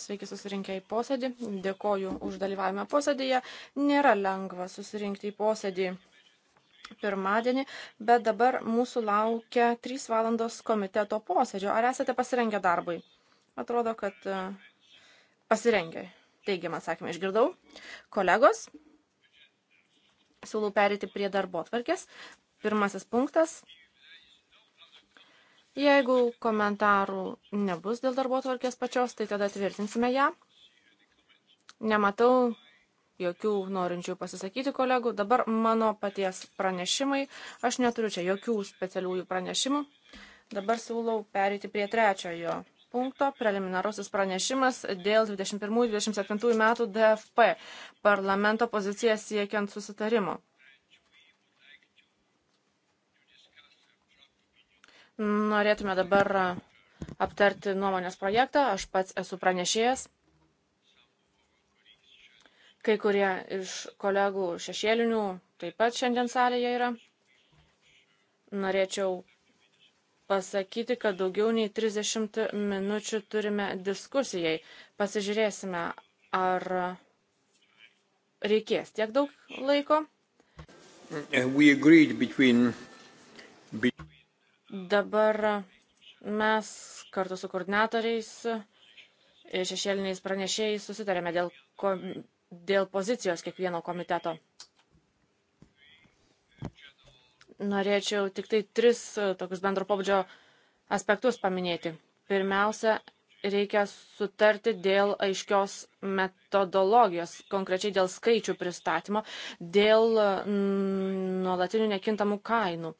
Sveiki susirinkę į posėdį. Dėkoju už dalyvavimą posėdėje. Nėra lengva susirinkti į posėdį pirmadienį, bet dabar mūsų laukia 3 valandos komiteto posėdžio. Ar esate pasirengę darbui? Atrodo, kad e, pasirengę. Teigiamą atsakymą išgirdau. Kolegos, siūlau perėti prie darbo tvarkės. Pirmasis punktas Jeigu komentarų nebus dėl darbo tvarkės pačios, tai tada tvirtinsime ją. Nematau jokių norinčių pasisakyti kolegų. Dabar mano paties pranešimai. Aš neturiu čia jokių specialiųjų pranešimų. Dabar siūlau perėti prie trečiojo punkto preliminarusis pranešimas dėl 21-27 metų DFP parlamento poziciją siekiant susitarimo. Norėtume dabar aptarti nuomonės projektą. Aš pats esu pranešėjas. Kai kurie iš kolegų šešėlinių taip pat šiandien salėje yra. Norėčiau pasakyti, kad daugiau nei 30 minučių turime diskusijai. Pasižiūrėsime, ar reikės tiek daug laiko. Uh, we agreed between Dabar mes kartu su koordinatoriais ir šešėliniais pranešėjais susitarėme dėl, kom, dėl pozicijos kiekvieno komiteto. Norėčiau tik tai tris e, tokius bendro pobūdžio aspektus paminėti. Pirmiausia, reikia sutarti dėl aiškios metodologijos, konkrečiai dėl skaičių pristatymo, dėl nuolatinių nekintamų kainų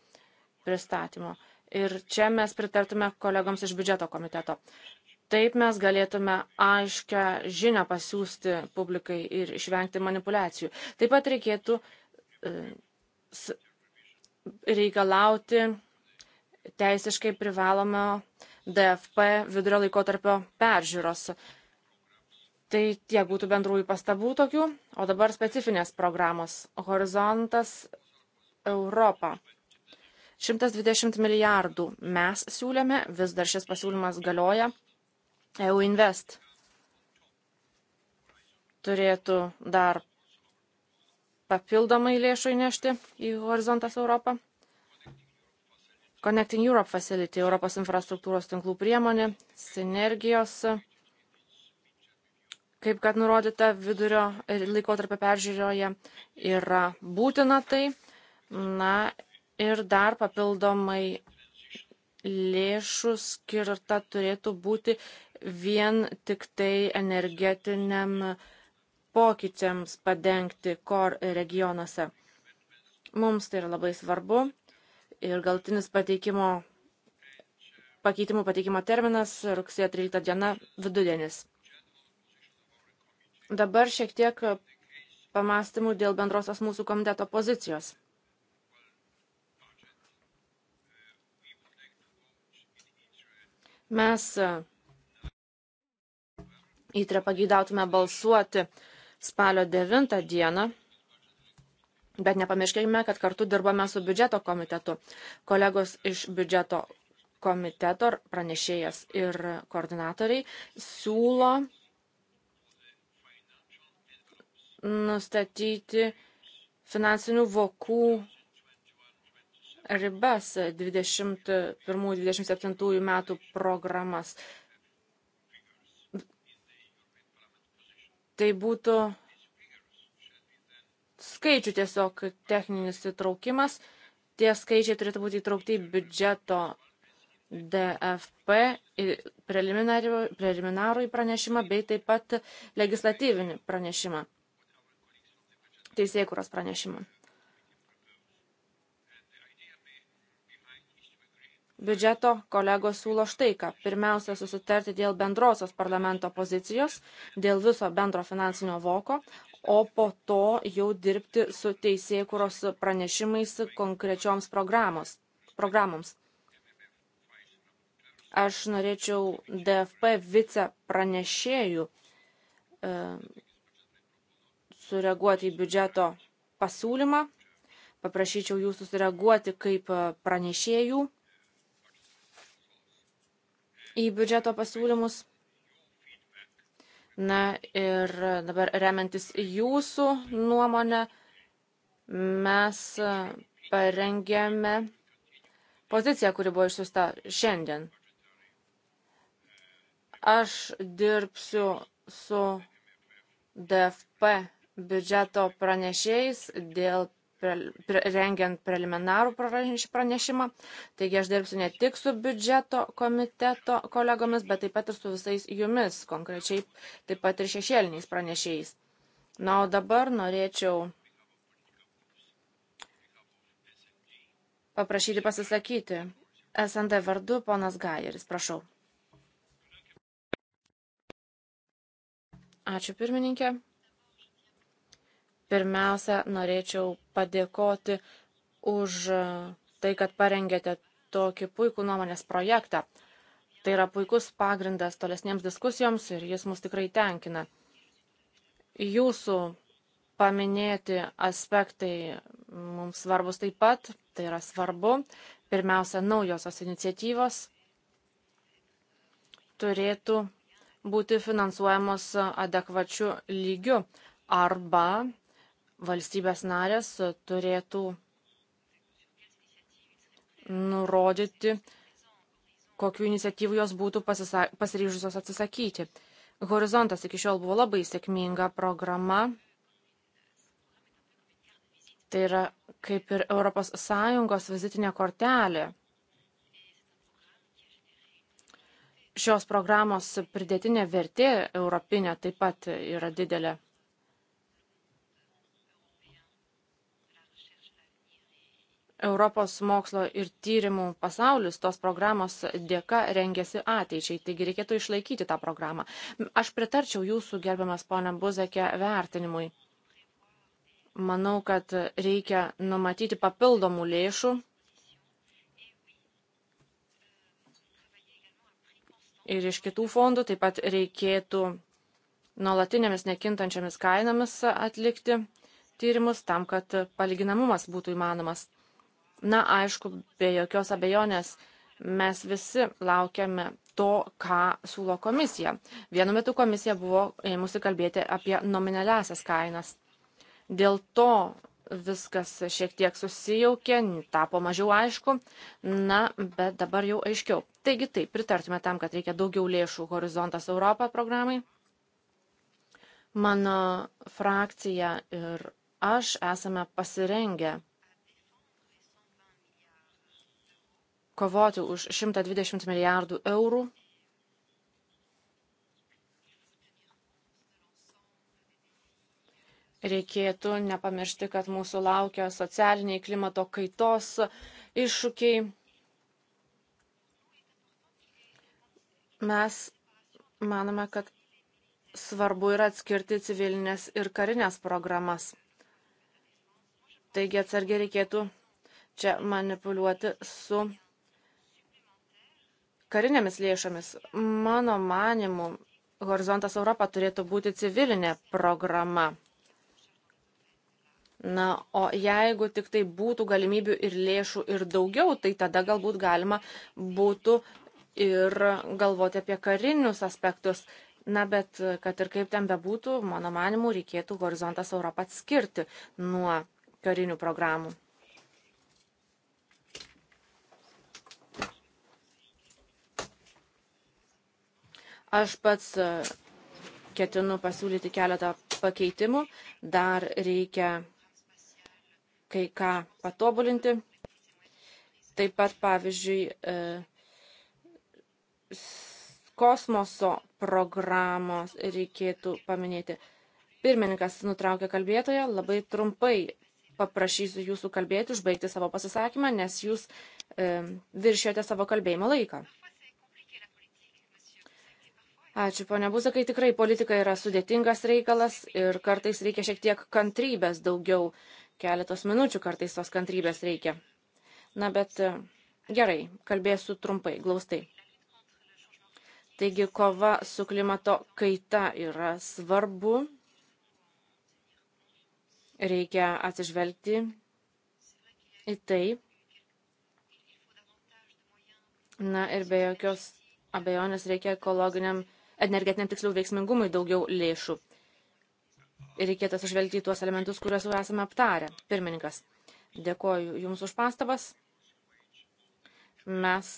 pristatymo. Ir čia mes pritartume kolegoms iš biudžeto komiteto. Taip mes galėtume aiškę žinę pasiūsti publikai ir išvengti manipulacijų. Taip pat reikėtų e, reikalauti teisiškai privalomo DFP vidurio laikotarpio peržiūros. Tai tiek būtų bendrųjų pastabų tokių, o dabar specifinės programos Horizontas Europa. 120 milijardų mes siūlėme, vis dar šis pasiūlymas galioja. EU Invest turėtų dar papildomai lėšų įnešti į Horizontas Europą. Connecting Europe Facility, Europos infrastruktūros tinklų priemonė, sinergijos, kaip kad nurodyta vidurio laikotarpio peržiūroje, yra būtina tai. Na ir dar papildomai lėšų skirta turėtų būti vien tik tai energetiniam pokyčiams padengti kor regionuose. Mums tai yra labai svarbu ir galtinis pateikimo, pakeitimų pateikimo terminas rugsėjo 13 diena vidudienis. Dabar šiek tiek pamastymų dėl bendrosios mūsų komiteto pozicijos. Mes e, įtrę pageidautume balsuoti spalio 9 dieną, bet nepamirškime, kad kartu dirbame su biudžeto komitetu. Kolegos iš biudžeto komiteto pranešėjas ir koordinatoriai siūlo nustatyti finansinių vokų ribas 21-27 metų programas. Tai būtų skaičių tiesiog techninis įtraukimas. Tie skaičiai turėtų būti įtraukti į biudžeto DFP preliminarų, preliminarų į pranešimą bei taip pat legislatyvinį pranešimą. Teisėkuros pranešimą. biudžeto kolegos siūlo štai ką. Pirmiausia, susitarti dėl bendrosios parlamento pozicijos, dėl viso bendro finansinio voko, o po to jau dirbti su teisėkuros pranešimais konkrečioms programoms. Aš norėčiau DFP vice pranešėjų e, sureaguoti į biudžeto pasiūlymą. Paprašyčiau jūsų sureaguoti kaip e, pranešėjų į biudžeto pasiūlymus. Na ir dabar remiantis jūsų nuomonę, mes parengėme poziciją, kuri buvo išsiusta šiandien. Aš dirbsiu su DFP biudžeto pranešėjais dėl pre, rengiant preliminarų pranešimą. Taigi aš dirbsiu ne tik su biudžeto komiteto kolegomis, bet taip pat ir su visais jumis, konkrečiai taip pat ir šešėliniais pranešėjais. Na, o dabar norėčiau paprašyti pasisakyti. SND vardu ponas Gajeris, prašau. Ačiū pirmininkė. Pirmiausia, norėčiau padėkoti už tai, kad parengėte tokį puikų nuomonės projektą. Tai yra puikus pagrindas tolesniems diskusijoms ir jis mus tikrai tenkina. Jūsų paminėti aspektai mums svarbus taip pat, tai yra svarbu. Pirmiausia, naujosios iniciatyvos turėtų būti finansuojamos adekvačiu lygiu arba valstybės narės turėtų nurodyti, kokiu iniciatyvu jos būtų pasiryžusios atsisakyti. Horizontas iki šiol buvo labai sėkminga programa. Tai yra kaip ir ES vizitinė kortelė. Šios programos pridėtinė vertė europinė taip pat yra didelė. Europos mokslo ir tyrimų pasaulis tos programos dėka rengiasi ateičiai, taigi reikėtų išlaikyti tą programą. Aš pritarčiau jūsų, gerbiamas ponė Buzekė, vertinimui. Manau, kad reikia numatyti papildomų lėšų ir iš kitų fondų, taip pat reikėtų nuolatinėmis nekintančiamis kainomis atlikti tyrimus tam, kad palyginamumas būtų įmanomas. Na, aišku, be jokios abejonės mes visi laukiame to, ką siūlo komisija. Vienu metu komisija buvo ėmusi kalbėti apie nominaliasias kainas. Dėl to viskas šiek tiek susijaukė, tapo mažiau aišku, na, bet dabar jau aiškiau. Taigi taip, pritartume tam, kad reikia daugiau lėšų Horizontas Europą programai. Mano frakcija ir aš esame pasirengę kovoti už 120 milijardų eurų. Reikėtų nepamiršti, kad mūsų laukia socialiniai klimato kaitos iššūkiai. Mes manome, kad svarbu yra atskirti civilinės ir karinės programas. Taigi atsargiai reikėtų čia manipuliuoti su karinėmis lėšomis. Mano manimu, Horizontas Europa turėtų būti civilinė programa. Na, o jeigu tik tai būtų galimybių ir lėšų ir daugiau, tai tada galbūt galima būtų ir galvoti apie karinius aspektus. Na, bet kad ir kaip ten bebūtų, mano manimu, reikėtų Horizontas Europą atskirti nuo karinių programų. Aš pats e, ketinu pasiūlyti keletą pakeitimų, dar reikia kai ką patobulinti. Taip pat, pavyzdžiui, e, kosmoso programos reikėtų paminėti. Pirmininkas nutraukė kalbėtoją, labai trumpai paprašysiu jūsų kalbėti, užbaigti savo pasisakymą, nes jūs e, viršėjote savo kalbėjimo laiką. Ačiū, ponia Buzakai, tikrai politika yra sudėtingas reikalas ir kartais reikia šiek tiek kantrybės daugiau, keletos minučių kartais tos kantrybės reikia. Na bet e, gerai, kalbėsiu trumpai, glaustai. Taigi kova su klimato kaita yra svarbu, reikia atsižvelgti į tai. Na ir be jokios abejonės reikia ekologiniam energetiniam tiksliau veiksmingumui daugiau lėšų. Reikėtų sužvelgti į tuos elementus, kuriuos jau esame aptarę. Pirmininkas, dėkoju Jums už pastabas. Mes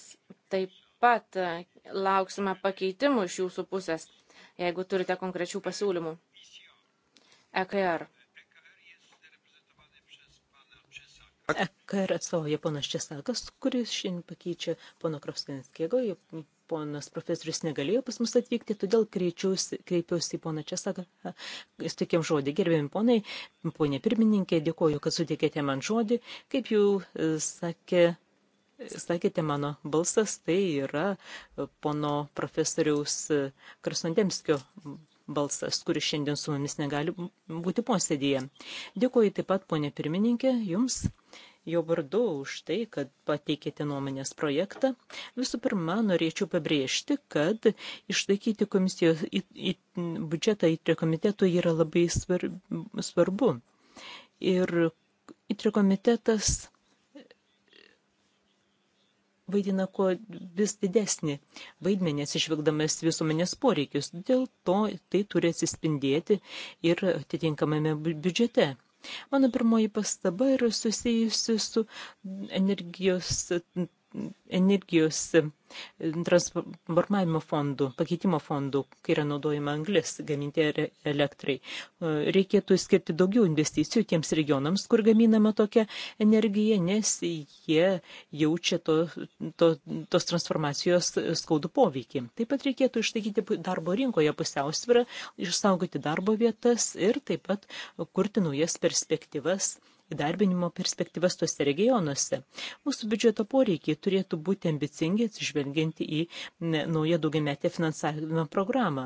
taip pat lauksime pakeitimų iš Jūsų pusės, jeigu turite konkrečių pasiūlymų. EKR. EKR atstovauja ponas Česakas, kuris šiandien pakeičia pono Krovskinės kiego, ponas profesorius negalėjo pas mus atvykti, todėl kreipiausi į poną Česaką, jis tokiam žodį. Gerbėjim ponai, ponė pirmininkė, dėkoju, kad sutikėte man žodį. Kaip jau e, sakė sakėte, mano balsas tai yra e, pono profesoriaus e, Krasnodemskio balsas, kuris šiandien su mumis negali būti posėdėje. Dėkuoju taip pat, ponė pirmininkė, jums jo vardu už tai, kad pateikėte nuomonės projektą. Visų pirma, norėčiau pabrėžti, kad išlaikyti komisijos į, į, biudžetą į komitetų yra labai svarb, svarbu. Ir į komitetas vaidina kuo vis didesnį vaidmenį atsižvelgdamas visuomenės poreikius. Dėl to tai turi atsispindėti ir atitinkamame biudžete. Mano pirmoji pastaba yra susijusi su energijos energijos e, transformavimo fondų, pakeitimo fondų, kai yra naudojama anglis gaminti elektrai. E, reikėtų skirti daugiau investicijų tiems regionams, kur gaminama tokia energija, nes jie jaučia to, to, tos transformacijos skaudų poveikį. Taip pat reikėtų išlaikyti darbo rinkoje pusiausvyrą, išsaugoti darbo vietas ir taip pat kurti naujas perspektyvas įdarbinimo perspektyvas tuose regionuose. Mūsų biudžeto poreikiai turėtų būti ambicingi atsižvelgianti į naują daugiametę finansavimo programą.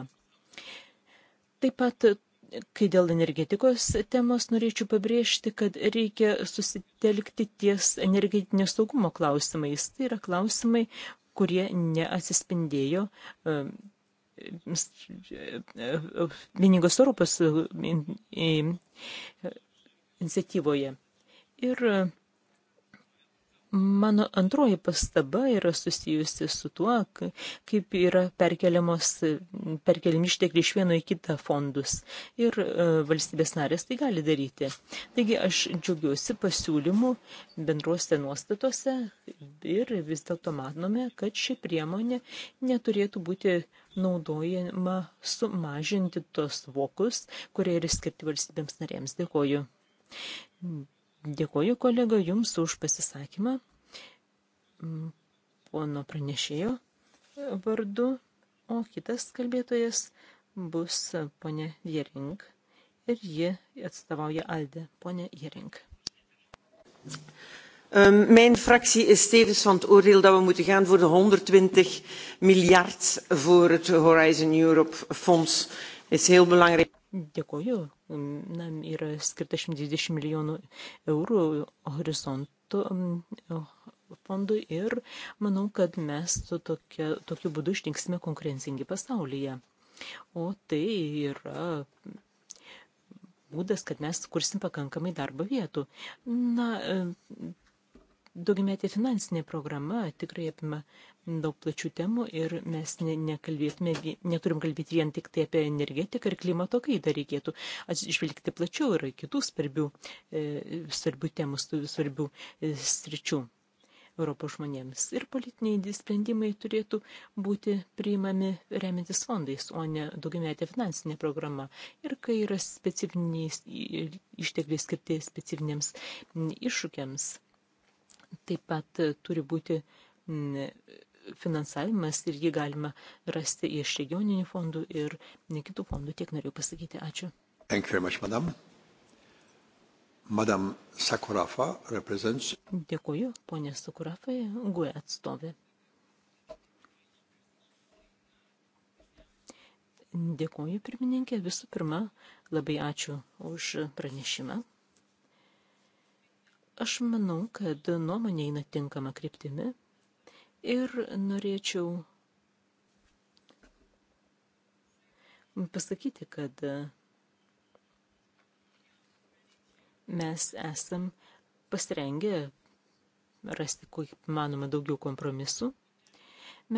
Taip pat kai dėl energetikos temos norėčiau pabrėžti, kad reikia susitelkti ties energetinio saugumo klausimais. Tai yra klausimai, kurie neatsispindėjo vieningos Europos iniciatyvoje. Ir e, mano antroji pastaba yra susijusi su tuo, kaip yra perkeliamos, perkeliami ištekliai iš vieno į kitą fondus. Ir e, valstybės narės tai gali daryti. Taigi aš džiaugiuosi pasiūlymų bendruose nuostatose ir vis dėlto matome, kad ši priemonė neturėtų būti naudojama sumažinti tos vokus, kurie yra skirti valstybėms narėms. Dėkoju. Dėkoju kolega Jums už pasisakymą mm, pono pranešėjo vardu, o kitas kalbėtojas bus ponė Jering ir ji atstovauja Aldę. Ponė Jering. Um, mijn fractie is tevens van het oordeel dat we moeten gaan voor de 120 miljard voor het Horizon Europe fonds. Is heel belangrijk. Dėkoju na, yra skirta 120 milijonų eurų horizontų fondų ir manau, kad mes to tokia, tokiu būdu ištinksime konkurencingi pasaulyje. O tai yra būdas, kad mes kursim pakankamai darbo vietų. Na, Daugiametė finansinė programa tikrai apima daug plačių temų ir mes ne, nekalbėtume, neturim kalbėti vien tik tai apie energetiką ir klimato kaitą, reikėtų atsižvelgti plačiau ir kitų svarbių, e, svarbių temų, svarbių e, sričių. Europos žmonėms ir politiniai sprendimai turėtų būti priimami remintis fondais, o ne daugiametė finansinė programa. Ir kai yra specifiniai ištekliai skirti specifiniams iššūkiams, Taip pat e, turi būti finansavimas ir jį galima rasti iš regioninių fondų ir kitų fondų. Tiek norėjau pasakyti. Ačiū. Thank you very much, madam. Madam Sakurafa represents. Dėkuoju, ponė Sakurafa, GUE atstovė. Dėkuoju, pirmininkė. Visų pirma, labai ačiū už pranešimą. Aš manau, kad nuomonė eina tinkama kryptimi ir norėčiau pasakyti, kad mes esam pasirengę rasti, kiek manoma, daugiau kompromisų.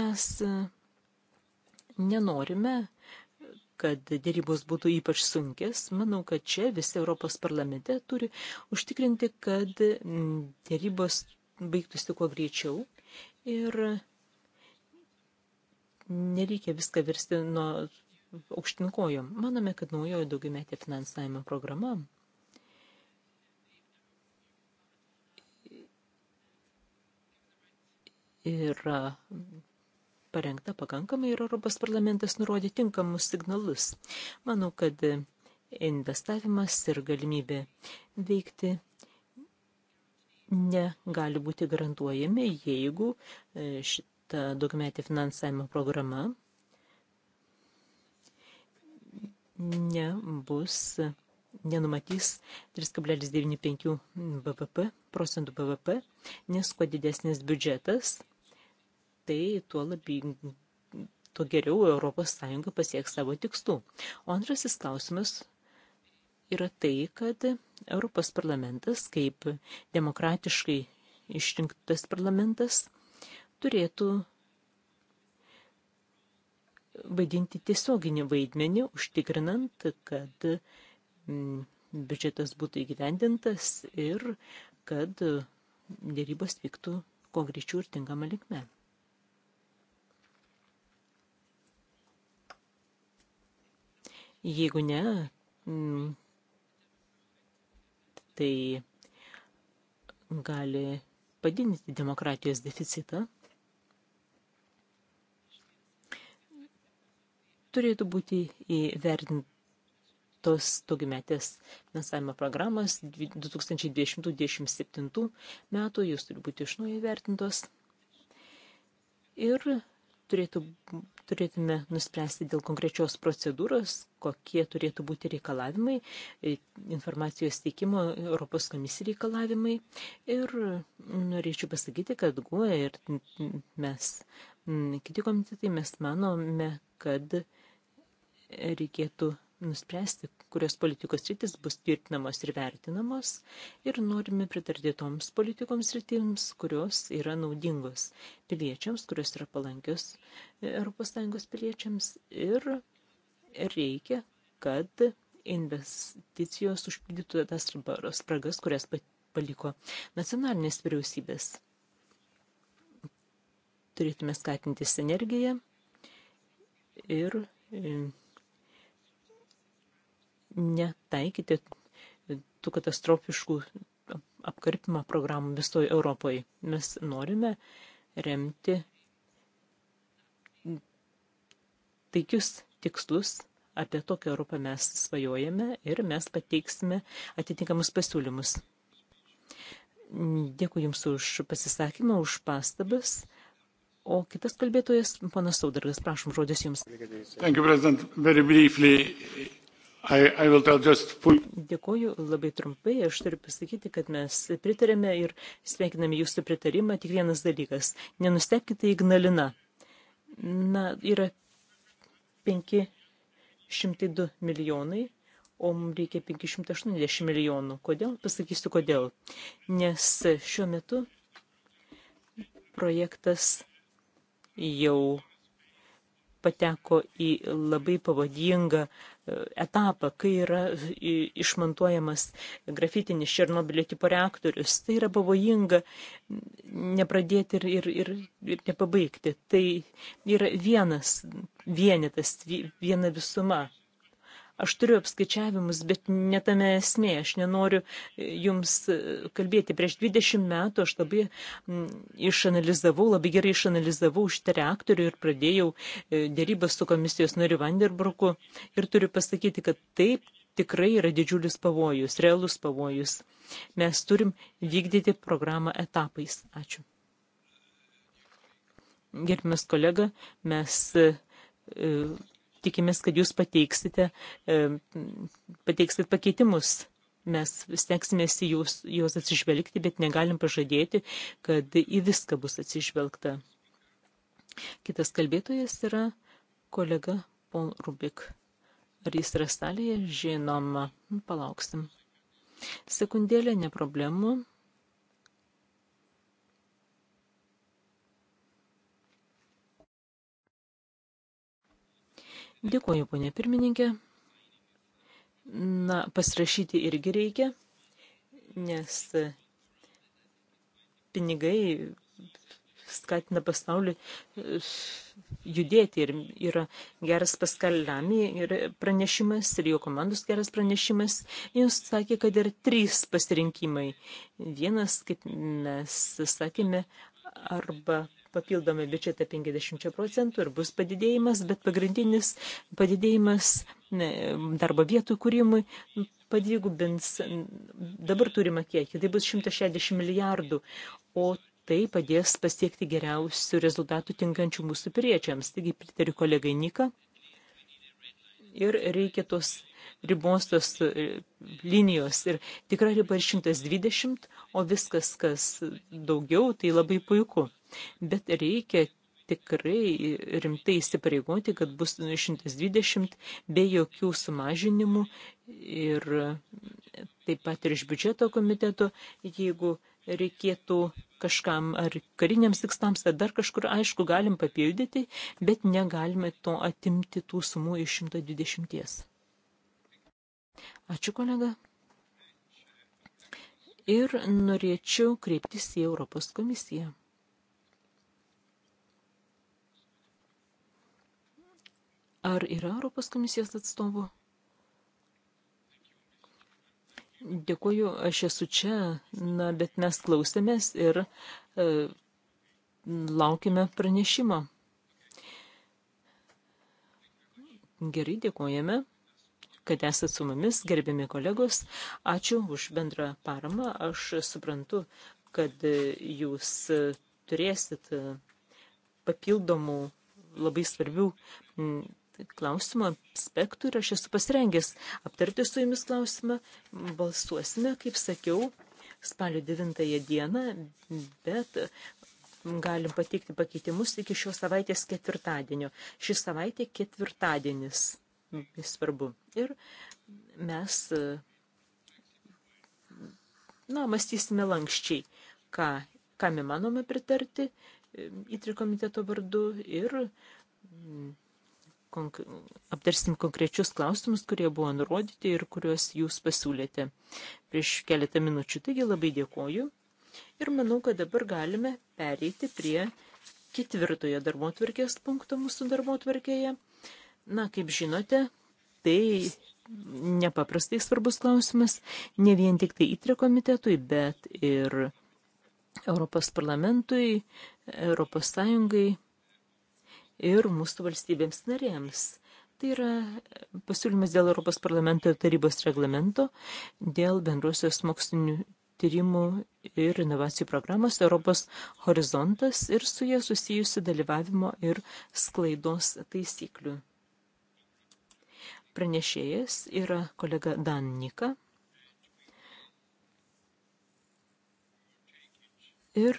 Mes nenorime kad dėrybos būtų ypač sunkės. Manau, kad čia visi Europos parlamente turi užtikrinti, kad mm, dėrybos baigtųsi kuo greičiau ir nereikia viską versti nuo aukštinkojom. Manome, kad naujoji daugiametė finansavimo programa yra parengta pakankamai ir Europos parlamentas nurodė tinkamus signalus. Manau, kad investavimas ir galimybė veikti negali būti garantuojami, jeigu e, šita daugmetė finansavimo programa nebus nenumatys 3,95 BVP, procentų BVP, nes kuo didesnis biudžetas, tai tuo labiau tuo geriau Europos Sąjunga pasieks savo tikslų. O antrasis klausimas yra tai, kad Europos parlamentas, kaip demokratiškai išrinktas parlamentas, turėtų vaidinti tiesioginį vaidmenį, užtikrinant, kad mm, biudžetas būtų įgyvendintas ir kad dėrybos vyktų kuo greičiau ir tinkamą linkmę. Jeigu ne, mm, tai gali padidinti demokratijos deficitą. Turėtų būti įvertintos daugiametės finansavimo programos 2020-2027 metų, jūs turi būti iš naujo įvertintos ir turėtų turėtume nuspręsti dėl konkrečios procedūros, kokie turėtų būti reikalavimai, e, informacijos teikimo Europos komisijai reikalavimai. Ir norėčiau pasakyti, kad GUE ir mes, kiti komitetai, mes manome, kad reikėtų nuspręsti, kurios politikos rytis bus tvirtinamos ir vertinamos ir norime pritarti toms politikoms rytims, kurios yra naudingos piliečiams, kurios yra palankios ES piliečiams ir reikia, kad investicijos užpildytų tas spragas, kurias paliko nacionalinės vyriausybės. Turėtume skatinti sinergiją ir e, netaikyti tų katastrofiškų apkarpimo programų visoje Europoje. Mes norime remti taikius tikslus, apie tokią Europą mes svajojame ir mes pateiksime atitinkamus pasiūlymus. Dėkui Jums už pasisakymą, už pastabas. O kitas kalbėtojas, panas Saudargas, prašom, žodis Jums. Thank you, I, I just... Dėkuoju labai trumpai. Aš turiu pasakyti, kad mes pritarėme ir sveikiname jūsų pritarimą. Tik vienas dalykas. Nenustepkite Ignalina. Na, yra 502 milijonai, o mums reikia 580 milijonų. Kodėl? Pasakysiu kodėl. Nes šiuo metu projektas jau pateko į labai pavadingą e, etapą, kai yra e, išmontuojamas grafitinis Černobilio tipo reaktorius. Tai yra pavojinga nepradėti ir, ir, ir, ir nepabaigti. Tai yra vienas vienetas, viena visuma. Aš turiu apskaičiavimus, bet netame esmė. Aš nenoriu e, jums e, kalbėti. Prieš 20 metų aš labai išanalizavau, labai gerai išanalizavau šitą reaktorių ir pradėjau e, dėrybas su komisijos nariu Vanderbruku. Ir turiu pasakyti, kad taip tikrai yra didžiulis pavojus, realus pavojus. Mes turim vykdyti programą etapais. Ačiū. Gerbimas kolega, mes tikimės, kad jūs pateiksite, e, pateiksit pakeitimus. Mes stengsimės į jūs, juos atsižvelgti, bet negalim pažadėti, kad į viską bus atsižvelgta. Kitas kalbėtojas yra kolega Paul Rubik. Ar jis yra salėje? Žinoma, palauksim. Sekundėlė, ne problemų. Dėkuoju, ponė pirmininkė. Na, pasirašyti irgi reikia, nes pinigai skatina pasaulį judėti ir yra geras paskalami ir pranešimas ir jo komandos geras pranešimas. Jis sakė, kad yra trys pasirinkimai. Vienas, kaip mes sakėme, arba papildomą biudžetą 50 procentų ir bus padidėjimas, bet pagrindinis padidėjimas darbo vietų kūrimui padvigubins dabar turimą kiekį, tai bus 160 milijardų, o tai padės pasiekti geriausių rezultatų tinkančių mūsų piriečiams. Taigi pritariu kolegai Nika ir reikia tos ribos tos e, linijos ir tikra riba yra 120, o viskas, kas daugiau, tai labai puiku. Bet reikia tikrai rimtai įsipareigoti, kad bus 120 be jokių sumažinimų ir taip pat ir iš biudžeto komiteto, jeigu reikėtų kažkam ar kariniams tikslams, ar dar kažkur, aišku, galim papildyti, bet negalime to atimti tų sumų iš 120. Ačiū, kolega. Ir norėčiau kreiptis į Europos komisiją. Ar yra Europos komisijos atstovų? Dėkuoju, aš esu čia, na, bet mes klausėmės ir e, laukime pranešimo. Gerai, dėkojame kad esat su mumis, gerbiami kolegos. Ačiū už bendrą paramą. Aš suprantu, kad jūs turėsit papildomų labai svarbių klausimų aspektų ir aš esu pasirengęs aptarti su jumis klausimą. Balsuosime, kaip sakiau, spalio 9 dieną, bet galim pateikti pakeitimus iki šios savaitės ketvirtadienio. Ši savaitė ketvirtadienis. Tai svarbu. Ir mes, na, mąstysime lankščiai, ką, kam įmanome pritarti įtri komiteto vardu ir konk aptarsim konkrečius klausimus, kurie buvo nurodyti ir kuriuos jūs pasiūlėte prieš keletą minučių. Taigi labai dėkoju ir manau, kad dabar galime pereiti prie ketvirtojo darbo tvarkės punkto mūsų darbo tvarkėje. Na, kaip žinote, tai nepaprastai svarbus klausimas ne vien tik tai įtrio komitetui, bet ir Europos parlamentui, Europos Sąjungai ir mūsų valstybėms narėms. Tai yra pasiūlymas dėl Europos parlamento ir tarybos reglamento dėl bendruosios mokslinių tyrimų ir inovacijų programos Europos horizontas ir su jie susijusių dalyvavimo ir sklaidos taisyklių. Pranešėjas yra kolega Dannika. Ir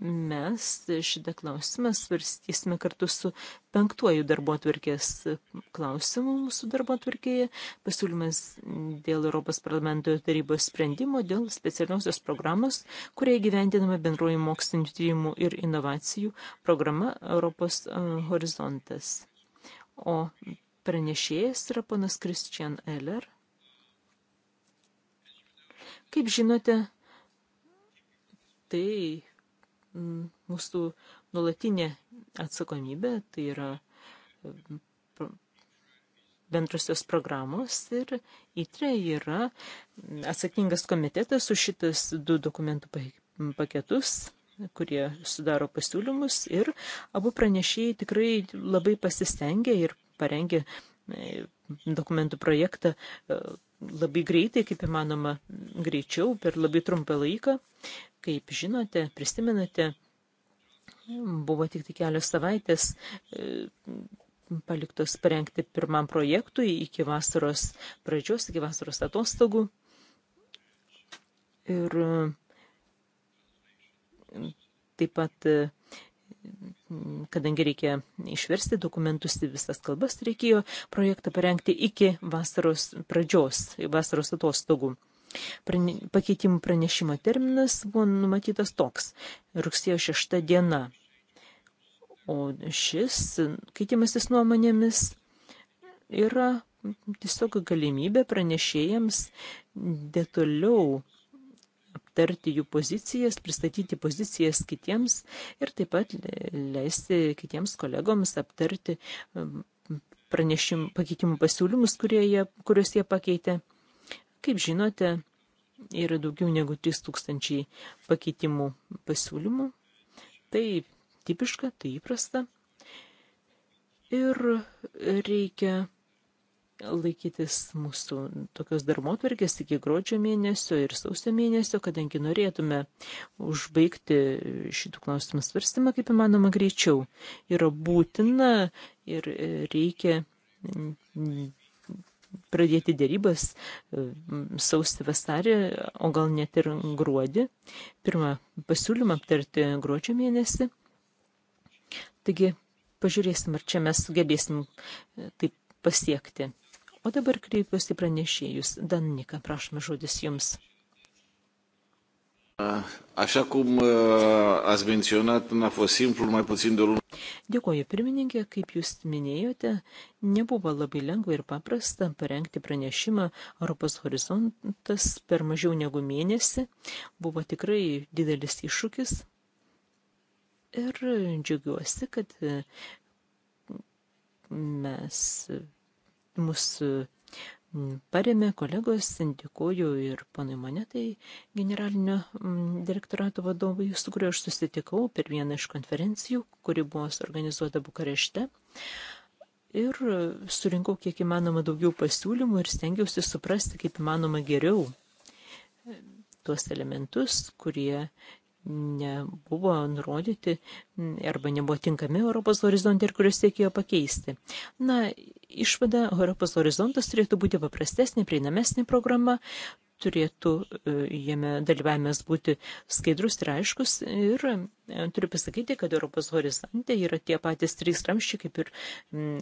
mes šitą klausimą svarstysime kartu su penktuoju darbo atvirkės klausimu mūsų darbo atvirkėje, pasiūlymas dėl Europos parlamento tarybos sprendimo dėl specialiosios programos, kurie gyvendinama bendroji mokslinių tyrimų ir inovacijų programa Europos e, horizontas. O Pranešėjas yra ponas Christian Eller. Kaip žinote, tai mm, mūsų nuolatinė atsakomybė, tai yra mm, bendrosios programos ir ITRE yra mm, atsakingas komitetas už šitas du dokumentų paketus kurie sudaro pasiūlymus ir abu pranešėjai tikrai labai pasistengė ir parengė e, dokumentų projektą e, labai greitai, kaip įmanoma, greičiau, per labai trumpą laiką. Kaip žinote, prisimenate, buvo tik tai kelios savaitės e, paliktos parengti pirmam projektui iki vasaros pradžios, iki vasaros atostogų. Ir taip pat kadangi reikia išversti dokumentus į visas kalbas, reikėjo projektą parengti iki vasaros pradžios, vasaros atostogų. Prane, pakeitimų pranešimo terminas buvo numatytas toks - rugsėjo 6 diena. O šis keitimasis nuomonėmis yra tiesiog galimybė pranešėjams detaliau aptarti jų pozicijas, pristatyti pozicijas kitiems ir taip pat leisti kitiems kolegoms aptarti um, pranešim, pakeitimų pasiūlymus, jie, kuriuos jie pakeitė. Kaip žinote, yra daugiau negu 3000 pakeitimų pasiūlymų. Tai tipiška, tai įprasta. Ir reikia laikytis mūsų tokios darbotvarkės iki gruodžio mėnesio ir sausio mėnesio, kadangi norėtume užbaigti šitų klausimų svarstymą kaip įmanoma greičiau. Yra būtina ir reikia pradėti dėrybas e, sausį vasarį, o gal net ir gruodį. Pirmą pasiūlymą aptarti gruodžio mėnesį. Taigi, pažiūrėsim, ar čia mes sugebėsim taip pasiekti. O dabar kreipiuosi pranešėjus. Danika, prašome žodis jums. Așa cum uh, ați menționat, n-a fost simplu, mai puțin de o lună. Dėkoju, pirmininkė, kaip jūs minėjote, nebuvo labai lengva ir paprasta parengti pranešimą Europos horizontas per mažiau negu mėnesį. Buvo tikrai didelis iššūkis. Ir džiugiuosi, kad mm, mes mus mm, paremė kolegos, dėkoju ir panui Monetai, generalinio mm, direktorato vadovui, su kuriuo aš susitikau per vieną iš konferencijų, kuri buvo organizuota Bukarešte. Ir surinkau kiek įmanoma daugiau pasiūlymų ir stengiausi suprasti, kaip įmanoma geriau tuos elementus, kurie nebuvo nurodyti arba nebuvo tinkami Europos horizontai ir kuriuos reikėjo pakeisti. Na, išvada Europos horizontas turėtų būti paprastesnė, prieinamesnė programa, turėtų e, jame dalyvavimas būti skaidrus ir aiškus. Ir e, turiu pasakyti, kad Europos horizonte yra tie patys trys ramščiai, kaip ir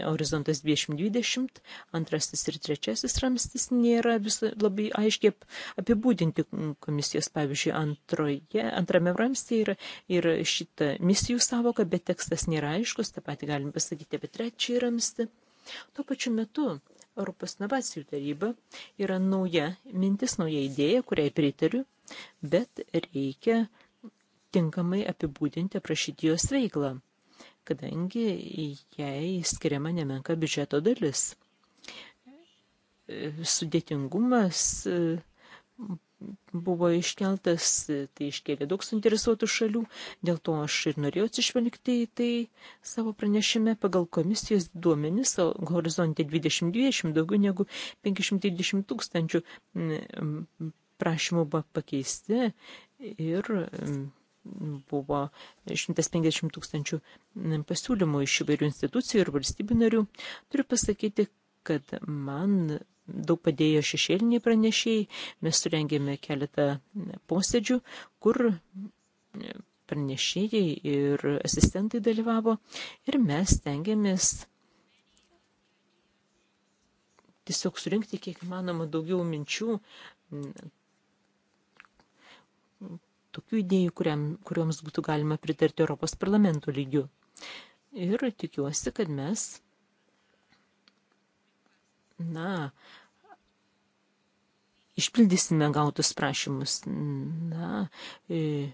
horizontas 2020, antrasis ir trečiasis ramstis nėra vis labai aiškiai apibūdinti komisijos, pavyzdžiui, antroje, antrame ramstyje yra, yra šita misijų savoka, bet tekstas nėra aiškus, tą patį galim pasakyti apie trečiąjį ramstį. Tuo pačiu metu Europos inovacijų taryba yra nauja mintis, nauja idėja, kuriai pritariu, bet reikia tinkamai apibūdinti, aprašyti jos veiklą, kadangi jai skiriama nemenka biudžeto dalis. Sudėtingumas buvo iškeltas, tai iškėlė daug suinteresuotų šalių, dėl to aš ir norėjau atsižvelgti į tai savo pranešime pagal komisijos duomenis, o horizonte 2020 daugiau negu 520 tūkstančių prašymų buvo pakeisti ir buvo 150 tūkstančių pasiūlymų iš įvairių institucijų ir valstybių narių. Turiu pasakyti, kad man daug padėjo šešėliniai pranešėjai. Mes surengėme keletą posėdžių, kur pranešėjai ir asistentai dalyvavo ir mes tengiamės tiesiog surinkti kiek įmanoma daugiau minčių, tokių idėjų, kuriam, kuriuoms būtų galima pritarti Europos parlamento lygiu. Ir tikiuosi, kad mes na, išpildysime gautus prašymus. Na, e,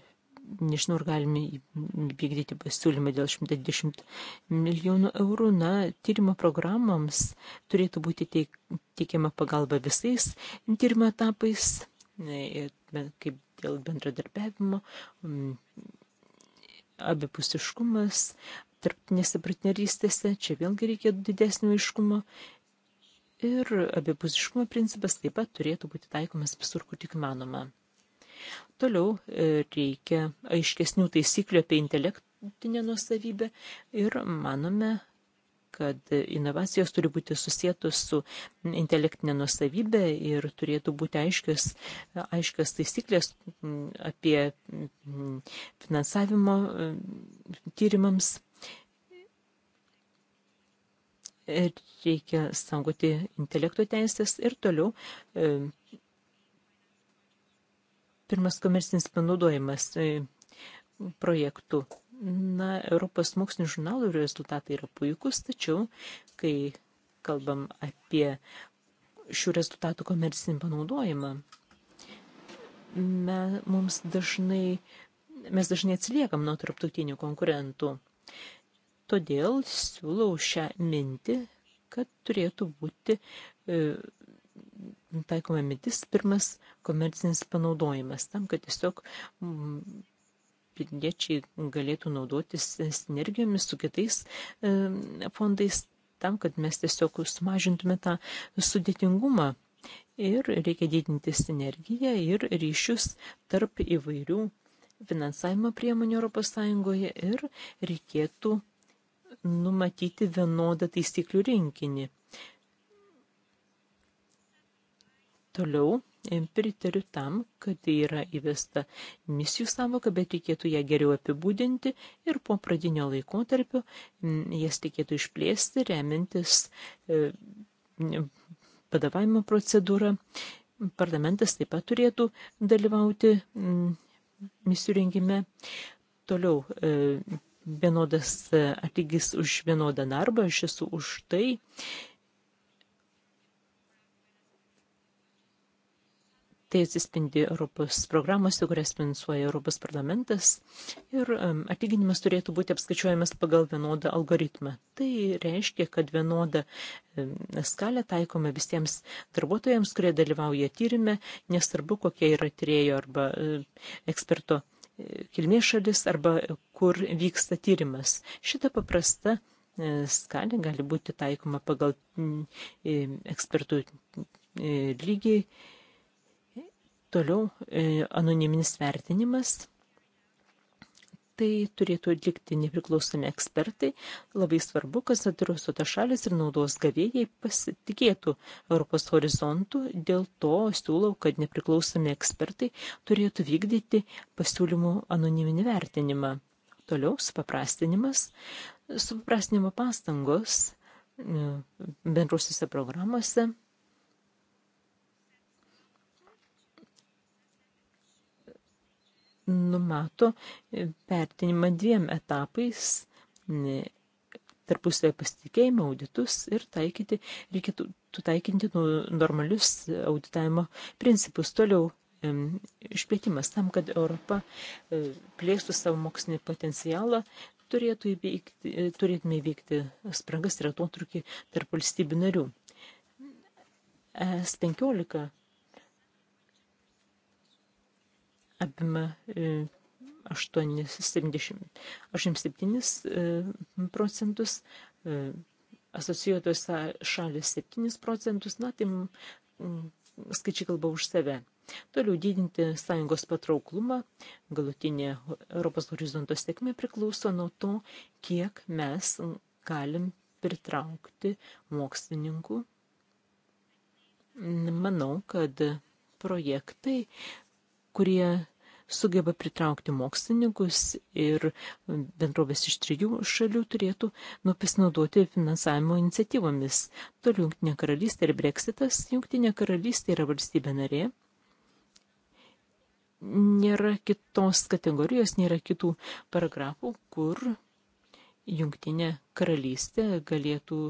nežinau, ar galime vykdyti pasiūlymą dėl 120 milijonų eurų. Na, tyrimo programams turėtų būti teikiama pagalba visais tyrimo etapais, e, kaip dėl bendradarbiavimo, abipusiškumas, tarptinėse partnerystėse, čia vėlgi reikia didesnio aiškumo ir abipusiškumo principas taip pat turėtų būti taikomas visur, kur tik manoma. Toliau e, reikia aiškesnių taisyklių apie intelektinę nusavybę ir manome, kad inovacijos turi būti susijėtos su intelektinė nusavybė ir turėtų būti aiškios, aiškios taisyklės apie finansavimo tyrimams reikia saugoti intelektų teisės ir toliau e, pirmas komercinis panaudojimas e, projektų. Na, Europos mokslinio žurnalų rezultatai yra puikus, tačiau, kai kalbam apie šių rezultatų komercinį panaudojimą, me, mums dažnai, mes dažnai atsiliekam nuo tarptautinių konkurentų. Todėl siūlau šią mintį, kad turėtų būti e, taikoma mintis pirmas komercinis panaudojimas, tam, kad tiesiog mm, piliečiai galėtų naudotis sinergijomis su kitais e, fondais, tam, kad mes tiesiog sumažintume tą sudėtingumą. Ir reikia didinti sinergiją ir ryšius tarp įvairių finansavimo priemonių ES ir reikėtų numatyti vienodą taisyklių rinkinį. Toliau pritariu tam, kad tai yra įvesta misijų savoka, bet reikėtų ją geriau apibūdinti ir po pradinio laikotarpio jas reikėtų išplėsti, remintis padavavimo e, procedūrą. Parlamentas taip pat turėtų dalyvauti misijų rengime. Toliau e, vienodas e, atlygis už vienodą darbą, aš esu už tai. Tai atsispindi Europos programuose, kurias finansuoja Europos parlamentas ir e, atlyginimas turėtų būti apskaičiuojamas pagal vienodą algoritmą. Tai reiškia, kad vienoda e, skalė taikoma visiems darbuotojams, kurie dalyvauja tyrime, nesvarbu, kokia yra tyrėjo arba eksperto kilmės šalis arba kur vyksta tyrimas. Šita paprasta e, skalė gali būti taikoma pagal e, ekspertų e, lygį. Toliau anoniminis vertinimas tai turėtų atlikti nepriklausomi ekspertai. Labai svarbu, kad satiruosotos šalis ir naudos gavėjai pasitikėtų Europos horizontų. Dėl to siūlau, kad nepriklausomi ekspertai turėtų vykdyti pasiūlymų anoniminį vertinimą. Toliau supaprastinimas. Supaprastinimo pastangos e, bendruosiuose programuose numato vertinimą dviem etapais tarpusavio pasitikėjimo auditus ir taikyti, reikėtų taikinti nu, normalius auditavimo principus. Toliau išplėtimas tam, kad Europa e, plėstų savo mokslinį potencialą, turėtų įveikti, e, turėtume įveikti spragas ir atotrukį tarp valstybių narių. S15 apima 87 e, e, procentus, e, asocijuotos šalis 7 procentus, na, tai skaičiai kalba už save. Toliau didinti sąjungos patrauklumą, galutinė Europos horizonto sėkmė priklauso nuo to, kiek mes galim pritraukti mokslininkų. Manau, kad projektai kurie sugeba pritraukti mokslininkus ir bendrovės iš trijų šalių turėtų nu, pasinaudoti finansavimo iniciatyvomis. Toliau Junktinė karalystė ir Brexitas. Junktinė karalystė yra valstybė narė. Nėra kitos kategorijos, nėra kitų paragrafų, kur Junktinė karalystė galėtų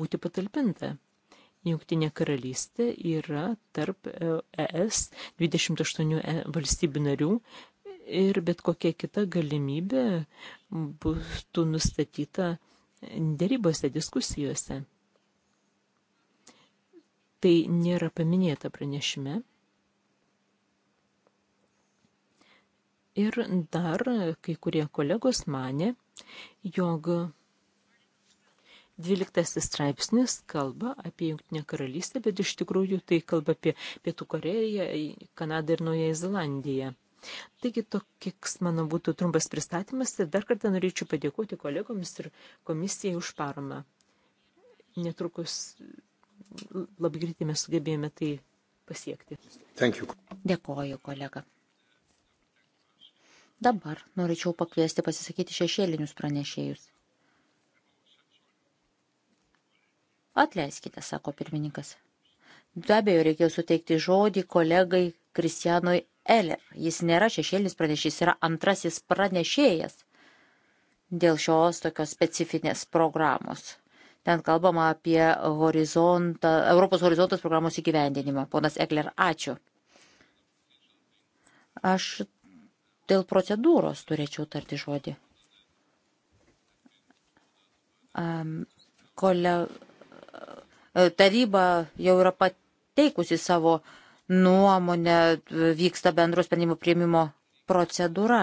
būti patalpinta. Jungtinė karalystė yra tarp ES e 28 e, valstybių narių ir bet kokia kita galimybė būtų nustatyta dėrybose, diskusijose. Tai nėra paminėta pranešime. Ir dar kai kurie kolegos mane, jog 12 straipsnis kalba apie Junktinę karalystę, bet iš tikrųjų tai kalba apie Pietų Koreją, Kanadą ir Naująją Zelandiją. Taigi toks, mano, būtų trumpas pristatymas ir dar kartą norėčiau padėkoti kolegoms ir komisijai už paramą. Netrukus labai greitai mes sugebėjome tai pasiekti. Dėkoju, kolega. Dabar norėčiau pakviesti pasisakyti šešėlinius pranešėjus. Atleiskite, sako pirmininkas. Be abejo, reikėjo suteikti žodį kolegai Kristianui Eller. Jis nėra šešėlis pranešys, yra antrasis pranešėjas dėl šios tokios specifinės programos. Ten kalbama apie horizontą, Europos horizontas programos įgyvendinimą. Ponas Ekler, ačiū. Aš dėl procedūros turėčiau tarti žodį. Um, kolega E, taryba jau yra pateikusi savo nuomonę, e, vyksta bendro sprendimų prieimimo procedūra.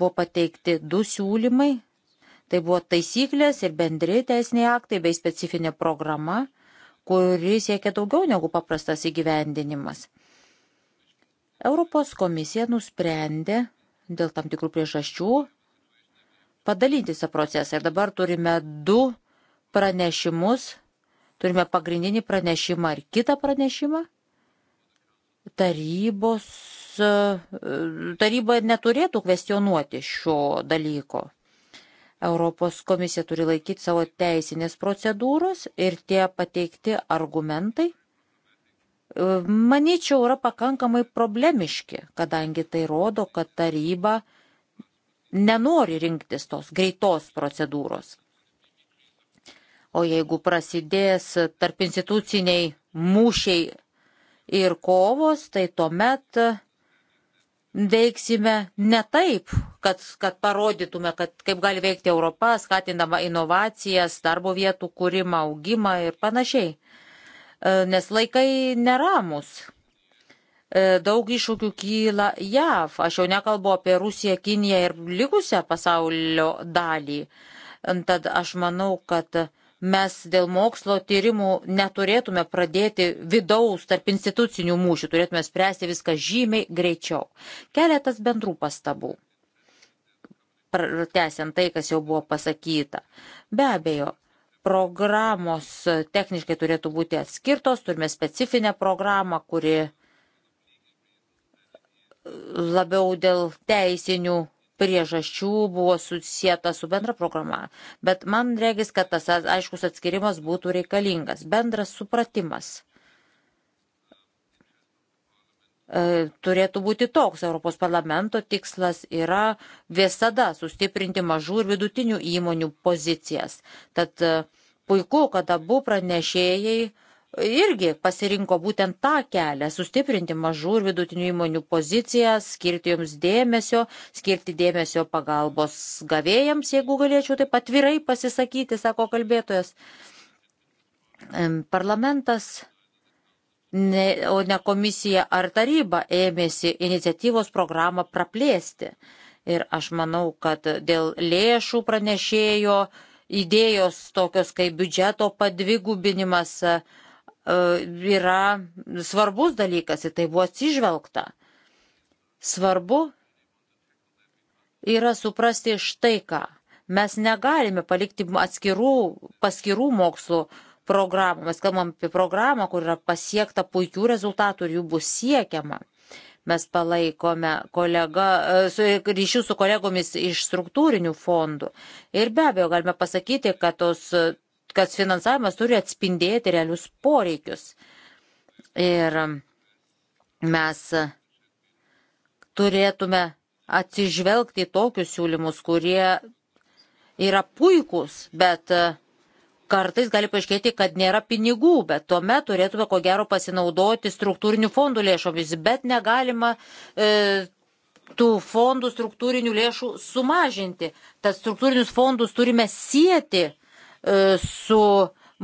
Buvo pateikti du siūlymai. Tai buvo taisyklės ir bendri teisiniai aktai bei specifinė programa, kuri siekia daugiau negu paprastas įgyvendinimas. Europos komisija nusprendė dėl tam tikrų priežasčių padalinti tą procesą. Ir dabar turime du pranešimus Turime pagrindinį pranešimą ir kitą pranešimą. Tarybos, e, taryba neturėtų kvestionuoti šio dalyko. Europos komisija turi laikyti savo teisinės procedūros ir tie pateikti argumentai, e, manyčiau, yra pakankamai problemiški, kadangi tai rodo, kad taryba nenori rinktis tos greitos procedūros. O jeigu prasidės tarp instituciniai mūšiai ir kovos, tai tuomet veiksime ne taip, kad, kad parodytume, kad kaip gali veikti Europa, skatindama inovacijas, darbo vietų kūrimą, augimą ir panašiai. E, nes laikai neramus e, daug iššūkių kyla JAV. Aš jau nekalbu apie Rusiją, Kiniją ir likusią pasaulio dalį. Tad aš manau, kad mes dėl mokslo tyrimų neturėtume pradėti vidaus tarp institucinių mūšių, turėtume spręsti viską žymiai greičiau. Keletas bendrų pastabų. Tęsiant tai, kas jau buvo pasakyta. Be abejo, programos techniškai turėtų būti atskirtos, turime specifinę programą, kuri labiau dėl teisinių priežasčių buvo susijęta su bendra programa. Bet man regis, kad tas aiškus atskirimas būtų reikalingas. Bendras supratimas e, turėtų būti toks. Europos parlamento tikslas yra visada sustiprinti mažų ir vidutinių įmonių pozicijas. Tad e, puiku, kad abu pranešėjai irgi pasirinko būtent tą kelią - sustiprinti mažų ir vidutinių įmonių poziciją, skirti joms dėmesio, skirti dėmesio pagalbos gavėjams, jeigu galėčiau taip atvirai pasisakyti, sako kalbėtojas. Parlamentas ne, o ne komisija ar taryba ėmėsi iniciatyvos programą praplėsti. Ir aš manau, kad dėl lėšų pranešėjo idėjos tokios kaip biudžeto padvigubinimas E, yra svarbus dalykas, į tai buvo atsižvelgta. Svarbu yra suprasti štai ką. Mes negalime palikti atskirų, paskirų mokslo programų. Mes kalbam apie programą, kur yra pasiekta puikių rezultatų ir jų bus siekiama. Mes palaikome kolega, e, su, ryšių su kolegomis iš struktūrinių fondų. Ir be abejo, galime pasakyti, kad tos kad finansavimas turi atspindėti realius poreikius. Ir mes turėtume atsižvelgti į tokius siūlymus, kurie yra puikūs, bet kartais gali paaiškėti, kad nėra pinigų, bet tuomet turėtume ko gero pasinaudoti struktūrinių fondų lėšomis, bet negalima e, tų fondų struktūrinių lėšų sumažinti. Tad struktūrinius fondus turime sieti E, su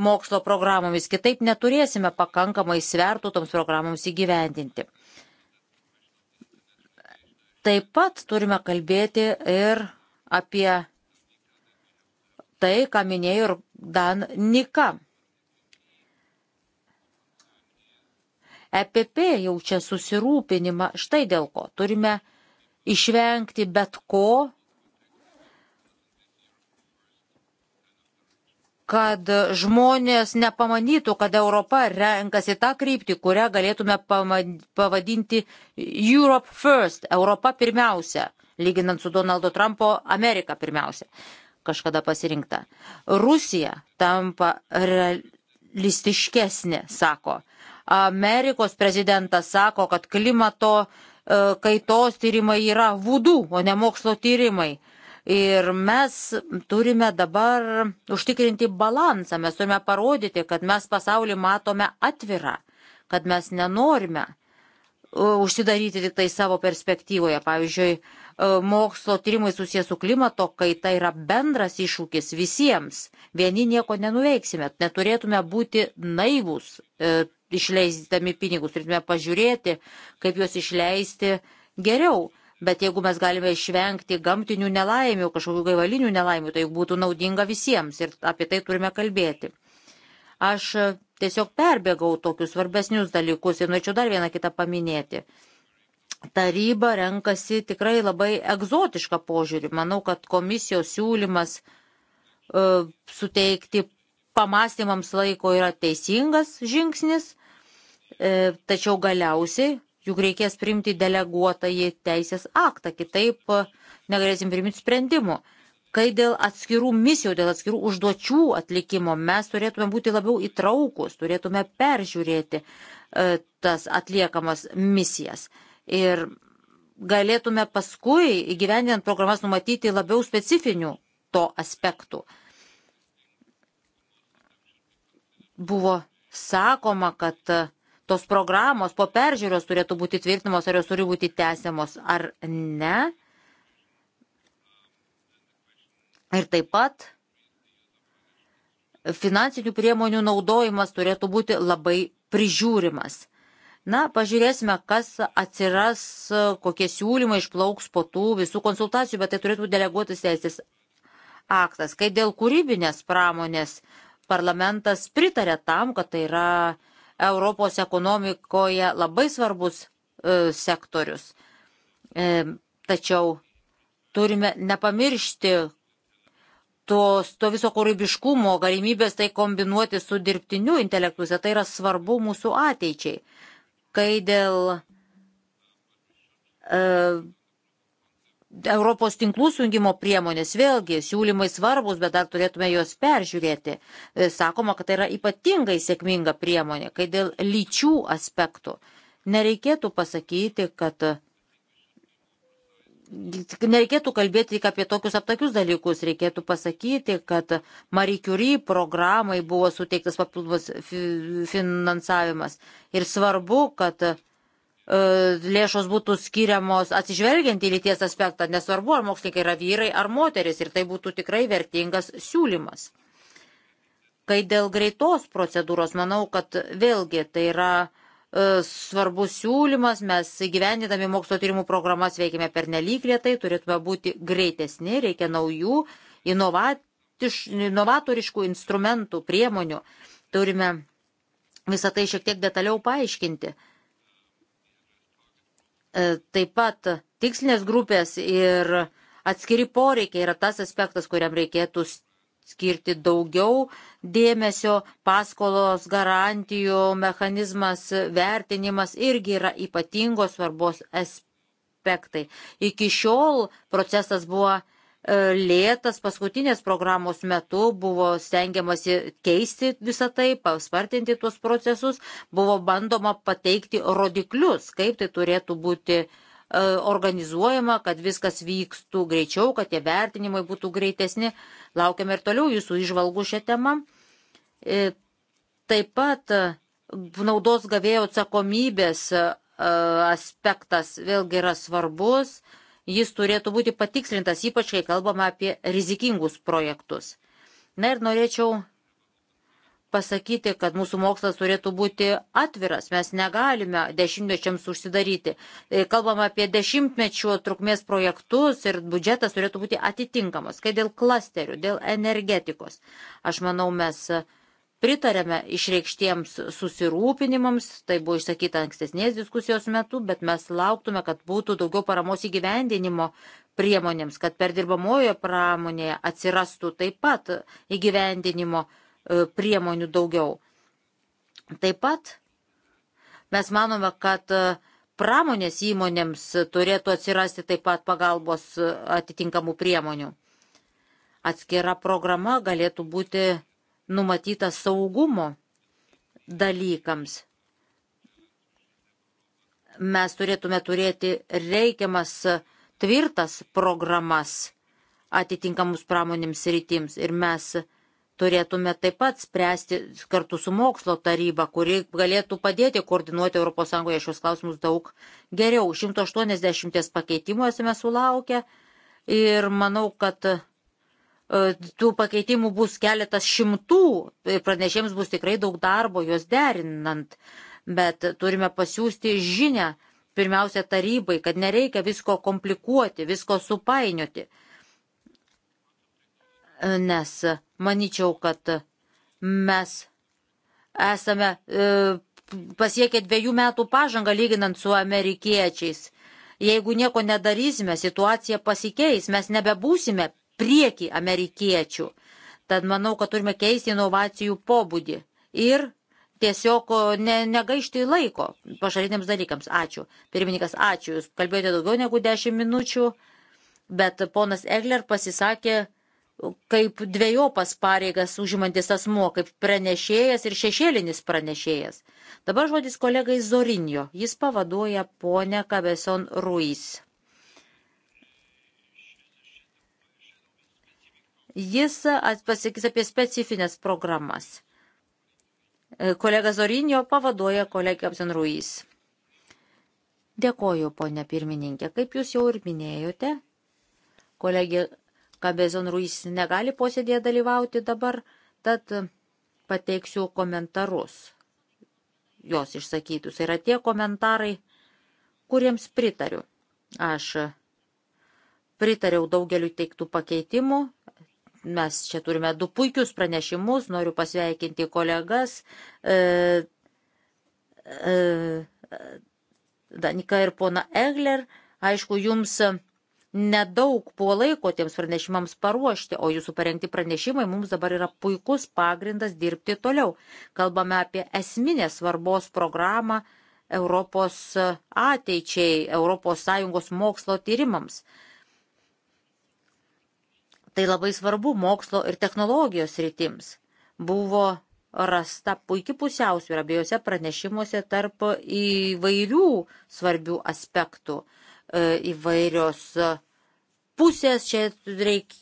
mokslo programomis, kitaip neturėsime pakankamai svertų toms programoms įgyvendinti. Taip pat turime kalbėti ir apie tai, ką minėjo ir Dan Nika. EPP jaučia susirūpinimą štai dėl ko. Turime išvengti bet ko, kad žmonės nepamanytų, kad Europa renkasi tą kryptį, kurią galėtume pavadinti Europe First, Europa pirmiausia, lyginant su Donaldo Trumpo Amerika pirmiausia, kažkada pasirinkta. Rusija tampa realistiškesnė, sako. Amerikos prezidentas sako, kad klimato e, kaitos tyrimai yra vudų, o ne mokslo tyrimai. Ir mes turime dabar užtikrinti balansą, mes turime parodyti, kad mes pasaulį matome atvirą, kad mes nenorime e, užsidaryti tik tai savo perspektyvoje. Pavyzdžiui, e, mokslo tyrimai susijęs su klimato kaita yra bendras iššūkis visiems. Vieni nieko nenuveiksime, neturėtume būti naivus, e, išleisdami pinigus, turėtume pažiūrėti, kaip juos išleisti geriau bet jeigu mes galime išvengti gamtinių nelaimių, kažkokių gaivalinių nelaimių, tai būtų naudinga visiems ir apie tai turime kalbėti. Aš tiesiog perbėgau tokius svarbesnius dalykus ir norėčiau dar vieną kitą paminėti. Taryba renkasi tikrai labai egzotišką požiūrį. Manau, kad komisijos siūlymas uh, suteikti pamastymams laiko yra teisingas žingsnis, e, tačiau galiausiai juk reikės primti deleguotąjį teisės aktą, kitaip e, negalėsim primti sprendimų. Kai dėl atskirų misijų, dėl atskirų užduočių atlikimo mes turėtume būti labiau įtraukus, turėtume peržiūrėti e, tas atliekamas misijas. Ir galėtume paskui įgyvendinant programas numatyti labiau specifinių to aspektų. Buvo sakoma, kad tos programos po peržiūros turėtų būti tvirtinamos, ar jos turi būti tęsiamos ar ne. Ir taip pat finansinių priemonių naudojimas turėtų būti labai prižiūrimas. Na, pažiūrėsime, kas atsiras, kokie siūlymai išplauks po tų visų konsultacijų, bet tai turėtų deleguotis teisės aktas, kai dėl kūrybinės pramonės parlamentas pritarė tam, kad tai yra uh, Europos ekonomikoje labai svarbus e, sektorius. E, tačiau turime nepamiršti to, to viso kūrybiškumo, galimybės tai kombinuoti su dirbtiniu intelektu. Tai yra svarbu mūsų ateičiai. Kai dėl e, Europos tinklų sujungimo priemonės vėlgi siūlymai svarbus, bet dar turėtume juos peržiūrėti. E, sakoma, kad tai yra ypatingai sėkminga priemonė, kai dėl lyčių aspektų nereikėtų pasakyti, kad nereikėtų kalbėti tik apie tokius aptakius dalykus, reikėtų pasakyti, kad Marie Curie programai buvo suteiktas papildomas finansavimas. Ir svarbu, kad E, lėšos būtų skiriamos atsižvelgiant į lyties aspektą, nesvarbu, ar mokslininkai yra vyrai ar moteris, ir tai būtų tikrai vertingas siūlymas. Kai dėl greitos procedūros, manau, kad vėlgi tai yra e, svarbus siūlymas, mes gyvendydami mokslo tyrimų programas veikime per nelyglietai, turėtume būti greitesni, reikia naujų, inovatiš, inovatoriškų instrumentų, priemonių. Turime visą tai šiek tiek detaliau paaiškinti. E, taip pat tikslinės grupės ir atskiri poreikiai yra tas aspektas, kuriam reikėtų skirti daugiau dėmesio, paskolos garantijų mechanizmas, vertinimas irgi yra ypatingos svarbos aspektai. Iki šiol procesas buvo E, lėtas paskutinės programos metu buvo stengiamasi keisti visą tai, paspartinti tuos procesus, buvo bandoma pateikti rodiklius, kaip tai turėtų būti e, organizuojama, kad viskas vykstų greičiau, kad tie vertinimai būtų greitesni. Laukiam ir toliau jūsų išvalgų šią temą. E, taip pat naudos gavėjo atsakomybės aspektas vėlgi yra svarbus. Uh, jis turėtų būti patikslintas, ypač kai kalbama apie rizikingus projektus. Na ir norėčiau pasakyti, kad mūsų mokslas turėtų būti atviras, mes negalime dešimtmečiams užsidaryti. E, Kalbame apie dešimtmečio trukmės projektus ir biudžetas turėtų būti atitinkamas. Kai dėl klasterių, dėl energetikos, aš manau, mes pritarėme išreikštiems susirūpinimams, tai buvo išsakyta ankstesnės diskusijos metu, bet mes lauktume, kad būtų daugiau paramos įgyvendinimo priemonėms, kad perdirbamojo pramonėje atsirastų taip pat įgyvendinimo e, priemonių daugiau. Taip pat mes manome, kad e, pramonės įmonėms turėtų atsirasti taip pat pagalbos e, atitinkamų priemonių. Atskira programa galėtų būti numatyta saugumo dalykams. Mes turėtume turėti reikiamas tvirtas programas atitinkamus pramonėms rytims ir mes turėtume taip pat spręsti kartu su mokslo taryba, kuri galėtų padėti koordinuoti ES šios klausimus daug geriau. 180 pakeitimų esame sulaukę ir manau, kad E, tų pakeitimų bus keletas šimtų ir tai pranešėjams bus tikrai daug darbo juos derinant, bet turime pasiūsti žinę pirmiausia tarybai, kad nereikia visko komplikuoti, visko supainioti. E, nes manyčiau, kad mes esame e, pasiekę dviejų metų pažangą lyginant su amerikiečiais. Jeigu nieko nedarysime, situacija pasikeis, mes nebebūsime priekį amerikiečių. Tad manau, kad turime keisti inovacijų pobūdį ir tiesiog ne, negaišti laiko pašaliniams dalykams. Ačiū. Pirmininkas, ačiū. Jūs kalbėjote daugiau negu 10 minučių, bet ponas Egler pasisakė kaip dviejopas pareigas užimantis asmo, kaip pranešėjas ir šešėlinis pranešėjas. Dabar žodis kolegai Zorinjo. Jis pavaduoja ponę Kabeson Ruiz. Jis pasakys apie specifines programas. E, kolega Zorinio pavaduoja kolegė Apsenruys. Dėkoju, ponė pirmininkė. Kaip jūs jau ir minėjote, kolegė Kabezon Ruiz negali posėdėje dalyvauti dabar, tad pateiksiu komentarus. Jos išsakytus yra tie komentarai, kuriems pritariu. Aš pritariau daugeliu teiktų pakeitimų, Mes čia turime du puikius pranešimus, noriu pasveikinti kolegas e, e, Danika ir pona Egler. Aišku, jums nedaug buvo laiko tiems pranešimams paruošti, o jūsų parengti pranešimai mums dabar yra puikus pagrindas dirbti toliau. Kalbame apie esminės svarbos programą Europos ateičiai, ES mokslo tyrimams. Tai labai svarbu mokslo ir technologijos rytims. Buvo rasta puikia pusiausvyrą abiejose pranešimuose tarp įvairių svarbių aspektų. E, įvairios pusės čia reik,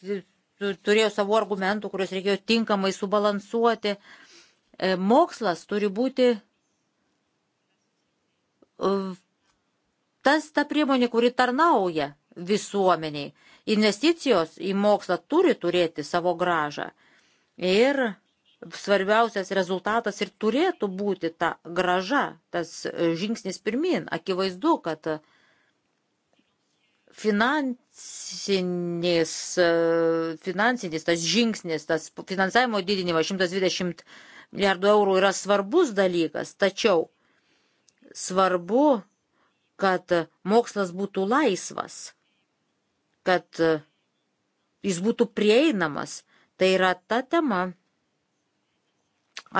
turėjo savo argumentų, kuriuos reikėjo tinkamai subalansuoti. E, mokslas turi būti e, tas ta priemonė, kuri tarnauja visuomeniai. Investicijos į mokslą turi turėti savo gražą. Ir svarbiausias rezultatas ir turėtų būti ta graža, tas žingsnis pirmin. Akivaizdu, kad finansinis, finansinis tas žingsnis, tas finansavimo didinimas 120 milijardų eurų yra svarbus dalykas, tačiau svarbu, kad mokslas būtų laisvas kad e, jis būtų prieinamas. Tai yra ta tema,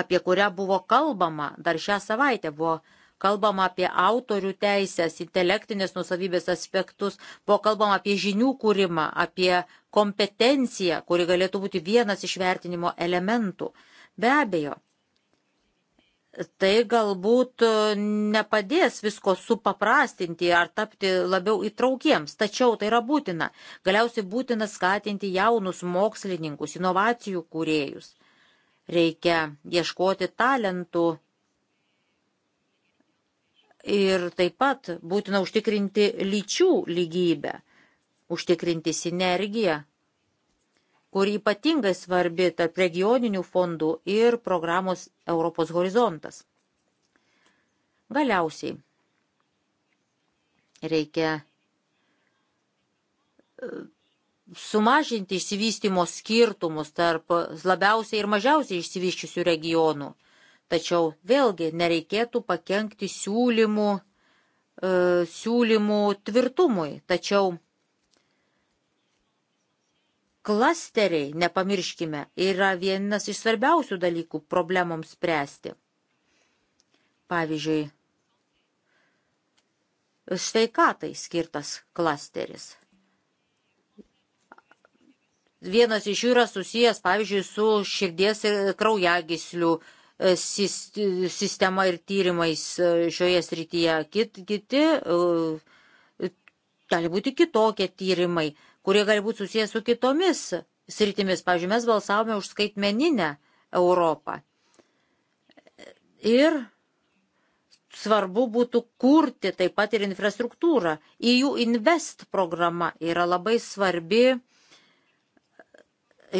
apie kurią buvo kalbama dar šią savaitę. Buvo kalbama apie autorių teisės, intelektinės nusavybės aspektus, buvo kalbama apie žinių kūrimą, apie kompetenciją, kuri galėtų būti vienas iš vertinimo elementų. Be abejo, tai galbūt e, nepadės visko supaprastinti ar tapti labiau įtraukiems, tačiau tai yra būtina. Galiausiai būtina skatinti jaunus mokslininkus, inovacijų kūrėjus. Reikia ieškoti talentų ir taip pat būtina užtikrinti lyčių lygybę, užtikrinti sinergiją kur ypatingai svarbi tarp regioninių fondų ir programos Europos horizontas. Galiausiai reikia e, sumažinti išsivystimo skirtumus tarp labiausiai ir mažiausiai išsivyščiusių regionų. Tačiau vėlgi nereikėtų pakengti siūlymų, e, siūlymų tvirtumui. Tačiau Klasteriai, nepamirškime, yra vienas iš svarbiausių dalykų problemoms spręsti. Pavyzdžiui, sveikatai skirtas klasteris. Vienas iš jų yra susijęs, pavyzdžiui, su širdies ir kraujagislių e, sistema ir tyrimais e, šioje srityje. Kit, kiti e, gali būti kitokie tyrimai kurie gali būti susijęs su kitomis sritimis. Pavyzdžiui, mes balsavome už skaitmeninę Europą. Ir svarbu būtų kurti taip pat ir infrastruktūrą. EU Invest programa yra labai svarbi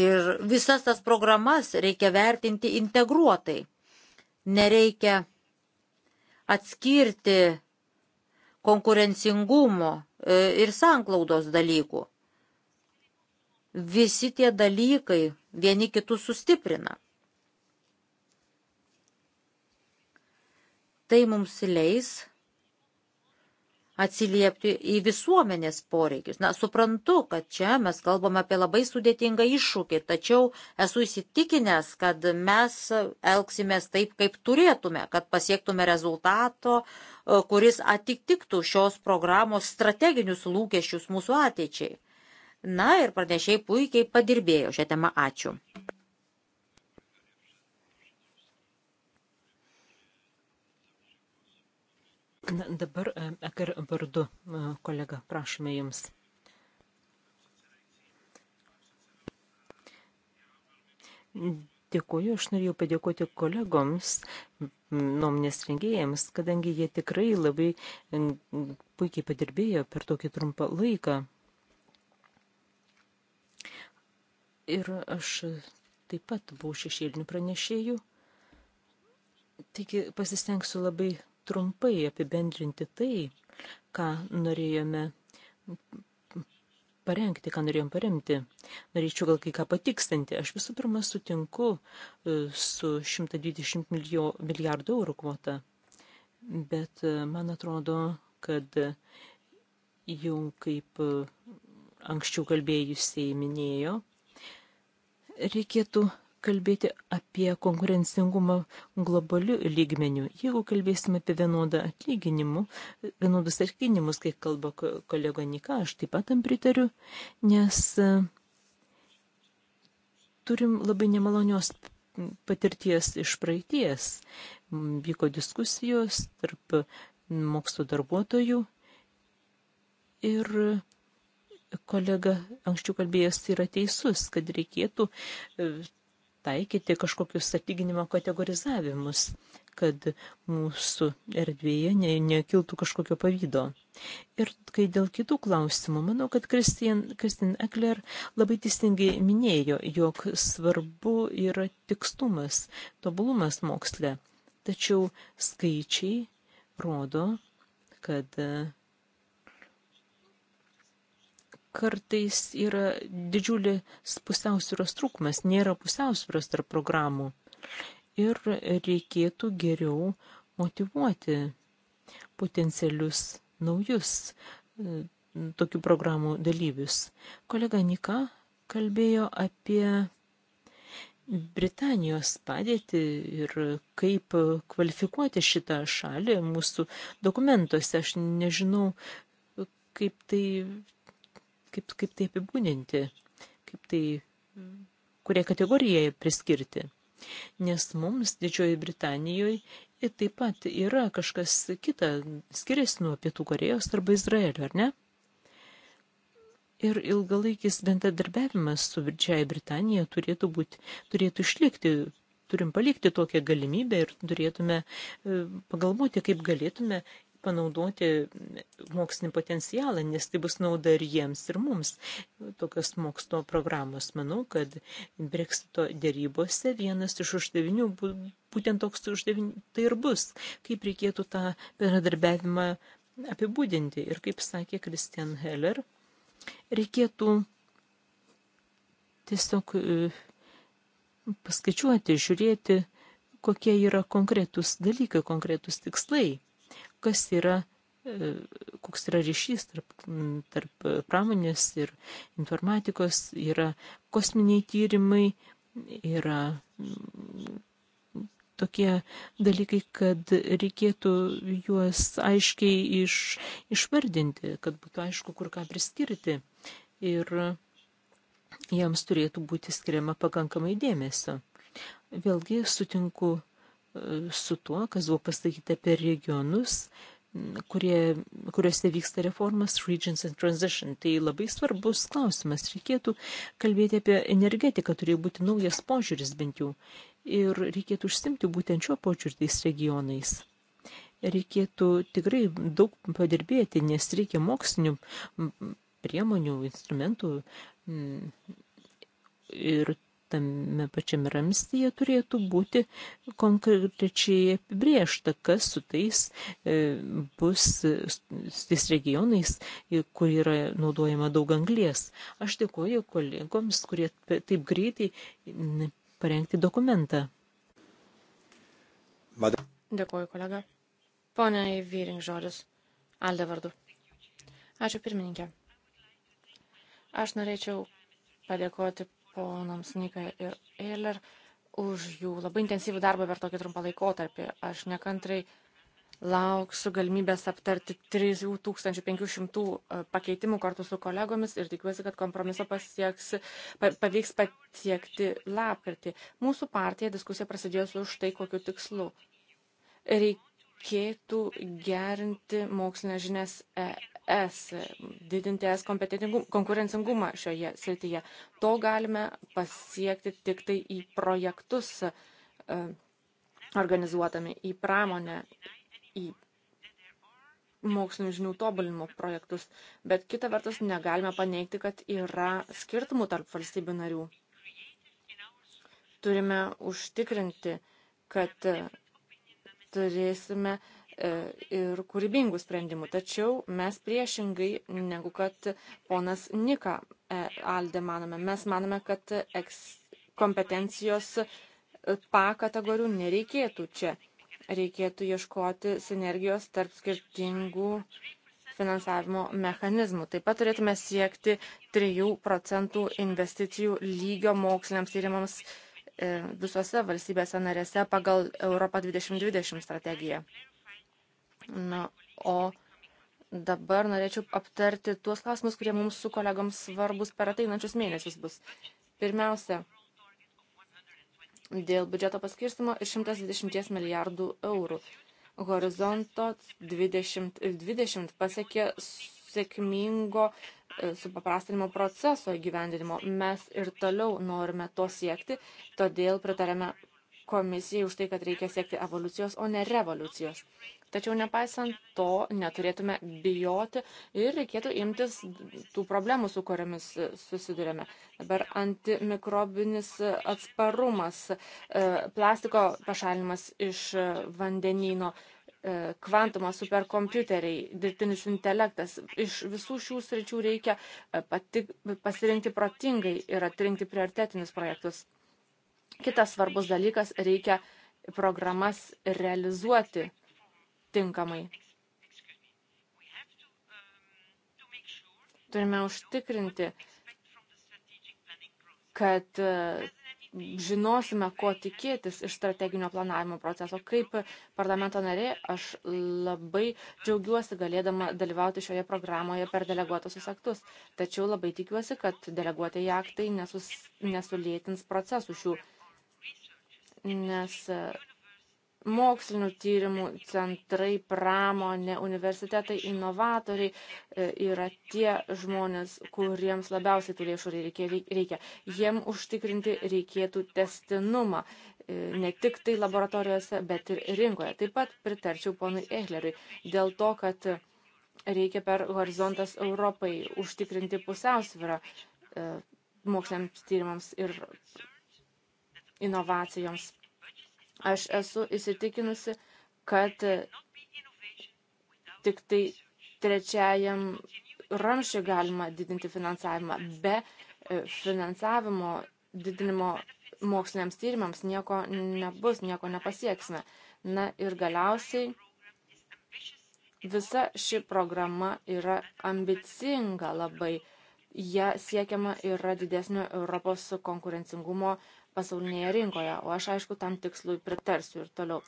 ir visas tas programas reikia vertinti integruotai. Nereikia atskirti konkurencingumo e, ir sanklaudos dalykų visi tie dalykai vieni kitus sustiprina. Tai mums leis atsiliepti į visuomenės poreikius. Na, suprantu, kad čia mes kalbame apie labai sudėtingą iššūkį, tačiau esu įsitikinęs, kad mes elgsimės taip, kaip turėtume, kad pasiektume rezultato, kuris atitiktų šios programos strateginius lūkesčius mūsų ateičiai. Na ir pranešiai puikiai padirbėjo šią temą. Ačiū. Na, dabar e, Eker vardu, e, kolega, prašome jums. Dėkuoju, aš norėjau padėkoti kolegoms, nuomonės rengėjams, kadangi jie tikrai labai puikiai padirbėjo per tokį trumpą laiką. Ir aš taip pat buvau šešėlinių pranešėjų. Taigi pasistengsiu labai trumpai apibendrinti tai, ką norėjome parengti, ką norėjom paremti. Norėčiau gal kai ką patiksinti. Aš visų pirma sutinku e, su 120 milijo, milijardų eurų kvota, bet e, man atrodo, kad jau kaip e, anksčiau kalbėjusiai minėjo, reikėtų kalbėti apie konkurencingumą globaliu lygmeniu. Jeigu kalbėsime apie vienodą atlyginimų, vienodus atlyginimus, kaip kalba kolega Nika, aš taip pat tam pritariu, nes e, turim labai nemalonios patirties iš praeities. Vyko diskusijos tarp mokslo darbuotojų ir kolega anksčiau kalbėjęs yra teisus, kad reikėtų e, taikyti kažkokius atlyginimo kategorizavimus, kad mūsų erdvėje ne, nekiltų kažkokio pavydo. Ir kai dėl kitų klausimų, manau, kad Kristin Ekler labai teisingai minėjo, jog svarbu yra tikslumas, tobulumas moksle. Tačiau skaičiai rodo, kad kartais yra didžiulis pusiausvyros trūkumas, nėra pusiausvyros tarp programų. Ir reikėtų geriau motivuoti potencialius naujus e, tokių programų dalyvius. Kolega Nika kalbėjo apie Britanijos padėtį ir kaip kvalifikuoti šitą šalį mūsų dokumentuose. Aš nežinau, kaip tai kaip, kaip tai apibūdinti, kaip tai, kuriai kategorijai priskirti. Nes mums Didžioji Britanijoje ir taip pat yra kažkas kita, skiriasi nuo Pietų Korejos arba Izraelio, ar ne? Ir ilgalaikis bendradarbiavimas su Didžiaja Britanija turėtų, būti, turėtų išlikti, turim palikti tokią galimybę ir turėtume e, pagalvoti, kaip galėtume panaudoti mokslinį potencialą, nes tai bus nauda ir jiems, ir mums. Tokios mokslo programos, manau, kad breksito dėrybose vienas iš uždavinių, būtent toks uždavinių, tai ir bus, kaip reikėtų tą bendradarbiavimą apibūdinti. Ir kaip sakė Kristian Heller, reikėtų tiesiog e, paskaičiuoti, žiūrėti, kokie yra konkretus dalykai, konkretus tikslai kas yra e, koks yra ryšys tarp, tarp pramonės ir informatikos, yra kosminiai tyrimai, yra tokie dalykai, kad reikėtų juos aiškiai iš, išvardinti, kad būtų aišku, kur ką priskirti. Ir jiems turėtų būti skiriama pakankamai dėmesio. Vėlgi sutinku su tuo, kas buvo pasakyta per regionus, kurie, kuriuose vyksta reformas Regions and Transition. Tai labai svarbus klausimas. Reikėtų kalbėti apie energetiką, turėjo būti naujas požiūris bent jau. Ir reikėtų užsimti būtent šio požiūrį tais regionais. Reikėtų tikrai daug padirbėti, nes reikia mokslinių priemonių, instrumentų. Ir tame pačiame ramstyje turėtų būti konkrečiai apibriešta, kas su tais e, bus, su tais regionais, kur yra naudojama daug anglės. Aš dėkuoju kolegoms, kurie taip greitai parengti dokumentą. Dėkuoju, kolega. Pone Vyring žodis. Alde vardu. Ačiū pirmininkė. Aš norėčiau padėkoti ponams Nika ir Eiler už jų labai intensyvų darbą per tokį trumpą laikotarpį. Aš nekantrai lauksiu galimybės aptarti 3500 e, pakeitimų kartu su kolegomis ir tikiuosi, kad kompromiso pasieks, pa, pavyks pasiekti lapkritį. Mūsų partija diskusija prasidėjo su štai kokiu tikslu. Reikėtų gerinti mokslinės žinias e ES, didinti ES konkurencingumą šioje srityje. To galime pasiekti tik tai į projektus e, organizuotami, į pramonę, į mokslinių žinių tobulinimo projektus. Bet kita vertus negalime paneigti, kad yra skirtumų tarp valstybių narių. Turime užtikrinti, kad turėsime uh, E, ir kūrybingų sprendimų. Tačiau mes priešingai negu kad ponas Nika e, Alde manome. Mes manome, kad kompetencijos pa kategorijų nereikėtų čia. Reikėtų ieškoti sinergijos tarp skirtingų finansavimo mechanizmų. Taip pat turėtume siekti 3 procentų investicijų lygio moksliniams tyrimams e, visose valstybėse narėse pagal Europą 2020 strategiją. Na, o dabar norėčiau aptarti tuos klausimus, kurie mums su kolegoms svarbus per ateinančius mėnesius bus. Pirmiausia, dėl biudžeto paskirstimo 120 milijardų eurų. Horizonto 20, 20 pasiekė sėkmingo e, supaprastinimo proceso įgyvendinimo. Mes ir toliau norime to siekti, todėl pritarėme komisijai už tai, kad reikia siekti evoliucijos, o ne revoliucijos. Tačiau nepaisant to, neturėtume bijoti ir reikėtų imtis tų problemų, su kuriamis e, susidurėme. Dabar antimikrobinis atsparumas, e, plastiko pašalinimas iš e, vandenino, kvantumas, superkompiuteriai, dirbtinis intelektas. Iš visų šių sričių reikia pati, pasirinkti protingai ir atrinkti prioritetinius projektus. Kitas svarbus dalykas - reikia programas realizuoti tinkamai. Turime užtikrinti, kad e, žinosime, ko tikėtis iš strateginio planavimo proceso. Kaip parlamento narė, aš labai džiaugiuosi galėdama dalyvauti šioje programoje per deleguotusius aktus. Tačiau labai tikiuosi, kad deleguotieji aktai nesus, nesulėtins procesų šių nes e, mokslinių tyrimų centrai, pramonė, universitetai, inovatoriai e, yra tie žmonės, kuriems labiausiai tų lėšų reikia. Jiem užtikrinti reikėtų testinumą e, ne tik tai laboratorijose, bet ir rinkoje. Taip pat pritarčiau ponui Ehleriui dėl to, kad reikia per horizontas Europai užtikrinti pusiausvyrą moksliniams tyrimams ir inovacijoms. Aš esu įsitikinusi, kad tik tai trečiajam ramšiui galima didinti finansavimą. Be e, finansavimo didinimo moksliniams tyrimams nieko nebus, nieko nepasieksime. Na ir galiausiai visa ši programa yra ambicinga labai. Ja siekiama yra didesnio Europos konkurencingumo pasaulinėje rinkoje, o aš aišku tam tikslui pritarsiu ir toliau.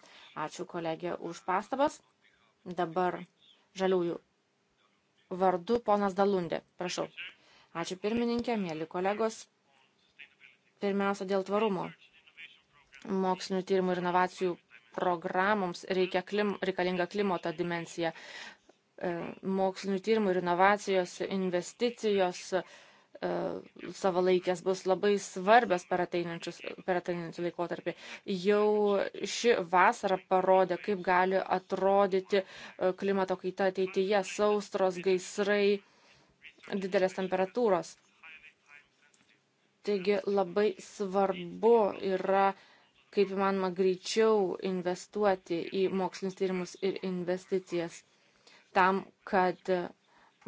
Ačiū kolegė už pastabas. Dabar žaliųjų vardu ponas Dalundė, prašau. Ačiū pirmininkė, mėly kolegos. Pirmiausia, dėl tvarumo. Mokslinių tyrimų ir inovacijų programoms reikia klim, reikalinga klimato dimensija. E, mokslinių tyrimų ir inovacijos investicijos E, savalaikės bus labai svarbios per ateinantį laikotarpį. Jau ši vasara parodė, kaip gali atrodyti e, klimato kaita ateityje - saustros, gaisrai, didelės temperatūros. Taigi labai svarbu yra kaip įmanoma greičiau investuoti į mokslinis tyrimus ir investicijas tam, kad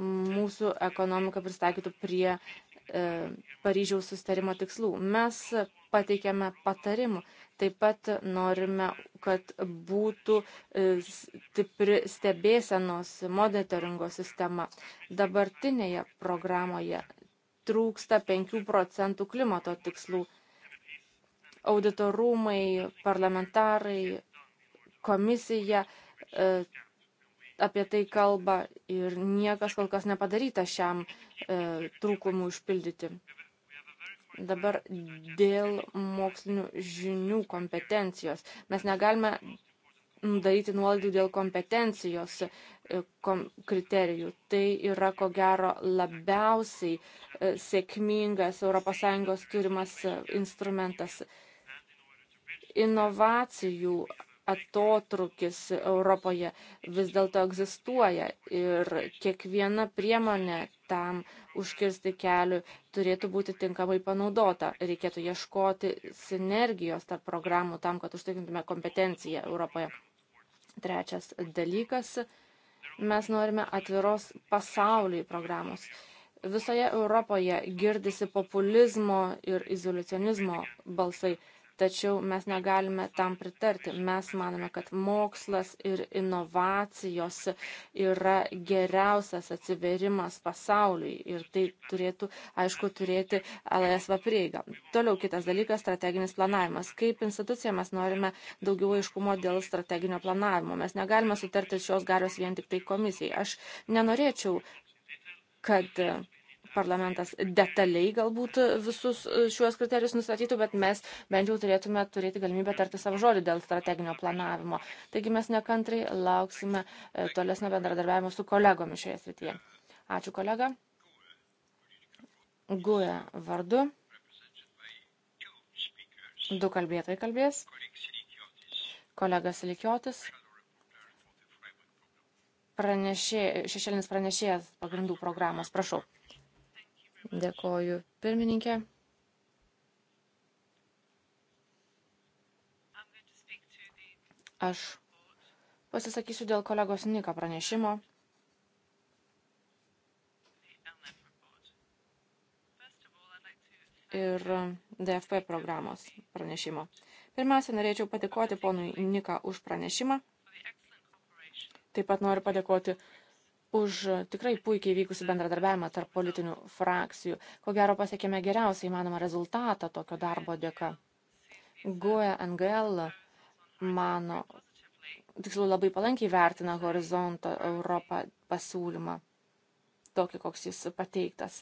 mūsų ekonomika pristaikytų prie e, Paryžiaus sustarimo tikslų. Mes pateikėme patarimų. Taip pat norime, kad būtų e, stipri stebėsenos monitoringo sistema. Dabartinėje programoje trūksta 5 procentų klimato tikslų. Auditorumai, parlamentarai, komisija e, apie tai kalba ir niekas kol kas nepadaryta šiam e, trūkumui užpildyti. Dabar dėl mokslinių žinių kompetencijos. Mes negalime daryti nuolaidų dėl kompetencijos e, kom, kriterijų. Tai yra, ko gero, labiausiai e, sėkmingas ES turimas e, instrumentas. Inovacijų atotrukis Europoje vis dėlto egzistuoja ir kiekviena priemonė tam užkirsti kelių turėtų būti tinkamai panaudota. Reikėtų ieškoti sinergijos tarp programų tam, kad užtikrintume kompetenciją Europoje. Trečias dalykas - mes norime atviros pasauliui programos. Visoje Europoje girdisi populizmo ir izolacionizmo balsai tačiau mes negalime tam pritarti. Mes manome, kad mokslas ir inovacijos yra geriausias atsiverimas pasauliui ir tai turėtų, aišku, turėti laisvą prieigą. Toliau kitas dalykas - strateginis planavimas. Kaip institucija mes norime daugiau aiškumo dėl strateginio planavimo. Mes negalime sutarti šios galios vien tik tai komisijai. Aš nenorėčiau, kad parlamentas detaliai galbūt visus e, šiuos kriterijus nustatytų, bet mes bent jau turėtume turėti galimybę tarti savo žodį dėl strateginio planavimo. Taigi mes nekantrai lauksime e, tolesnio bendradarbiavimo su kolegomis šioje srityje. Ačiū kolega. Guja vardu. Du kalbėtojai kalbės. Kolegas Likiotis. Pranešė, šešėlinis pranešėjas pagrindų programos. Prašau. Dėkoju pirmininkė. Aš pasisakysiu dėl kolegos Nika pranešimo. Ir DFP programos pranešimo. Pirmiausia, norėčiau patikoti ponui Nika už pranešimą. Taip pat noriu padėkoti už tikrai puikiai vykusi bendradarbiavimą tarp politinių frakcijų. Ko gero pasiekėme geriausią įmanomą rezultatą tokio darbo dėka. Goja e NGL mano, tiksliau labai palankiai vertina horizonto Europą pasiūlymą, tokį koks jis pateiktas.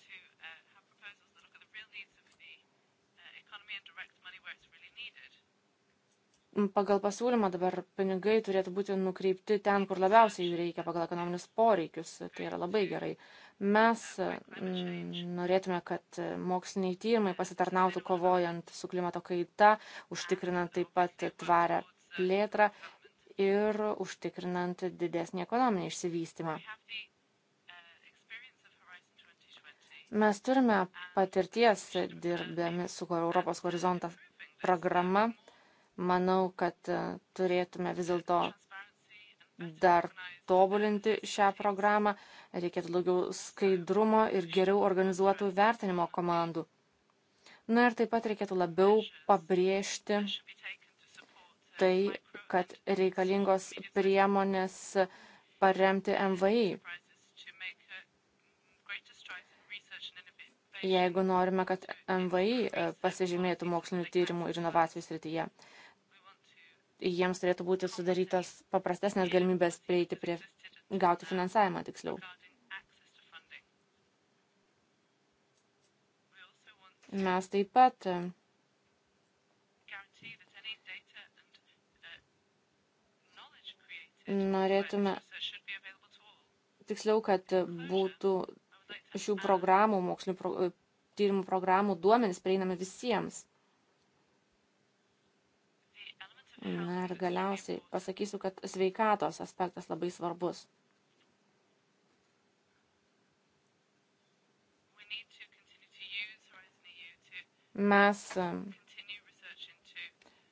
pagal pasiūlymą dabar pinigai turėtų būti nukreipti ten, kur labiausiai jų reikia pagal ekonominius poreikius. Tai yra labai gerai. Mes mm, norėtume, kad moksliniai tyrimai pasitarnautų kovojant su klimato kaita, užtikrinant taip pat tvarę plėtrą ir užtikrinant didesnį ekonominį išsivystymą. Mes turime patirties dirbdami su Europos horizontas programa Manau, kad e, turėtume vis dėlto dar tobulinti šią programą, reikėtų daugiau skaidrumo ir geriau organizuotų vertinimo komandų. Na ir taip pat reikėtų labiau pabrėžti tai, kad reikalingos priemonės paremti MVI. Jeigu norime, kad MVI e, pasižymėtų mokslinių tyrimų ir inovacijų srityje jiems turėtų būti sudarytas paprastesnės galimybės prieiti prie gauti finansavimą tiksliau. Mes taip pat e, norėtume tiksliau, kad būtų šių programų, mokslinių pro, e, tyrimų programų duomenys prieinami visiems. Mm. Na ir galiausiai pasakysiu, kad sveikatos aspektas labai svarbus. E Mes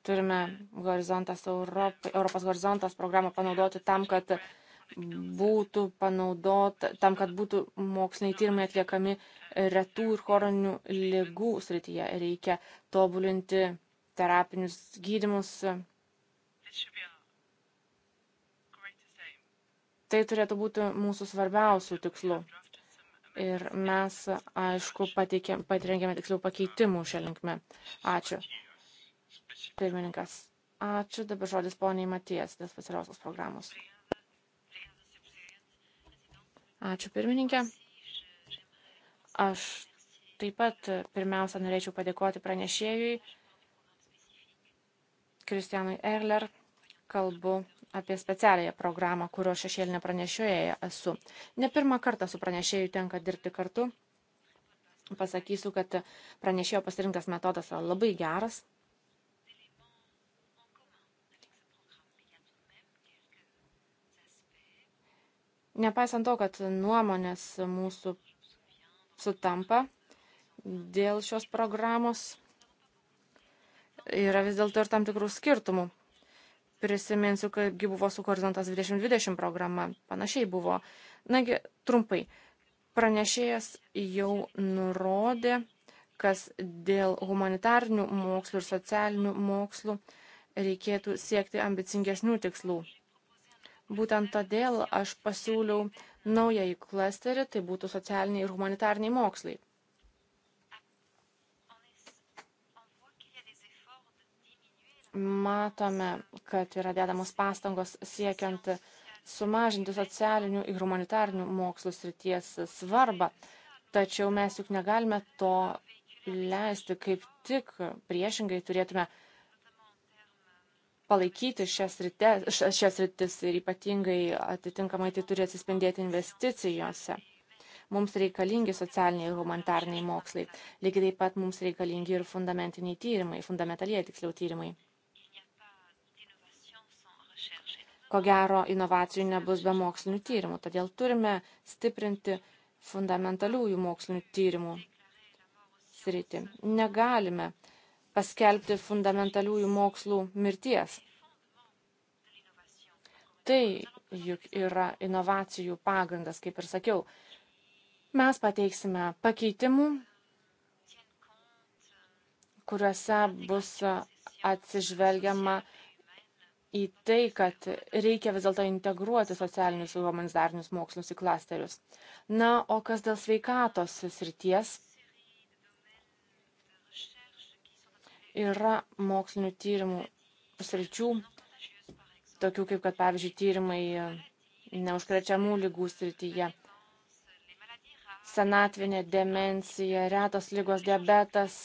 turime horizontas Europai, Europos horizontas programą panaudoti tam, kad būtų panaudota, tam, kad būtų moksliniai tyrimai atliekami retų ir choronių lygų srityje. Reikia tobulinti terapinius gydimus Uh, tai turėtų būti mūsų svarbiausių tikslų. Ir mes, aišku, pateikėm, patrengėme tiksliau pakeitimų šią linkmę. Ačiū. Pirmininkas. Ačiū. Dabar žodis poniai Matijas, nes pasirausios programos. Ačiū pirmininkė. Aš taip pat pirmiausia norėčiau padėkoti pranešėjui Kristianui Erler kalbu apie specialiąją programą, kurio šešėlinė pranešėja esu. Ne pirmą kartą su pranešėju tenka dirbti kartu. Pasakysiu, kad pranešėjo pasirinktas metodas yra labai geras. Nepaisant to, kad nuomonės mūsų sutampa dėl šios programos, yra vis dėlto ir tam tikrų skirtumų. Prisiminsiu, kaipgi buvo sukoordintas 2020 programa. Panašiai buvo. Nagi, trumpai. Pranešėjas jau nurodė, kas dėl humanitarnių mokslų ir socialinių mokslų reikėtų siekti ambicingesnių tikslų. Būtent todėl aš pasiūliau naująjį klasterį, tai būtų socialiniai ir humanitarniai mokslai. matome, kad yra dedamos pastangos siekiant sumažinti socialinių ir humanitarinių mokslų srities svarbą. Tačiau mes juk negalime to leisti, kaip tik priešingai turėtume palaikyti šias, ryte, šias rytis ir ypatingai atitinkamai tai turi atsispindėti investicijose. Mums reikalingi socialiniai ir humanitariniai mokslai. Lygiai taip pat mums reikalingi ir fundamentiniai tyrimai, fundamentalieji tiksliau tyrimai. ko gero inovacijų nebus be mokslinių tyrimų. Todėl turime stiprinti fundamentaliųjų mokslinių tyrimų sritį. Negalime paskelbti fundamentaliųjų mokslų mirties. Tai juk yra inovacijų pagrindas, kaip ir sakiau. Mes pateiksime pakeitimų, kuriuose bus atsižvelgiama į tai, kad reikia vis dėlto integruoti socialinius ir humanitarinius mokslus į klasterius. Na, o kas dėl sveikatos srities? Yra mokslinių tyrimų sričių, tokių kaip, kad, pavyzdžiui, tyrimai neužkrečiamų lygų srityje, senatvinė demencija, retos lygos diabetas,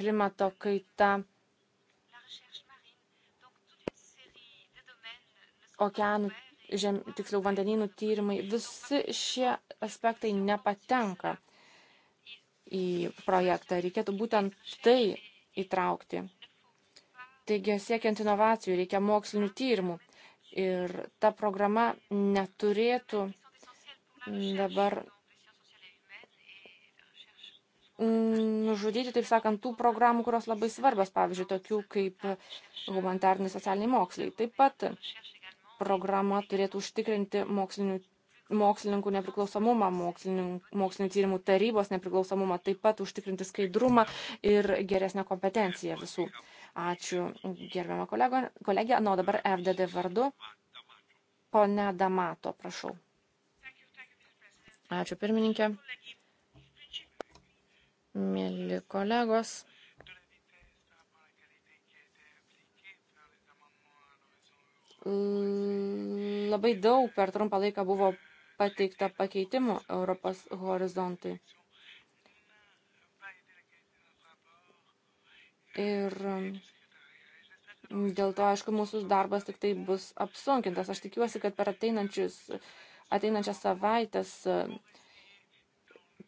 klimato kaita okeanų, žem, tiksliau vandenynų tyrimai, visi šie aspektai nepatenka į projektą. Reikėtų būtent tai įtraukti. Taigi, siekiant inovacijų, reikia mokslinių tyrimų. Ir ta programa neturėtų dabar nužudyti, taip sakant, tų programų, kurios labai svarbios, pavyzdžiui, tokių kaip humanitariniai socialiniai mokslai. Taip pat programa turėtų užtikrinti mokslinių, mokslininkų nepriklausomumą, mokslinio tyrimų tarybos nepriklausomumą, taip pat užtikrinti skaidrumą ir geresnę kompetenciją visų. Ačiū gerbiamą kolegę. Na, o dabar FDD vardu. Pone Damato, prašau. Ačiū pirmininkė. Mėly kolegos. Mm, labai daug per trumpą laiką buvo pateikta pakeitimų Europos horizontui. Ir mm, dėl to, aišku, mūsų darbas tik tai bus apsunkintas. Aš tikiuosi, kad per ateinančias savaitės mm,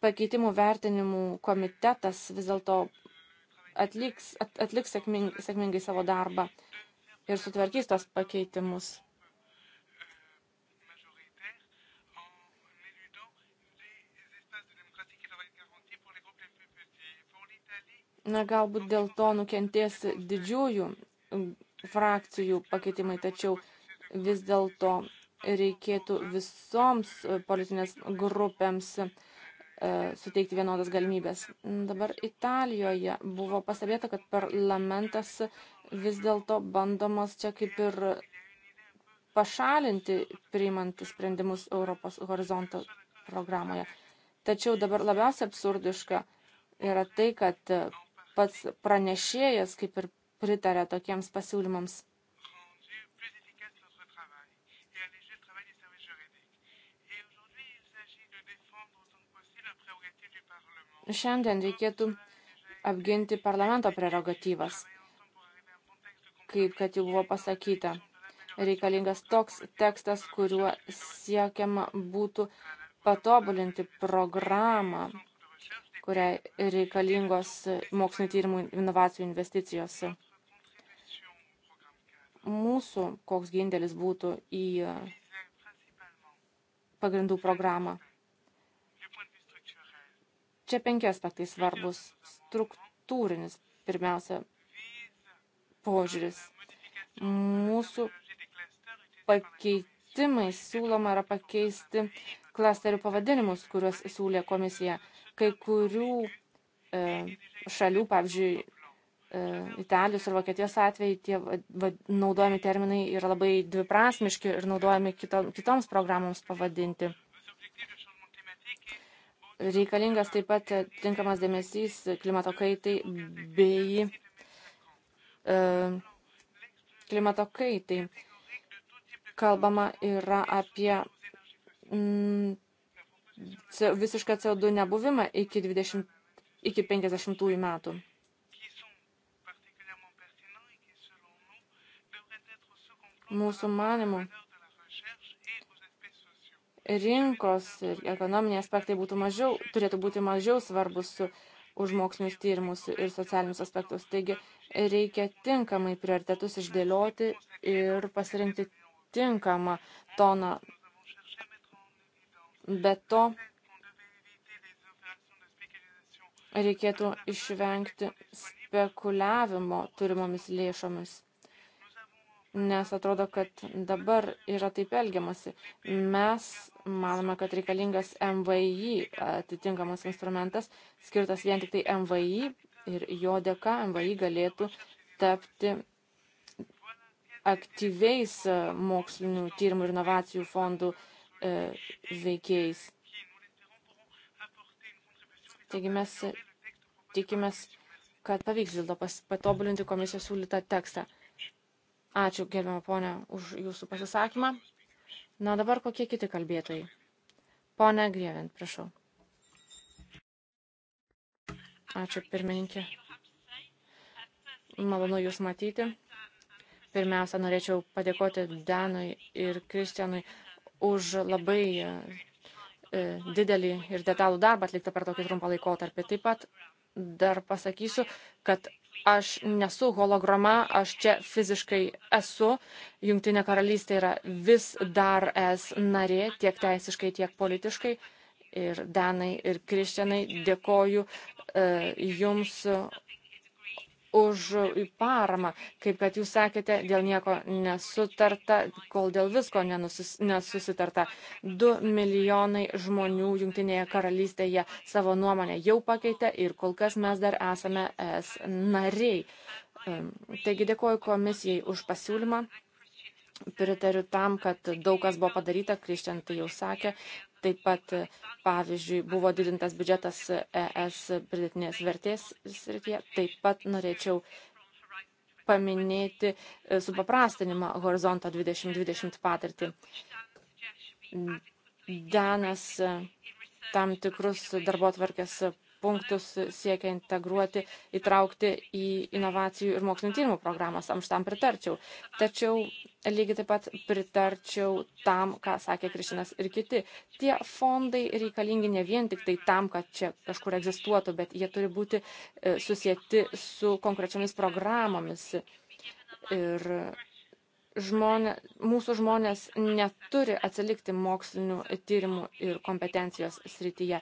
pakeitimų vertinimų komitetas vis dėlto atliks, at, atliks sėkming, sėkmingai savo darbą ir sutvarkys tos pakeitimus. Na, galbūt dėl to nukentės didžiųjų frakcijų pakeitimai, tačiau vis dėlto reikėtų visoms politinės grupėms uh, E, suteikti vienodas galimybės. Dabar Italijoje buvo pastebėta, kad parlamentas vis dėlto bandomas čia kaip ir pašalinti priimant sprendimus Europos horizonto programoje. Tačiau dabar labiausiai absurdiška yra tai, kad pats pranešėjas kaip ir pritarė tokiems pasiūlymams. Šiandien reikėtų apginti parlamento prerogatyvas, kaip kad jau buvo pasakyta. Reikalingas toks tekstas, kuriuo siekiama būtų patobulinti programą, kuriai reikalingos mokslinio tyrimų inovacijų investicijos. Mūsų koks gindėlis būtų į pagrindų programą. Čia penki aspektai svarbus. Struktūrinis, pirmiausia, požiūris. Mūsų pakeitimai siūloma yra pakeisti klasterių pavadinimus, kuriuos siūlė komisija. Kai kurių e, šalių, pavyzdžiui, e, Italijos ir Vokietijos atvejai, tie va, naudojami terminai yra labai dviprasmiški ir naudojami kito, kitoms programoms pavadinti. Reikalingas taip pat tinkamas dėmesys klimato kaitai bei e, klimato kaitai. Kalbama yra apie mm, visišką CO2 nebuvimą iki, 20, iki 50 metų. Mūsų manimų rinkos ir ekonominiai aspektai būtų mažiau, turėtų būti mažiau svarbus už mokslinius tyrimus ir socialinius aspektus. Taigi reikia tinkamai prioritetus išdėlioti ir pasirinkti tinkamą toną. Be to, reikėtų išvengti spekuliavimo turimomis lėšomis nes atrodo, kad dabar yra taip elgiamasi. Mes manome, kad reikalingas MVI atitinkamas instrumentas, skirtas vien tik tai MVI ir jo dėka MVI galėtų tapti aktyviais e, mokslinių tyrimų ir inovacijų fondų e, veikėjais. Taigi mes tikimės, kad pavyks dėl to patobulinti komisijos siūlytą tekstą. Ačiū, gerbiamą ponę, už jūsų pasisakymą. Na dabar kokie kiti kalbėtojai? Pone Grievint, prašau. Ačiū, pirmininkė. Malonu Jūs matyti. Pirmiausia, norėčiau padėkoti Danui ir Kristianui už labai e, didelį ir detalų darbą atliktą per tokį trumpą laikotarpį. Taip pat dar pasakysiu, kad Aš nesu holograma, aš čia fiziškai esu. Jungtinė karalystė yra vis dar es narė, tiek teisiškai, tiek politiškai. Ir Danai, ir Kristianai, dėkoju e, Jums už paramą. Kaip kad jūs sakėte, dėl nieko nesutarta, kol dėl visko nenusus, nesusitarta. 2 milijonai žmonių Junktinėje karalystėje savo nuomonę jau pakeitė ir kol kas mes dar esame es nariai. Taigi dėkoju komisijai už pasiūlymą. Pritariu tam, kad daug kas buvo padaryta, Kristian tai jau sakė, Taip pat, pavyzdžiui, buvo didintas biudžetas ES pridėtinės vertės srityje. Taip pat norėčiau paminėti e, supaprastinimą horizonto 2020 patirtį. Danas e, tam tikrus darbo atvarkės punktus siekia integruoti, įtraukti į inovacijų ir mokslinio tyrimų programas. Aš tam pritarčiau. Tačiau lygiai taip pat pritarčiau tam, ką sakė Krišinas ir kiti. Tie fondai reikalingi ne vien tik tai tam, kad čia kažkur egzistuotų, bet jie turi būti e, susijęti su konkrečiomis programomis. Ir žmonė, mūsų žmonės neturi atsilikti mokslinių tyrimų ir kompetencijos srityje.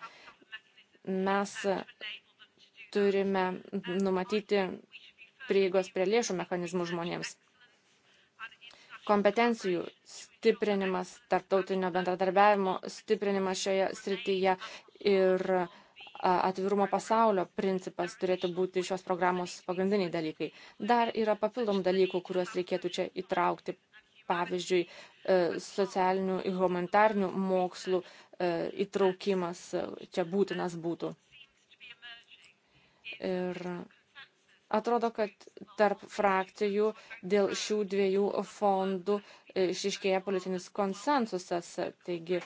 Mes turime numatyti prieigos prie lėšų mechanizmų žmonėms. Kompetencijų stiprinimas, tarptautinio bendradarbiavimo stiprinimas šioje srityje ir atvirumo pasaulio principas turėtų būti šios programos pagrindiniai dalykai. Dar yra papildomų dalykų, kuriuos reikėtų čia įtraukti pavyzdžiui, e, socialinių ir humanitarnių mokslų e, įtraukimas e, čia būtinas būtų. Ir atrodo, kad tarp frakcijų dėl šių dviejų fondų išiškėja politinis konsensusas. Taigi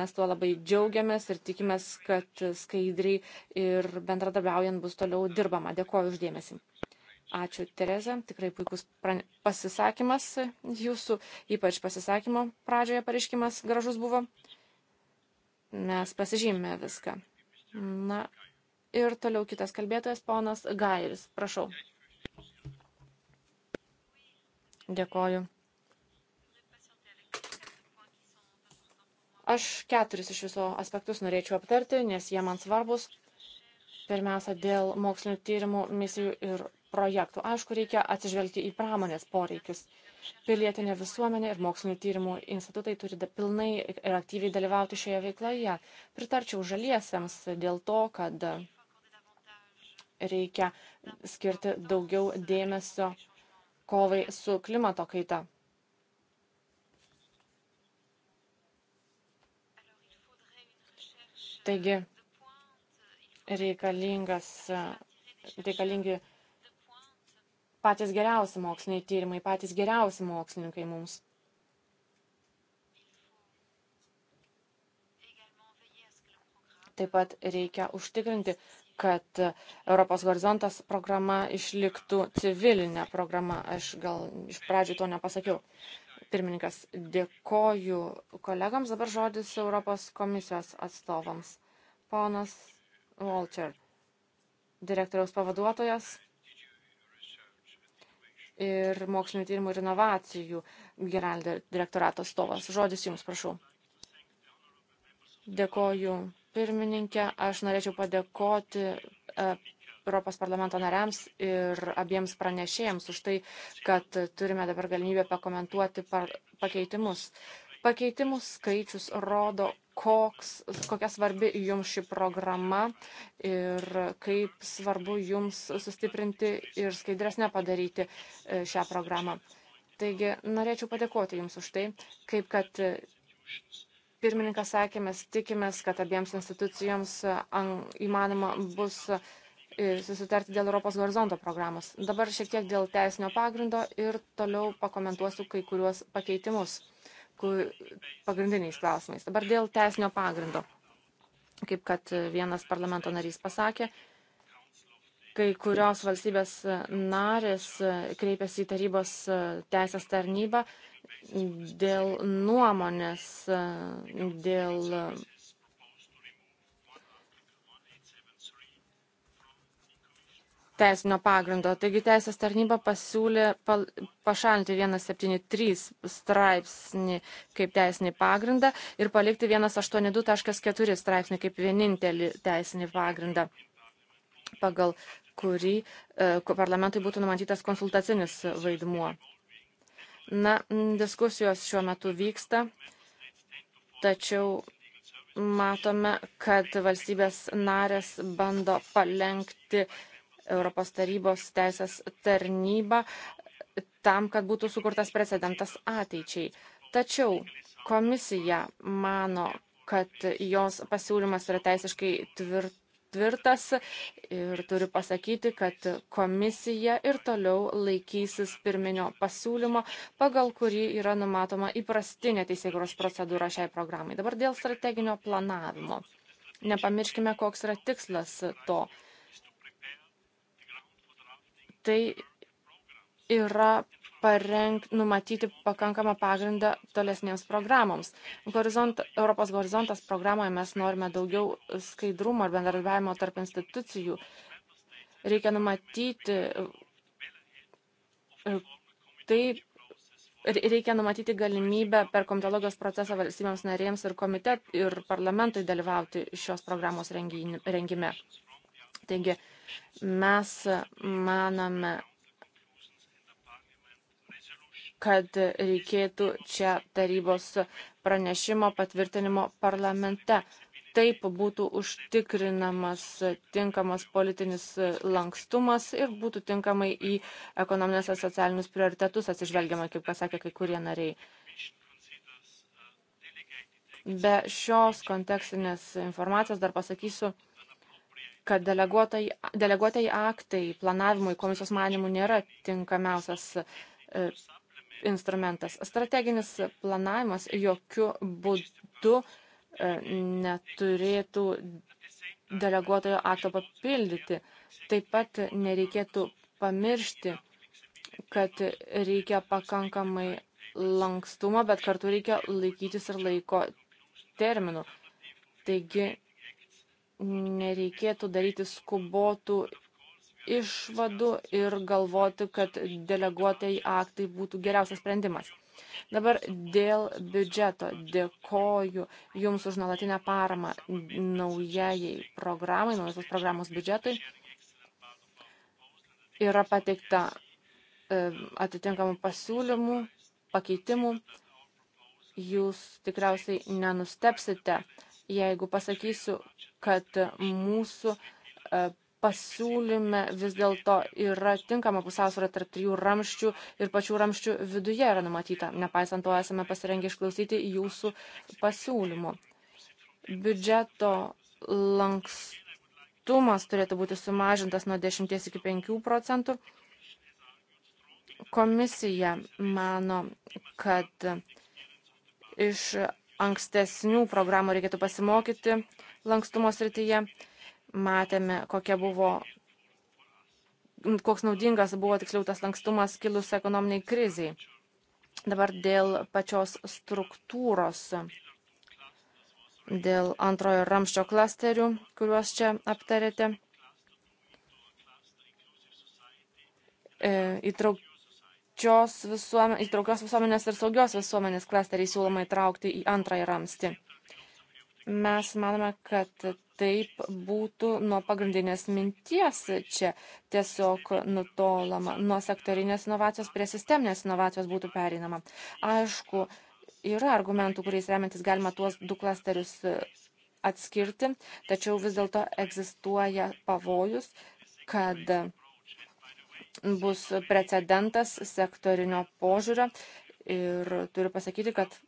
mes tuo labai džiaugiamės ir tikimės, kad skaidriai ir bendradarbiaujant bus toliau dirbama. Dėkuoju uždėmesi. Ačiū, Tereza. Tikrai puikus pasisakymas jūsų, ypač pasisakymo pradžioje pareiškimas gražus buvo. Mes pasižymime viską. Na ir toliau kitas kalbėtojas, ponas Gairis. Prašau. Dėkoju. Aš keturis iš viso aspektus norėčiau aptarti, nes jie man svarbus. Pirmiausia, dėl mokslinio tyrimų misijų ir projektų. Aišku, reikia atsižvelgti į pramonės poreikius. Pilietinė visuomenė ir mokslinio tyrimų institutai turi pilnai ir aktyviai dalyvauti šioje veikloje. Pritarčiau žaliesiems dėl to, kad reikia skirti daugiau dėmesio kovai su klimato kaita. Taigi reikalingas, reikalingi patys geriausi moksliniai tyrimai, patys geriausi mokslininkai mums. Taip pat reikia užtikrinti, kad Europos horizontas programa išliktų civilinė programa. Aš gal iš pradžių to nepasakiau. Pirmininkas, dėkoju kolegams. Dabar žodis Europos komisijos atstovams. Ponas Walter, direktoriaus pavaduotojas ir mokslinio tyrimų ir inovacijų generalinio direktorato atstovas. Žodis Jums, prašau. Dėkoju pirmininkė. Aš norėčiau padėkoti e, Europos parlamento nariams ir abiems pranešėjams už tai, kad turime dabar galimybę pakomentuoti pakeitimus. Pakeitimų skaičius rodo, koks, kokia svarbi jums ši programa ir kaip svarbu jums sustiprinti ir skaidresnę padaryti e, šią programą. Taigi norėčiau padėkoti Jums už tai, kaip kad pirmininkas sakė, mes tikimės, kad abiems institucijoms e, įmanoma bus e, susitarti dėl Europos horizonto programos. Dabar šiek tiek dėl teisinio pagrindo ir toliau pakomentuosiu kai kuriuos pakeitimus pagrindiniais klausimais. Dabar dėl teisinio pagrindo. Kaip kad vienas parlamento narys pasakė, kai kurios valstybės narės kreipėsi į tarybos teisės tarnybą dėl nuomonės, dėl teisinio pagrindo. Taigi teisės tarnyba pasiūlė pašalinti 173 straipsnį kaip teisinį pagrindą ir palikti 182.4 straipsnį kaip vienintelį teisinį pagrindą, pagal kurį e, parlamentui būtų numatytas konsultacinis vaidmuo. Na, diskusijos šiuo metu vyksta, tačiau matome, kad valstybės narės bando palengti uh, Europos tarybos teisės tarnybą tam, kad būtų sukurtas precedentas ateičiai. Tačiau komisija mano, kad jos pasiūlymas yra teisiškai tvirt, tvirtas ir turiu pasakyti, kad komisija ir toliau laikysis pirminio pasiūlymo, pagal kurį yra numatoma įprastinė teisėgros procedūra šiai programai. Dabar dėl strateginio planavimo. Nepamirškime, koks yra tikslas to tai yra pareng, numatyti pakankamą pagrindą tolesniems programoms. Horizont, Europos horizontas programoje mes norime daugiau skaidrumo ir bendradarbiavimo tarp institucijų. Reikia numatyti e, tai. Reikia numatyti galimybę per komitologijos procesą valstybėms narėms ir komitet ir parlamentui dalyvauti šios programos rengime. Taigi mes manome, kad reikėtų čia tarybos pranešimo patvirtinimo parlamente. Taip būtų užtikrinamas tinkamas politinis lankstumas ir būtų tinkamai į ekonominės ir socialinius prioritetus atsižvelgiama, kaip pasakė kai kurie nariai. Be šios kontekstinės informacijos dar pasakysiu, kad deleguotai aktai planavimui komisijos manimų nėra tinkamiausias e, instrumentas. Strateginis planavimas jokių būdų e, neturėtų deleguotojo akto papildyti. Taip pat nereikėtų pamiršti, kad reikia pakankamai lankstumo, bet kartu reikia laikytis ir laiko terminų. Taigi nereikėtų daryti skubotų išvadų ir galvoti, kad deleguotai aktai būtų geriausias sprendimas. Dabar dėl biudžeto dėkoju Jums už nuolatinę paramą naujajai programai, naujosios programos biudžetui. Yra pateikta e, atitinkamų pasiūlymų, pakeitimų. Jūs tikriausiai nenustepsite, jeigu pasakysiu, kad mūsų e, pasiūlyme vis dėlto yra tinkama pusiausvara tarp trijų ramščių ir pačių ramščių viduje yra numatyta. Nepaisant to, esame pasirengę išklausyti jūsų pasiūlymų. Biudžeto lankstumas turėtų būti sumažintas nuo 10 iki 5 procentų. Komisija mano, kad iš ankstesnių programų reikėtų pasimokyti lankstumo srityje. Matėme, kokia buvo koks naudingas buvo tiksliau tas lankstumas kilus ekonominiai kriziai. Dabar dėl pačios struktūros, dėl antrojo ramščio klasterių, kuriuos čia aptarėte. E, įtraukios visuomenės ir saugios visuomenės klasteriai siūloma įtraukti į antrąjį ramstį. Mes manome, kad taip būtų nuo pagrindinės minties čia tiesiog nutolama, nuo sektorinės inovacijos prie sisteminės inovacijos būtų pereinama. Aišku, yra argumentų, kuriais remiantis galima tuos du klasterius e, atskirti, tačiau vis dėlto egzistuoja pavojus, kad bus precedentas sektorinio požiūrio ir turiu pasakyti, kad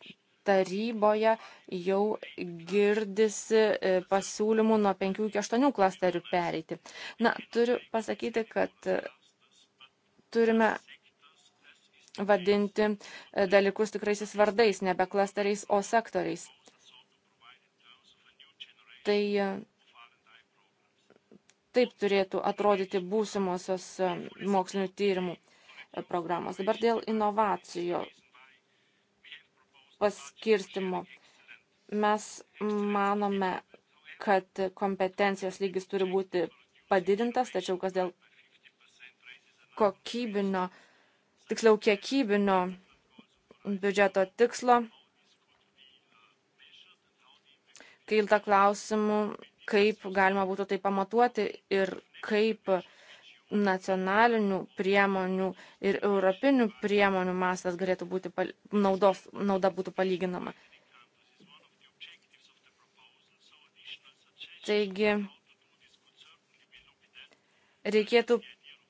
taryboje jau girdisi e, pasiūlymų nuo 5 iki 8 klasterių pereiti. Na, turiu pasakyti, kad e, turime vadinti e, dalykus tikraisiais vardais, nebe klasteriais, o sektoriais. Tai taip turėtų atrodyti būsimosios mokslinių tyrimų programos. Dabar dėl inovacijų paskirstimo. Mes manome, kad kompetencijos lygis turi būti padidintas, tačiau kas dėl kokybinio, tiksliau kiekybinio biudžeto tikslo, kilta klausimų, kaip galima būtų tai pamatuoti ir kaip uh, nacionalinių priemonių ir europinių priemonių mastas galėtų būti naudos, nauda būtų palyginama. Taigi reikėtų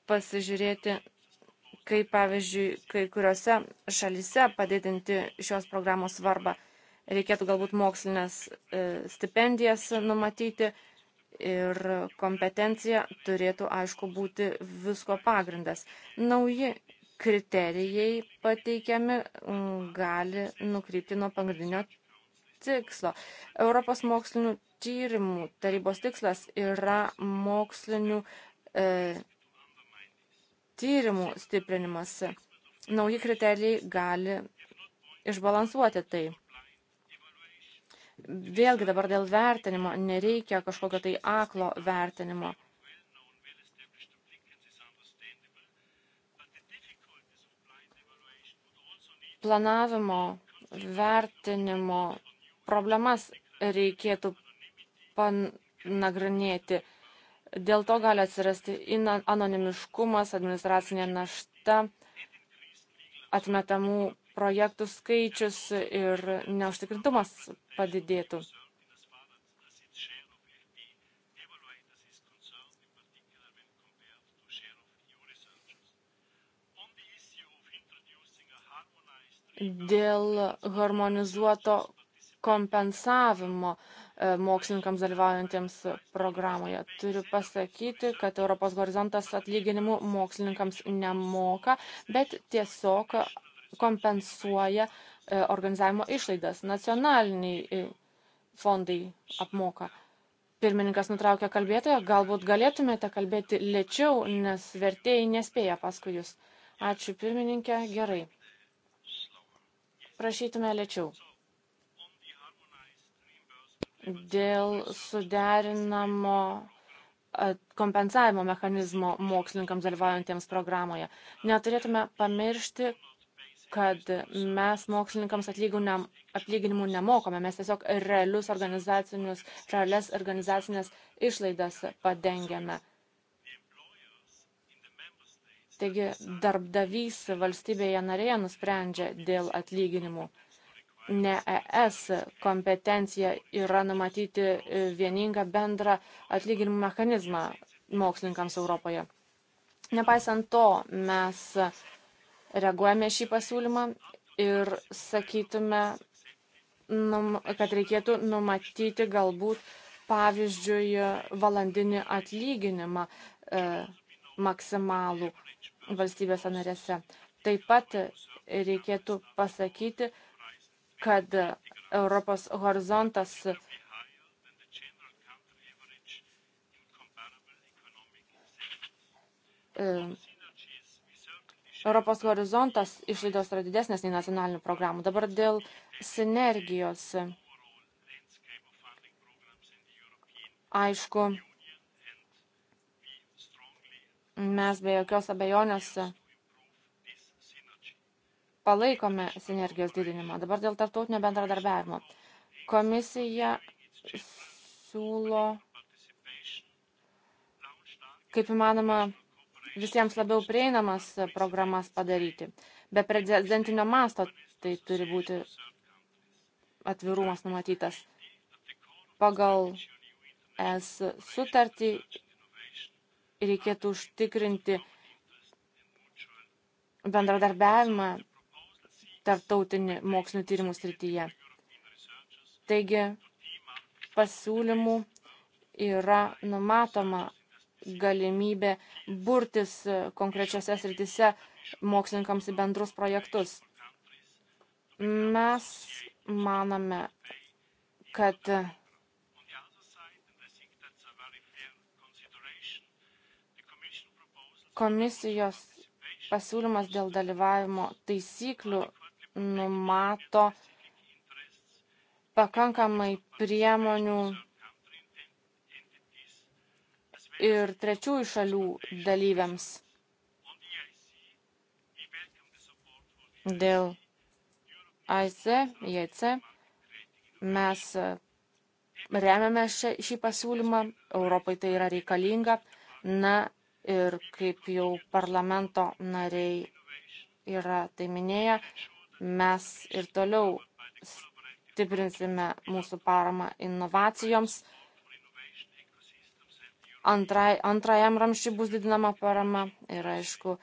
pasižiūrėti, kaip pavyzdžiui, kai kuriuose šalise padidinti šios programos svarbą. Reikėtų galbūt mokslinės e, stipendijas numatyti, ir kompetencija turėtų, aišku, būti visko pagrindas. Nauji kriterijai pateikiami mm, gali nukrypti nuo pagrindinio tikslo. Europos mokslinių tyrimų tarybos tikslas yra mokslinių e, tyrimų stiprinimas. Nauji kriterijai gali išbalansuoti tai. Vėlgi dabar dėl vertinimo nereikia kažkokio tai aklo vertinimo. Planavimo, vertinimo problemas reikėtų panagrinėti. Dėl to gali atsirasti anonimiškumas, administracinė našta, atmetamų projektų skaičius ir neužtikrintumas padidėtų. Dėl harmonizuoto kompensavimo e, mokslininkams dalyvaujantiems programoje. Turiu pasakyti, kad Europos horizontas atlyginimų mokslininkams nemoka, bet tiesiog kompensuoja e, organizavimo išlaidas. Nacionaliniai e, fondai apmoka. Pirmininkas nutraukė kalbėtoją, galbūt galėtumėte kalbėti lėčiau, nes vertėjai nespėja paskui jūs. Ačiū pirmininkė, gerai. Prašytume lėčiau. Dėl suderinamo e, kompensavimo mechanizmo mokslininkams dalyvaujantiems programoje. Neturėtume pamiršti, kad mes mokslininkams atlyginimų nemokome, mes tiesiog realius organizacinius, realias organizacinės išlaidas padengiame. Taigi darbdavys valstybėje narėje nusprendžia dėl atlyginimų. Ne ES kompetencija yra numatyti vieningą bendrą atlyginimų mechanizmą mokslininkams Europoje. Nepaisant to, mes reaguojame šį pasiūlymą ir sakytume, kad reikėtų numatyti galbūt, pavyzdžiui, valandinį atlyginimą e, maksimalų valstybėse narėse. Taip pat reikėtų pasakyti, kad Europos horizontas e, Europos horizontas išlaidos yra didesnės nei nacionalinių programų. Dabar dėl sinergijos. Aišku, mes be jokios abejonės palaikome sinergijos didinimą. Dabar dėl tarptautinio bendradarbiavimo. Komisija siūlo kaip įmanoma visiems labiau prieinamas e, programas padaryti. Be prezidentinio masto tai turi būti atvirumas numatytas. Pagal es sutartį reikėtų užtikrinti bendradarbiavimą tarptautinį mokslinių tyrimų srityje. Taigi pasiūlymų yra numatoma galimybė burtis konkrečiose srityse mokslininkams į bendrus projektus. Mes manome, kad komisijos pasiūlymas dėl dalyvavimo taisyklių numato pakankamai priemonių ir trečiųjų šalių dalyviams dėl AIC, JC. Mes e, remiame šį pasiūlymą, Europai tai yra reikalinga. Na ir kaip jau parlamento nariai yra tai minėję, mes ir toliau stiprinsime mūsų paramą inovacijoms antrai, antrajam ramščiui bus didinama parama ir aišku,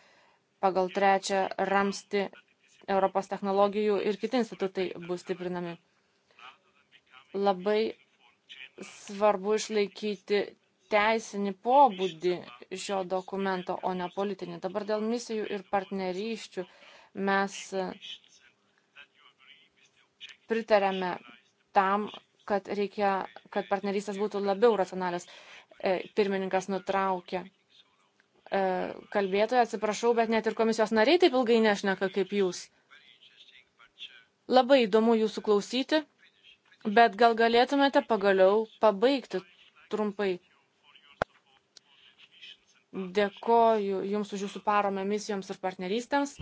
pagal trečią ramsti Europos technologijų ir kiti institutai bus stiprinami. Labai svarbu išlaikyti teisinį pobūdį šio dokumento, o ne politinį. Dabar dėl misijų ir partneryščių mes e, pritarėme tam, kad, reikia, kad partnerystės būtų labiau racionalios. E, pirmininkas nutraukė. E, Kalbėtoje atsiprašau, bet net ir komisijos nariai taip ilgai nešneka kaip jūs. Labai įdomu jūsų klausyti, bet gal galėtumėte pagaliau pabaigti trumpai. Dėkoju Jums už Jūsų paromą misijoms ir partnerystėms.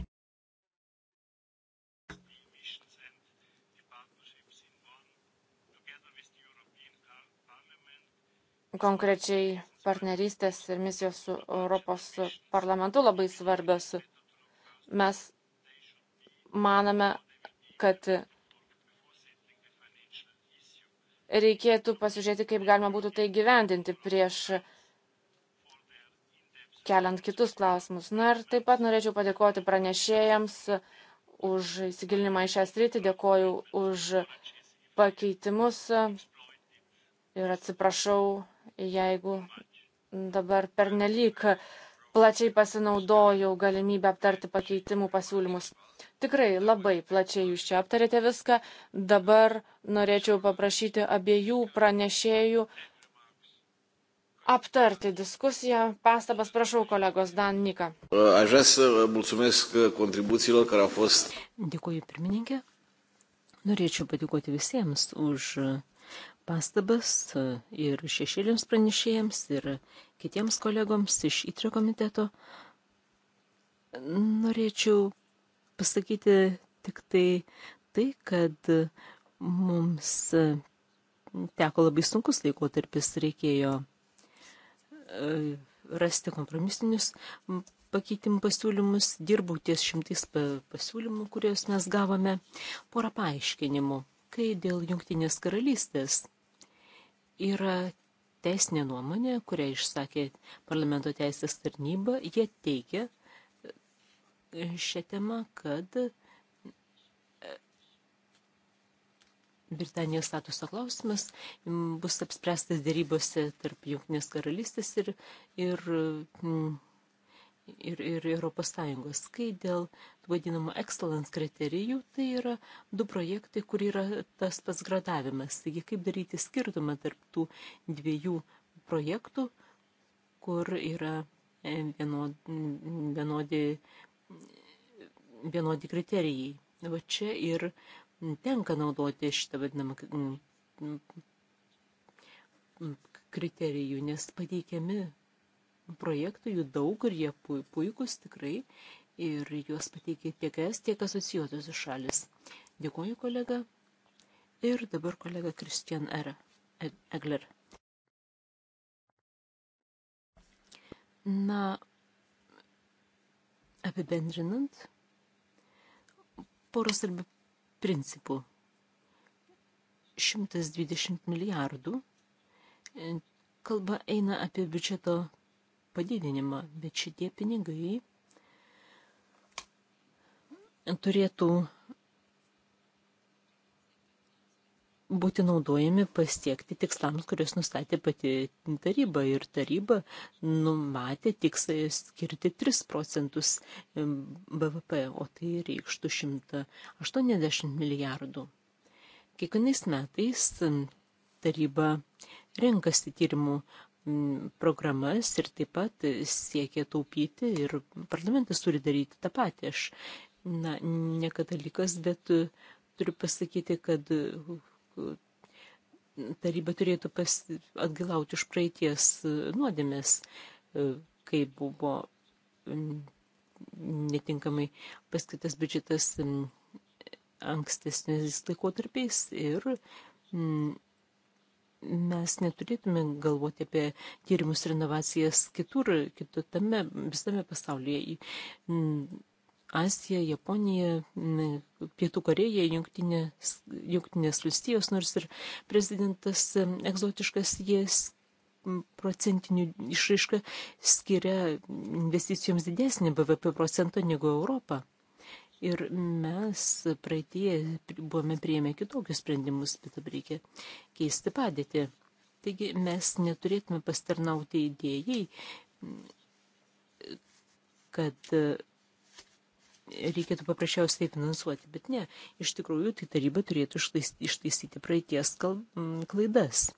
konkrečiai partnerystės ir misijos su Europos parlamentu labai svarbios. Mes maname, kad reikėtų pasižiūrėti, kaip galima būtų tai gyvendinti prieš keliant kitus klausimus. Na ir taip pat norėčiau padėkoti pranešėjams už įsigilinimą į šią sritį, dėkoju už pakeitimus ir atsiprašau jeigu dabar pernelyg plačiai pasinaudojau galimybę aptarti pakeitimų pasiūlymus. Tikrai labai plačiai jūs čia aptarėte viską. Dabar norėčiau paprašyti abiejų pranešėjų aptarti diskusiją. Pastabas prašau, kolegos Dan Nika. Aš jas mulțumesc contribuțiilor care au fost. Dėkuoju, pirmininkė. Norėčiau padėkoti visiems už pastabas e, ir šešėliams pranešėjams, ir kitiems kolegoms iš įtrio komiteto. Norėčiau pasakyti tik tai tai, kad mums teko labai sunkus laikotarpis, reikėjo e, rasti kompromisinius pakeitimų pasiūlymus, dirbau ties šimtais pasiūlymų, kuriuos mes gavome, porą paaiškinimų Kai dėl jungtinės karalystės yra teisinė nuomonė, kurią išsakė parlamento teisės tarnyba, jie teigia e, šią temą, kad e, Britanijos statuso klausimas bus apspręstas dėrybose tarp Junktinės karalystės ir, ir m, ir, ir Europos Sąjungos. Kai dėl vadinamo excellence kriterijų, tai yra du projektai, kur yra tas pats gradavimas. Taigi, kaip daryti skirtumą tarp tų dviejų projektų, kur yra e, vienodi, vienodi kriterijai. Va čia ir tenka naudoti šitą vadinamą kriterijų, nes pateikiami projektų, jų daug ir jie puikus tikrai ir juos pateikė tiek es, tiek asocijuotos šalis. Dėkuoju, kolega. Ir dabar kolega Kristian R. Er, e, Egler. Na, apibendrinant, poros arba principų. 120 milijardų. Kalba eina apie biudžeto padidinimą, bet šitie pinigai turėtų būti naudojami pasiekti tikslams, kuriuos nustatė pati taryba. Ir taryba numatė tikslai skirti 3 procentus BVP, o tai reikštų 180 milijardų. Kiekvienais metais taryba renkasi tyrimų programas ir taip pat siekia taupyti ir parlamentas turi daryti tą patį. Aš, na, ne katalikas, bet turiu pasakyti, kad taryba turėtų pas, atgilauti iš praeities nuodėmės, e, kai buvo netinkamai paskaitas biudžetas ankstesnės laikotarpiais ir mes neturėtume galvoti apie tyrimus ir inovacijas kitur, kitame, visame pasaulyje. Azija, Japonija, Pietų Koreja, Jungtinės, Jungtinės valstijos, nors ir prezidentas egzotiškas, jie procentinių išraišką skiria investicijoms didesnį BVP procentą negu Europą. Ir mes praeitie buvome prieėmę kitokius sprendimus, bet dabar reikia keisti padėtį. Taigi mes neturėtume pastarnauti idėjai, kad e, reikėtų paprasčiausiai tai finansuoti, bet ne, iš tikrųjų tai taryba turėtų ištaisyti praeities klaidas.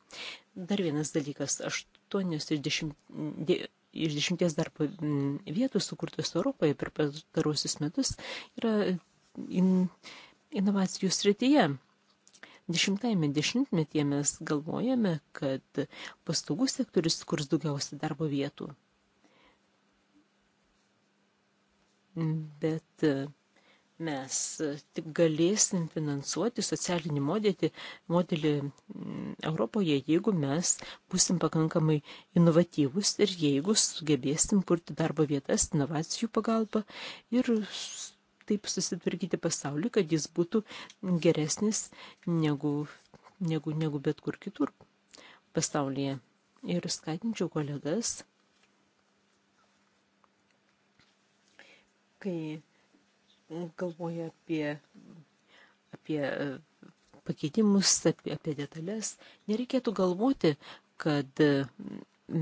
Dar vienas dalykas, 8 ir 10, iš dešimties darbo mm, vietų sukurtos Europoje per pastarusius metus yra e, in, inovacijų srityje. Dešimtajame dešimtmetyje mes galvojame, kad paslaugų sektorius sukurs daugiausia darbo vietų. Mm, bet e, mes e, tik galėsim finansuoti socialinį modelį, modelį Europoje, jeigu mes busim pakankamai inovatyvus ir jeigu sugebėsim kurti darbo vietas inovacijų pagalba ir taip susitvarkyti pasaulį, kad jis būtų geresnis negu, negu, negu bet kur kitur pasaulyje. Ir skatinčiau kolegas, kai galvoja apie, apie e, pakeitimus, apie, apie detalės, nereikėtų galvoti, kad e,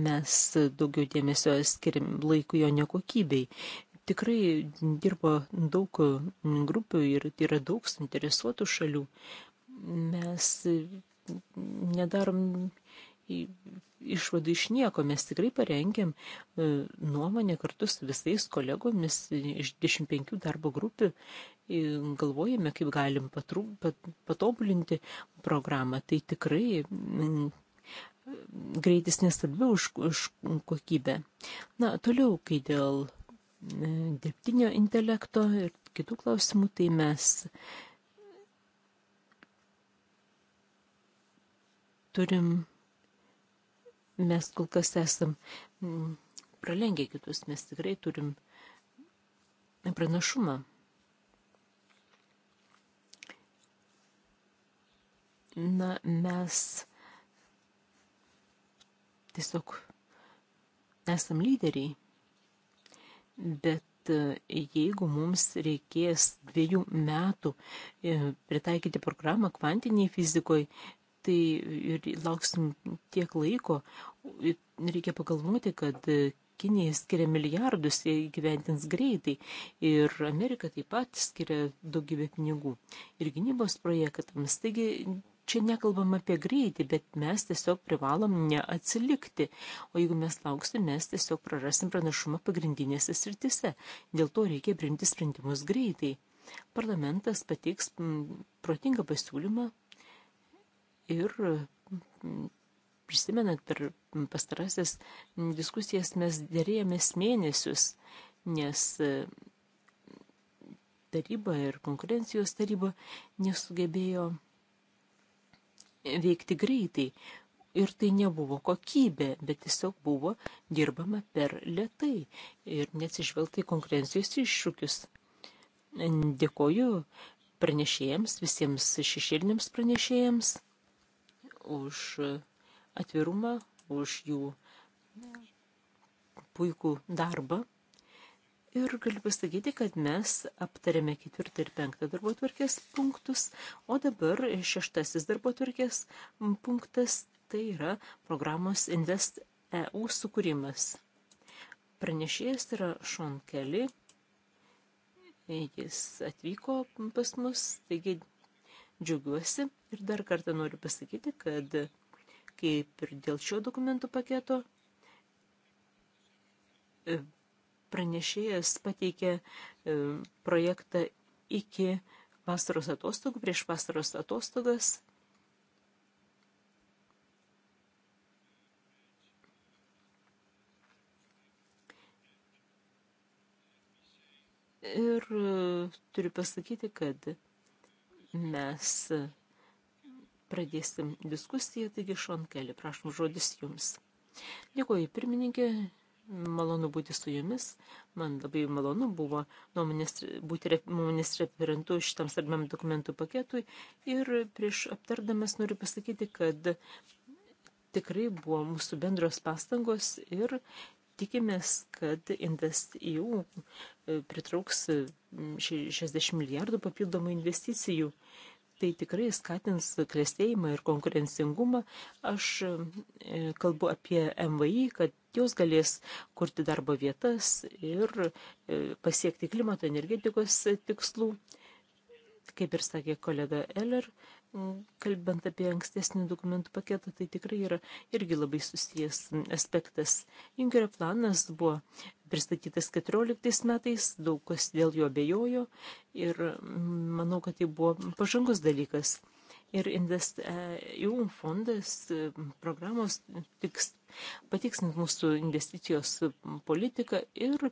mes daugiau dėmesio skiriam laikui, o ne kokybei. Tikrai dirba daug grupių ir yra daug suinteresuotų šalių. Mes nedarom išvadų iš nieko. Mes tikrai parengėm e, nuomonę kartu su visais kolegomis iš 25 darbo grupių. E, galvojame, kaip galim patru, pat, patobulinti programą. Tai tikrai mm, greitis nesvarbi už, už kokybę. Na, toliau, kai dėl e, dirbtinio intelekto ir kitų klausimų, tai mes turim mes kol kas esam mm, pralengę kitus, mes tikrai turim pranašumą. Na, mes tiesiog esam lyderiai, bet e, jeigu mums reikės dviejų metų e, pritaikyti programą kvantiniai fizikoje, tai ir lauksim tiek laiko, reikia pagalvoti, kad Kinija skiria milijardus, jie gyventins greitai ir Amerika taip pat skiria daugybę pinigų ir gynybos projektams. Taigi čia nekalbam apie greitį, bet mes tiesiog privalom neatsilikti. O jeigu mes lauksim, mes tiesiog prarasim pranašumą pagrindinėse sritise. Dėl to reikia priimti sprendimus greitai. Parlamentas pateiks protingą pasiūlymą, ir mm, prisimenant per pastarasias diskusijas mes dėrėjomės mėnesius, nes mm, taryba ir konkurencijos taryba nesugebėjo veikti greitai. Ir tai nebuvo kokybė, bet tiesiog buvo dirbama per lietai ir neatsižvelgtai konkurencijos iššūkius. Dėkoju pranešėjams, visiems šešėliniams pranešėjams už atvirumą, už jų puikų darbą. Ir galiu pasakyti, kad mes aptarėme ketvirtą ir penktą darbo tvarkės punktus, o dabar šeštasis darbo tvarkės punktas tai yra programos Invest EU sukūrimas. Pranešėjas yra Šon Keli, jis atvyko pas mus, taigi džiugiuosi ir dar kartą noriu pasakyti, kad kaip ir dėl šio dokumentų paketo e, pranešėjas pateikė e, projektą iki vasaros atostogų, prieš vasaros atostogas. Ir e, turiu pasakyti, kad mes e, pradėsim diskusiją, taigi Šonkelį, prašom žodis jums. Dėkuoju pirmininkė, malonu būti su jumis, man labai malonu buvo nuomonės, būti nuomonės referentu šitam svarbiam dokumentų paketui ir prieš aptardamas noriu pasakyti, kad tikrai buvo mūsų bendros pastangos ir tikimės, kad InvestEU e, pritrauks 60 e, milijardų papildomų investicijų. Tai tikrai skatins klėstėjimą ir konkurencingumą. Aš e, kalbu apie MVI, kad jos galės kurti darbo vietas ir pasiekti klimato energetikos tikslų. Kaip ir sakė kolega Eller, kalbant apie ankstesnį dokumentų paketą, tai tikrai yra irgi labai susijęs aspektas. Junkerio planas buvo pristatytas 14 metais, daug kas dėl jo bejojo ir manau, kad tai buvo pažangus dalykas ir InvestEU fondas e, programos tiks, patiksint mūsų investicijos politiką ir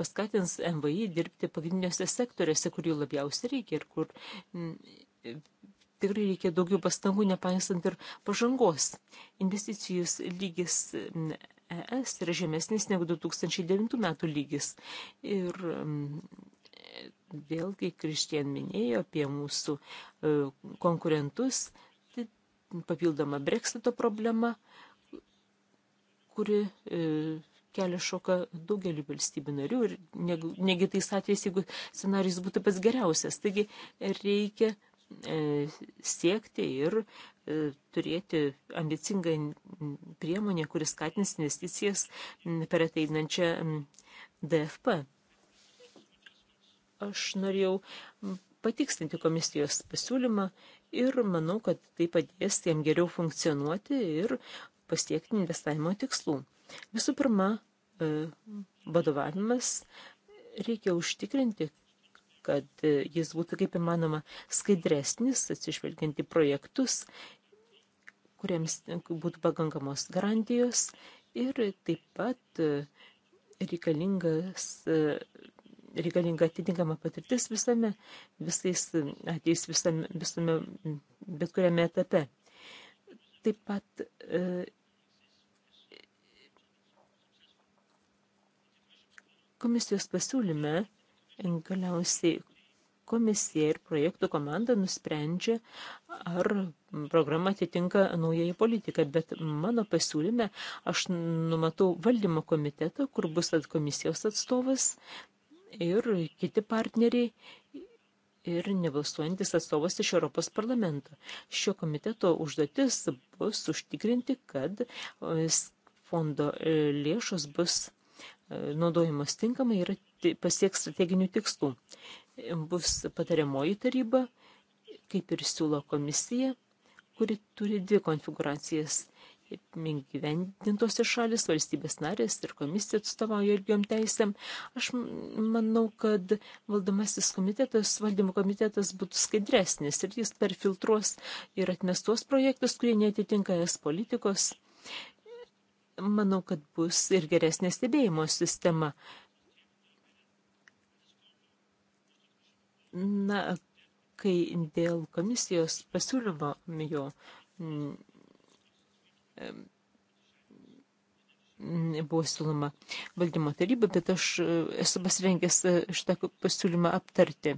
paskatins MVI dirbti pagrindiniuose sektoriuose, kur jų labiausiai reikia ir kur tikrai reikia daugiau pastangų, nepaisant ir pažangos. Investicijos lygis ES yra žemesnis negu 2009 metų lygis. Ir vėlgi Krištien minėjo apie mūsų e, konkurentus, tai papildoma breksito problema, kuri e, kelia šoką daugelį valstybių narių ir negi tais atvejais, jeigu scenarius būtų pats geriausias. Taigi reikia e, siekti ir turėti ambicingą priemonę, kuris skatins investicijas per ateinančią DFP. Aš norėjau patikslinti komisijos pasiūlymą ir manau, kad tai padės jam geriau funkcionuoti ir pasiekti investavimo tikslų. Visų pirma, e, vadovavimas reikia užtikrinti, kad jis būtų kaip įmanoma skaidresnis, atsižvelgiant į projektus, kuriems būtų pakankamos garantijos ir taip pat e, reikalingas e, reikalinga atitinkama patirtis visame, visais ateis visame, visame, bet kuriame etape. Taip pat e, komisijos pasiūlyme galiausiai komisija ir projektų komanda nusprendžia, ar programa atitinka naująją politiką. Bet mano pasiūlyme aš numatau valdymo komitetą, kur bus komisijos atstovas, ir kiti partneriai ir nebalsuojantis atstovas iš Europos parlamento. Šio komiteto užduotis bus užtikrinti, kad e, fondo e, lėšos bus e, naudojamos tinkamai ir pasieks strateginių tikslų. Bus patariamoji taryba, kaip ir siūlo komisija, kuri turi dvi konfiguracijas gyventintose šalis, valstybės narės ir komisija atstovauja lygiom teisėm. Aš manau, kad valdomasis komitetas, valdymo komitetas būtų skaidresnis ir jis perfiltruos ir atmes tuos projektus, kurie netitinka es politikos. Manau, kad bus ir geresnė stebėjimo sistema. Na, kai dėl komisijos pasiūlymo jo buvo siūloma valdymo taryba, bet aš e, esu pasirengęs e, šitą pasiūlymą aptarti.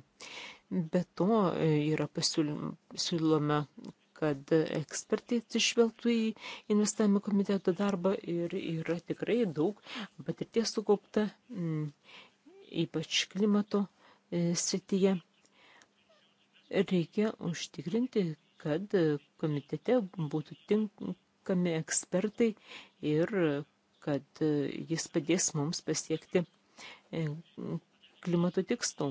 Be to e, yra pasiūloma, kad ekspertai atsižvelgtų į investavimo komiteto darbą ir yra tikrai daug patirties sukaupta, ypač klimato srityje. Reikia užtikrinti, kad komitete būtų tink, tinkami ekspertai ir kad e, jis padės mums pasiekti e, klimato tikslų.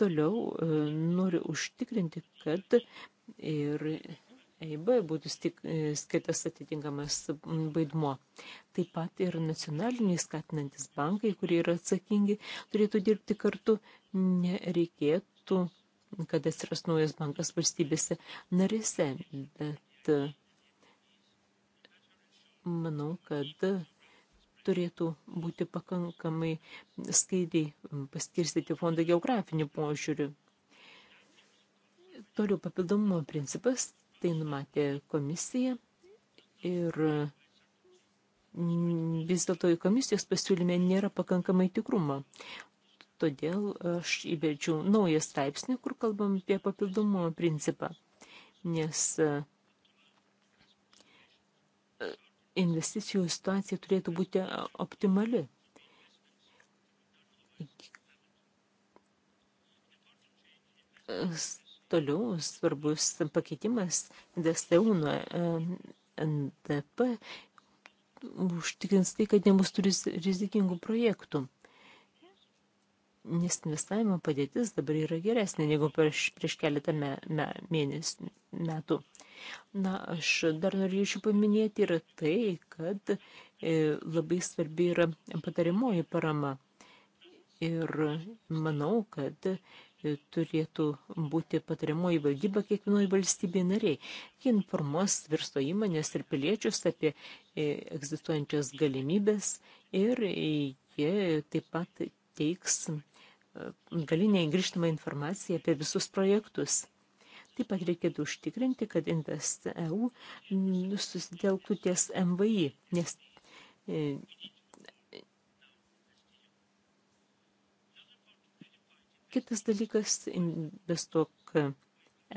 Toliau e, noriu užtikrinti, kad ir EIB būtų skirtas atitinkamas vaidmuo. Taip pat ir nacionaliniai skatinantis bankai, kurie yra atsakingi, turėtų dirbti kartu, nereikėtų, kad atsiras naujas bankas valstybėse narėse, bet manau, kad turėtų būti pakankamai skaidriai paskirstyti fondą geografiniu požiūriu. Toliau papildomumo principas, tai numatė komisija ir vis dėlto į komisijos pasiūlyme nėra pakankamai tikrumo. Todėl aš įvedžiau naują straipsnį, kur kalbam apie papildomumo principą, nes investicijų situacija turėtų būti e, optimali. Toliau svarbus pakeitimas DSTU nuo e, NDP užtikrins tai, kad nebus rizikingų projektų investavimo padėtis dabar yra geresnė negu prieš, prieš keletą me, me, mėnesių metų. Na, aš dar norėčiau paminėti yra tai, kad e, labai svarbi yra patariamoji parama. Ir manau, kad e, turėtų būti patariamoji valdyba kiekvienoje valstybėje nariai. Ji informuos virsto įmonės ir piliečius apie e, egzistuojančias galimybės ir e, jie taip pat teiks dalinę grįžtamą informaciją apie visus projektus. Taip pat reikėtų užtikrinti, kad InvestEU susidelktų ties MVI, nes e, kitas dalykas investuok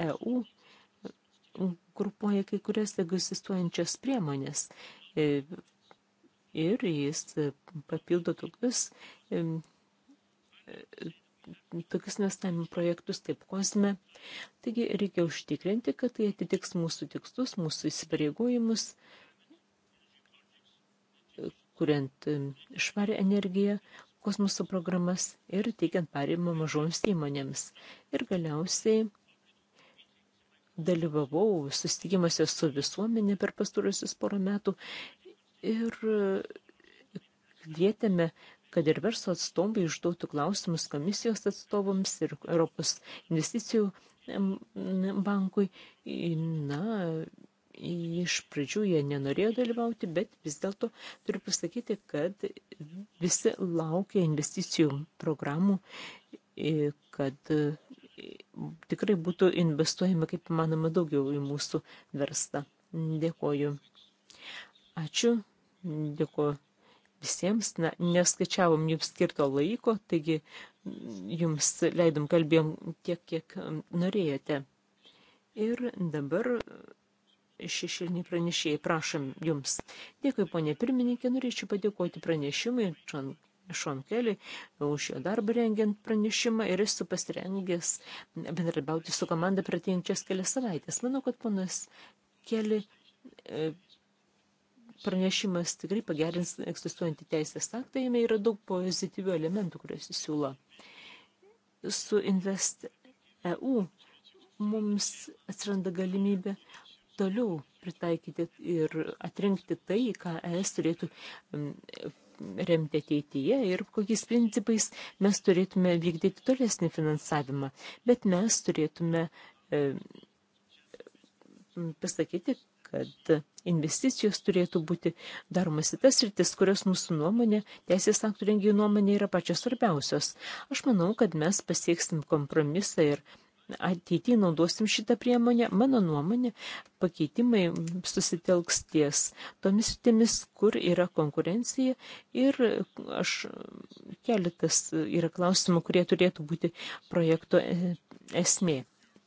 EU grupuoja kai kurias egzistuojančias priemonės e, ir jis papildo tokius tokius investavimo projektus kaip kosme. Taigi reikia užtikrinti, kad tai atitiks mūsų tikslus, mūsų įsipareigojimus, kuriant e, švarę energiją, kosmoso programas ir teikiant pareimą mažoms įmonėms. Ir galiausiai dalyvavau susitikimuose su visuomenė per pastarusius porą metų ir e, kvietėme kad ir verslo atstovai užduotų klausimus komisijos atstovams ir Europos investicijų bankui. Na, iš pradžių jie nenorėjo dalyvauti, bet vis dėlto turiu pasakyti, kad visi laukia investicijų programų, kad tikrai būtų investuojama kaip manoma daugiau į mūsų verslą. Dėkoju. Ačiū. Dėkoju visiems, na, neskaičiavom jums skirto laiko, taigi mm, jums leidom kalbėjom tiek, kiek mm, norėjote. Ir dabar mm, šešėliniai pranešėjai, prašom jums. Dėkui, ponė pirmininkė, norėčiau padėkoti pranešimui John, Sean Kelly už jo darbą rengiant pranešimą ir esu pasirengęs bendradarbiauti su komanda pratėjančias kelias savaitės. Manau, kad ponas Kelly e, pranešimas tikrai pagerins egzistuojantį teisės aktą, jame yra daug pozityvių elementų, kuriuos jis siūlo. Su Invest EU mums atsiranda galimybė toliau pritaikyti ir atrinkti tai, ką ES turėtų mm, remti ateityje ir kokiais principais mes turėtume vykdyti tolesnį finansavimą. Bet mes turėtume e, pasakyti, kad investicijos turėtų būti daromas į tas rytis, kurios mūsų nuomonė, teisės aktų rengėjų nuomonė yra pačios svarbiausios. Aš manau, kad mes pasieksim kompromisą ir ateityje naudosim šitą priemonę. Mano nuomonė, pakeitimai susitelks ties tomis rytimis, kur yra konkurencija ir aš keletas yra klausimų, kurie turėtų būti projekto e, esmė.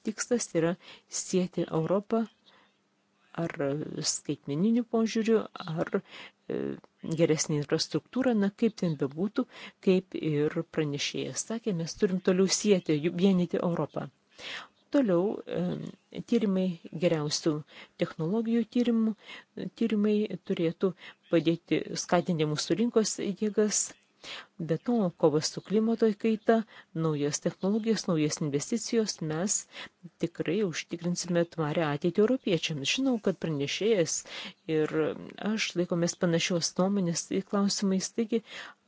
Tikslas yra sieti Europą ar skaitmeniniu požiūriu, ar e, geresnė infrastruktūra, na kaip ten bebūtų, kaip ir pranešėjas sakė, mes turim toliau sieti, vienyti Europą. Toliau e, tyrimai geriausių technologijų tyrimų, tyrimai turėtų padėti skatinti mūsų rinkos jėgas Be to, kovas su klimato kaita, naujos technologijos, naujos investicijos, mes tikrai užtikrinsime tvarę ateitį europiečiams. Žinau, kad pranešėjas ir aš laikomės panašios nuomonės į klausimais, taigi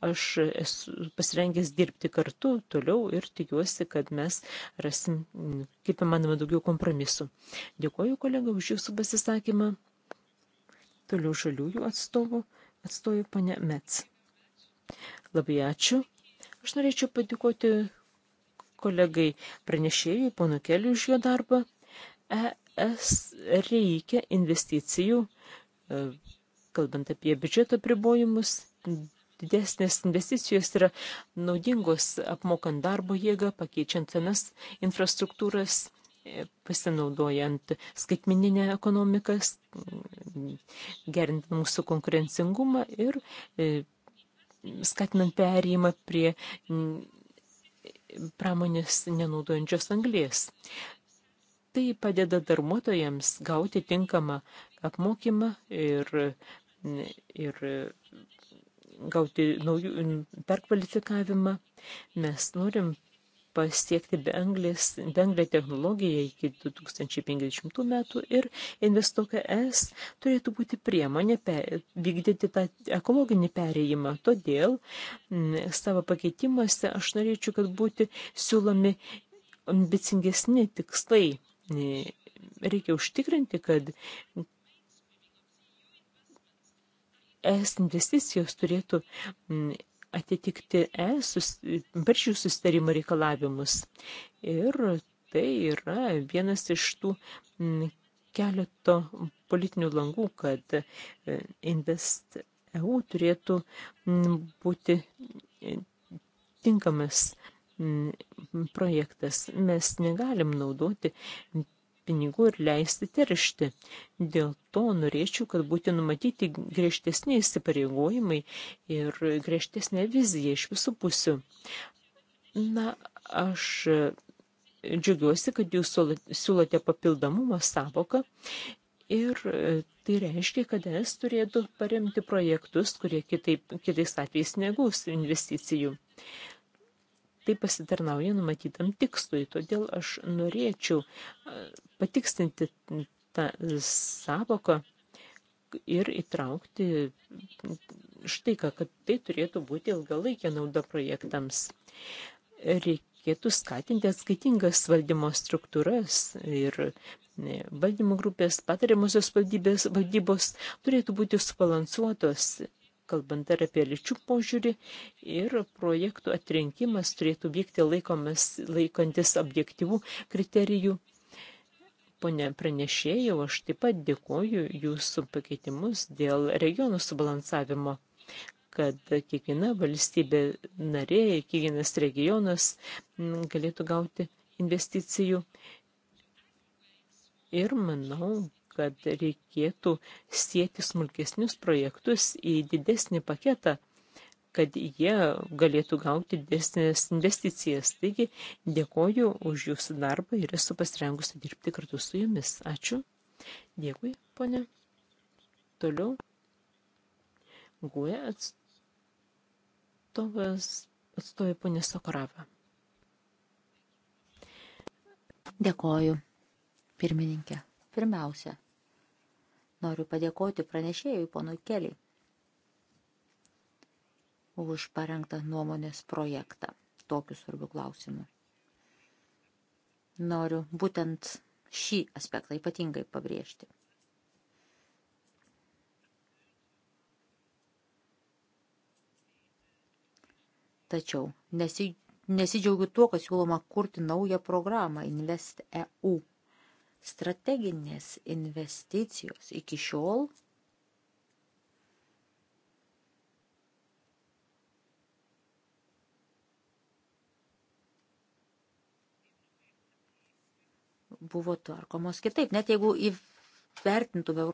aš esu pasirengęs dirbti kartu toliau ir tikiuosi, kad mes rasim, kaip įmanoma, daugiau kompromisų. Dėkuoju kolega už jūsų pasisakymą. Toliau žaliųjų atstovų atstovų ponė Mets. Labai ačiū. Aš norėčiau padėkoti kolegai pranešėjui, ponu Keliu, už jo darbą. ES reikia investicijų, e, kalbant apie biudžeto pribojimus. Didesnės investicijos yra naudingos apmokant darbo jėgą, pakeičiant senas infrastruktūras, e, pasinaudojant skaitmininę ekonomiką, gerint mūsų konkurencingumą ir e, skatinant perėjimą prie pramonės nenaudojančios anglės. Tai padeda darbuotojams gauti tinkamą apmokymą ir, ir gauti naujų perkvalifikavimą. Mes norim pasiekti benglės, benglę technologiją iki 2050 metų ir investuok ES turėtų būti priemonė pe, vykdyti tą ekologinį perėjimą. Todėl m, savo pakeitimuose aš norėčiau, kad būtų siūlomi ambicingesni tikslai. E, reikia užtikrinti, kad es investicijos turėtų atitikti ES sus, baržių sustarimo reikalavimus. Ir tai yra vienas iš tų keleto politinių langų, kad e, Invest EU turėtų būti e, tinkamas projektas. Mes negalim naudoti pinigų ir leisti teršti. Dėl to norėčiau, kad būtų numatyti griežtesnė įsipareigojimai ir griežtesnė vizija iš visų pusių. Na, aš džiugiuosi, kad jūs siūlote papildomumą savoką ir tai reiškia, kad es turėtų paremti projektus, kurie kitaip, kitais atvejais negaus investicijų tai pasitarnauja numatytam tikslui. Todėl aš norėčiau patikstinti tą savoką ir įtraukti štai ką, kad tai turėtų būti ilgalaikė nauda projektams. Reikėtų skatinti atskaitingas valdymo struktūras ir valdymo grupės patariamosios valdybės valdybos turėtų būti subalansuotos kalbant dar apie lyčių požiūrį ir projektų atrinkimas turėtų vykti laikomas, laikantis objektyvų kriterijų. Pone pranešėjau, aš taip pat dėkoju jūsų pakeitimus dėl regionų subalansavimo kad kiekviena valstybė narė, kiekvienas regionas galėtų gauti investicijų. Ir manau, kad reikėtų sieti smulkesnius projektus į didesnį paketą, kad jie galėtų gauti didesnės investicijas. Taigi dėkoju už jūsų darbą ir esu pasirengusi dirbti kartu su jumis. Ačiū. Dėkui, ponė. Toliau. Guė atstovas atstovė ponė Sokorava. Dėkoju, pirmininkė. Pirmiausia, Noriu padėkoti pranešėjui ponui Keliai už parengtą nuomonės projektą tokiu svarbiu klausimu. Noriu būtent šį aspektą ypatingai pabrėžti. Tačiau nesidžiaugiu tuo, kad siūloma kurti naują programą InvestEU strateginės investicijos iki šiol buvo tvarkomos kitaip. Net jeigu įvertintume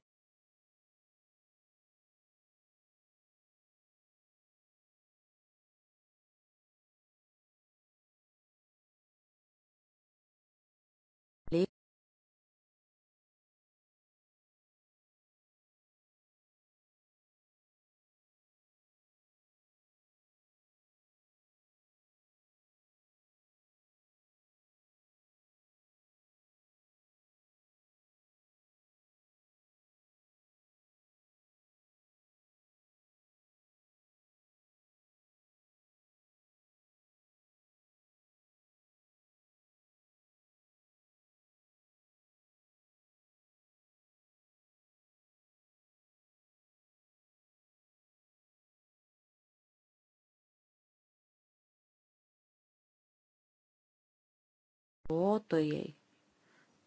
naudotojai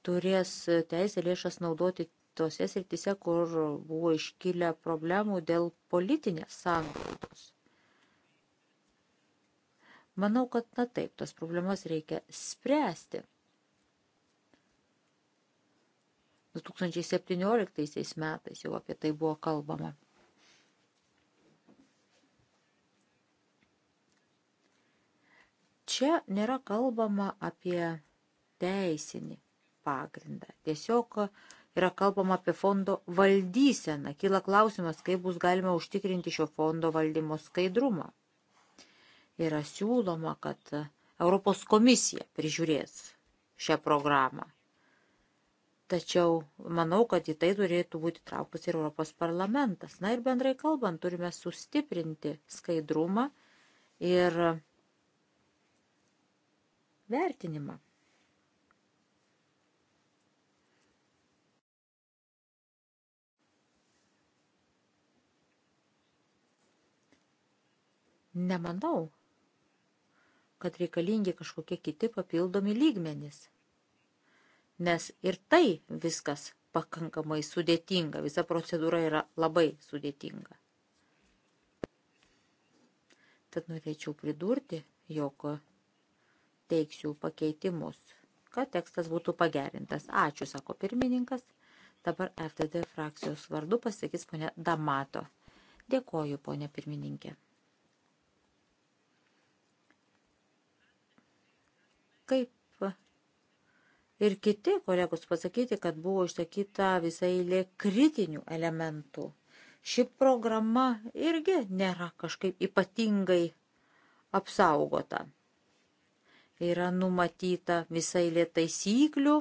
turės teisę lėšas naudoti tose srityse, kur buvo iškilę problemų dėl politinės sanglaudos. Manau, kad na taip, tas problemas reikia spręsti. 2017 metais jau apie tai buvo kalbama. Čia nėra kalbama apie teisinį pagrindą. Tiesiog yra kalbama apie fondo valdyseną. Kyla klausimas, kaip bus galima užtikrinti šio fondo valdymo skaidrumą. Yra siūloma, kad Europos komisija prižiūrės šią programą. Tačiau manau, kad į tai turėtų būti traukus ir Europos parlamentas. Na ir bendrai kalbant, turime sustiprinti skaidrumą ir vertinimą. Nemanau, kad reikalingi kažkokie kiti papildomi lygmenys. Nes ir tai viskas pakankamai sudėtinga, visa procedūra yra labai sudėtinga. Tad norėčiau pridurti, jog teiksiu pakeitimus, kad tekstas būtų pagerintas. Ačiū, sako pirmininkas. Dabar FTD frakcijos vardu pasakys ponė Damato. Dėkoju, ponė pirmininkė. kaip ir kiti kolegos pasakyti, kad buvo išsakyta visai eilė kritinių elementų. Ši programa irgi nėra kažkaip ypatingai apsaugota. Yra numatyta visai eilė taisyklių.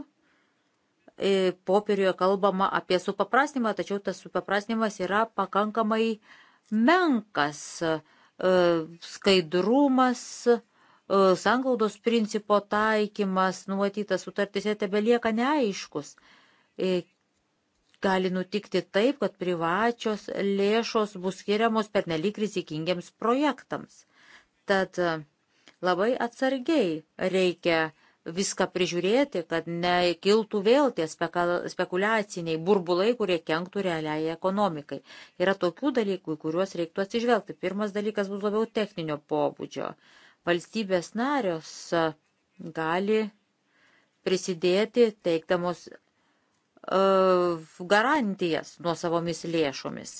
E, popieriuje kalbama apie supaprastinimą, tačiau tas supaprastinimas yra pakankamai menkas. E, skaidrumas, sanglaudos principo taikymas numatytas sutartise tebelieka neaiškus. Gali nutikti taip, kad privačios lėšos bus skiriamos per nelik rizikingiams projektams. Tad e, labai atsargiai reikia viską prižiūrėti, kad nekiltų vėl tie spekuliaciniai burbulai, kurie kenktų realiai ekonomikai. Yra tokių dalykų, į kuriuos reiktų atsižvelgti. Pirmas dalykas bus labiau techninio pobūdžio. Uh, Valstybės narios gali prisidėti teikdamos garantijas nuo savomis lėšomis.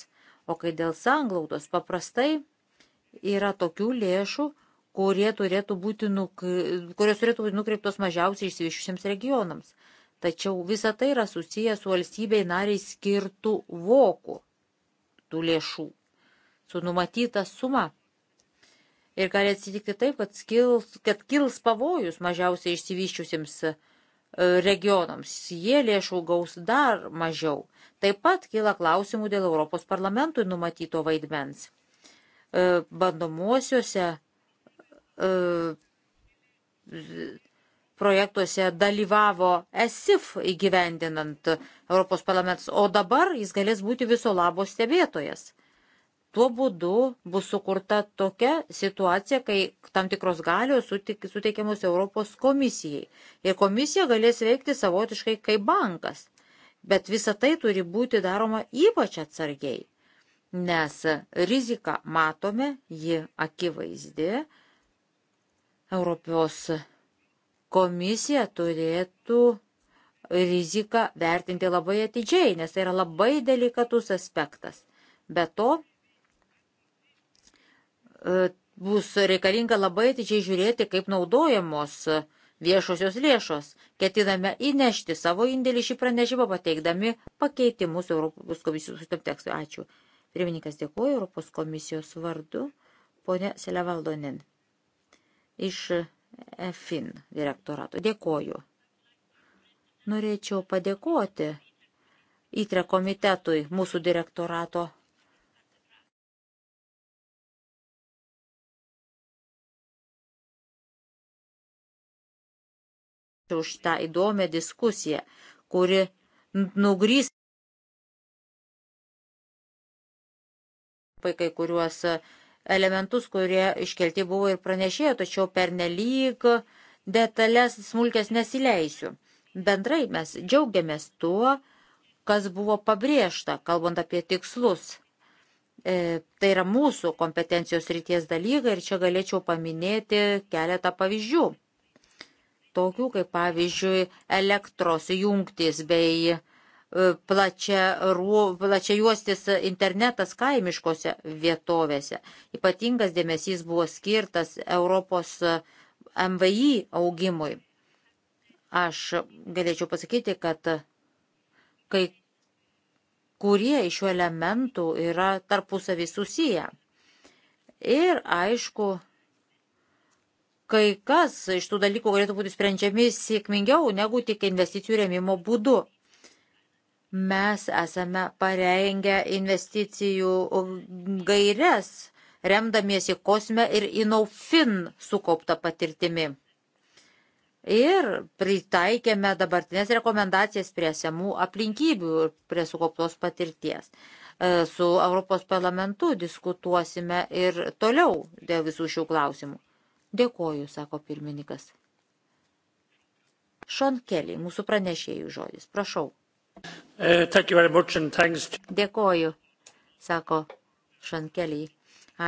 O kai dėl sanglaudos paprastai yra tokių lėšų, kurie turėtų būti nuk... kurios turėtų būti nukreiptos mažiausiai išsivyščiusiems regionams. Tačiau visa tai yra susiję su valstybei nariai skirtų vokų tų lėšų, su numatyta suma. Ir gali atsitikti taip, kad, skils, kad kils pavojus mažiausiai išsivyščiusiems e, regionams. Jie lėšų gaus dar mažiau. Taip pat kyla klausimų dėl Europos parlamentui numatyto vaidmens. E, bandomuosiuose e, projektuose dalyvavo ESIF įgyvendinant Europos parlamentas, o dabar jis galės būti viso labo stebėtojas. Tuo būdu bus sukurta tokia situacija, kai tam tikros galios suteikiamos Europos komisijai. Ir komisija galės veikti savotiškai kaip bankas. Bet visa tai turi būti daroma ypač atsargiai, nes riziką matome, ji akivaizdi. Europos komisija turėtų riziką vertinti labai atidžiai, nes tai yra labai delikatus aspektas. Be to, E, bus reikalinga labai atidžiai žiūrėti, kaip naudojamos viešosios lėšos. Ketiname įnešti savo indėlį šį pranešimą, pateikdami pakeitimus Europos komisijos tekstui. Ačiū. Pirmininkas dėkuoju Europos komisijos vardu, ponė Selevaldonin iš EFIN direktorato. Dėkuoju. Norėčiau padėkoti įtre komitetui mūsų direktorato už tą įdomią diskusiją, kuri nugrys kai kuriuos e, elementus, kurie iškelti buvo ir pranešėjo, tačiau per nelyg detalės smulkės nesileisiu. Bendrai mes džiaugiamės tuo, kas buvo pabrėžta, kalbant apie tikslus. E, tai yra mūsų kompetencijos ryties dalykai ir čia galėčiau paminėti keletą pavyzdžių tokių kaip pavyzdžiui elektros jungtis bei e, plačia, plačia juostis internetas kaimiškose vietovėse. Ypatingas dėmesys buvo skirtas Europos MVI augimui. Aš galėčiau pasakyti, kad kai kurie iš šių elementų yra tarpusavį susiję. Ir aišku, kai kas iš tų dalykų galėtų būti sprendžiami sėkmingiau negu tik investicijų rėmimo būdu. Mes esame parengę investicijų gairias, remdamiesi kosme ir inaufin sukauptą patirtimi. Ir pritaikėme dabartinės rekomendacijas prie esamų aplinkybių ir prie sukauptos patirties e, su Europos parlamentu diskutuosime ir toliau dėl visų šių klausimų. Dėkoju, sako pirmininkas. Šon Kelly, mūsų pranešėjų žodis, prašau. Uh, Dėkoju, sako Šon Kelly.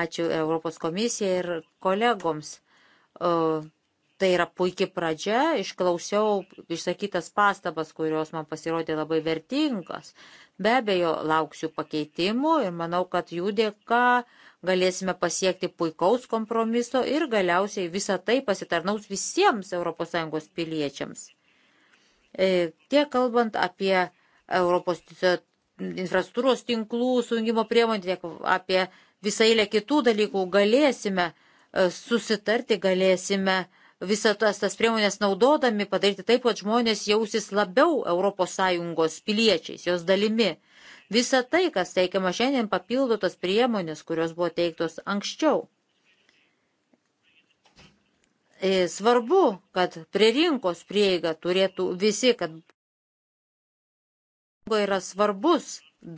Ačiū Europos komisijai ir kolegoms. Uh, tai yra puikia pradžia, išklausiau išsakytas pastabas, kurios man pasirodė labai vertingas. Be abejo, lauksiu pakeitimų ir manau, kad jų dėka galėsime pasiekti puikaus kompromiso ir galiausiai visą tai pasitarnaus visiems ES piliečiams. E, tiek kalbant apie Europos infrastruktūros tinklų sujungimo priemonę, tiek apie visą eilę kitų dalykų galėsime e, susitarti, galėsime visą tas, tas priemonės naudodami padaryti taip, kad žmonės jausis labiau ES piliečiais, jos dalimi. Visa tai, kas teikiama šiandien, papildo tas priemonės, kurios buvo teiktos anksčiau. E, svarbu, kad prie rinkos prieiga turėtų visi, kad yra svarbus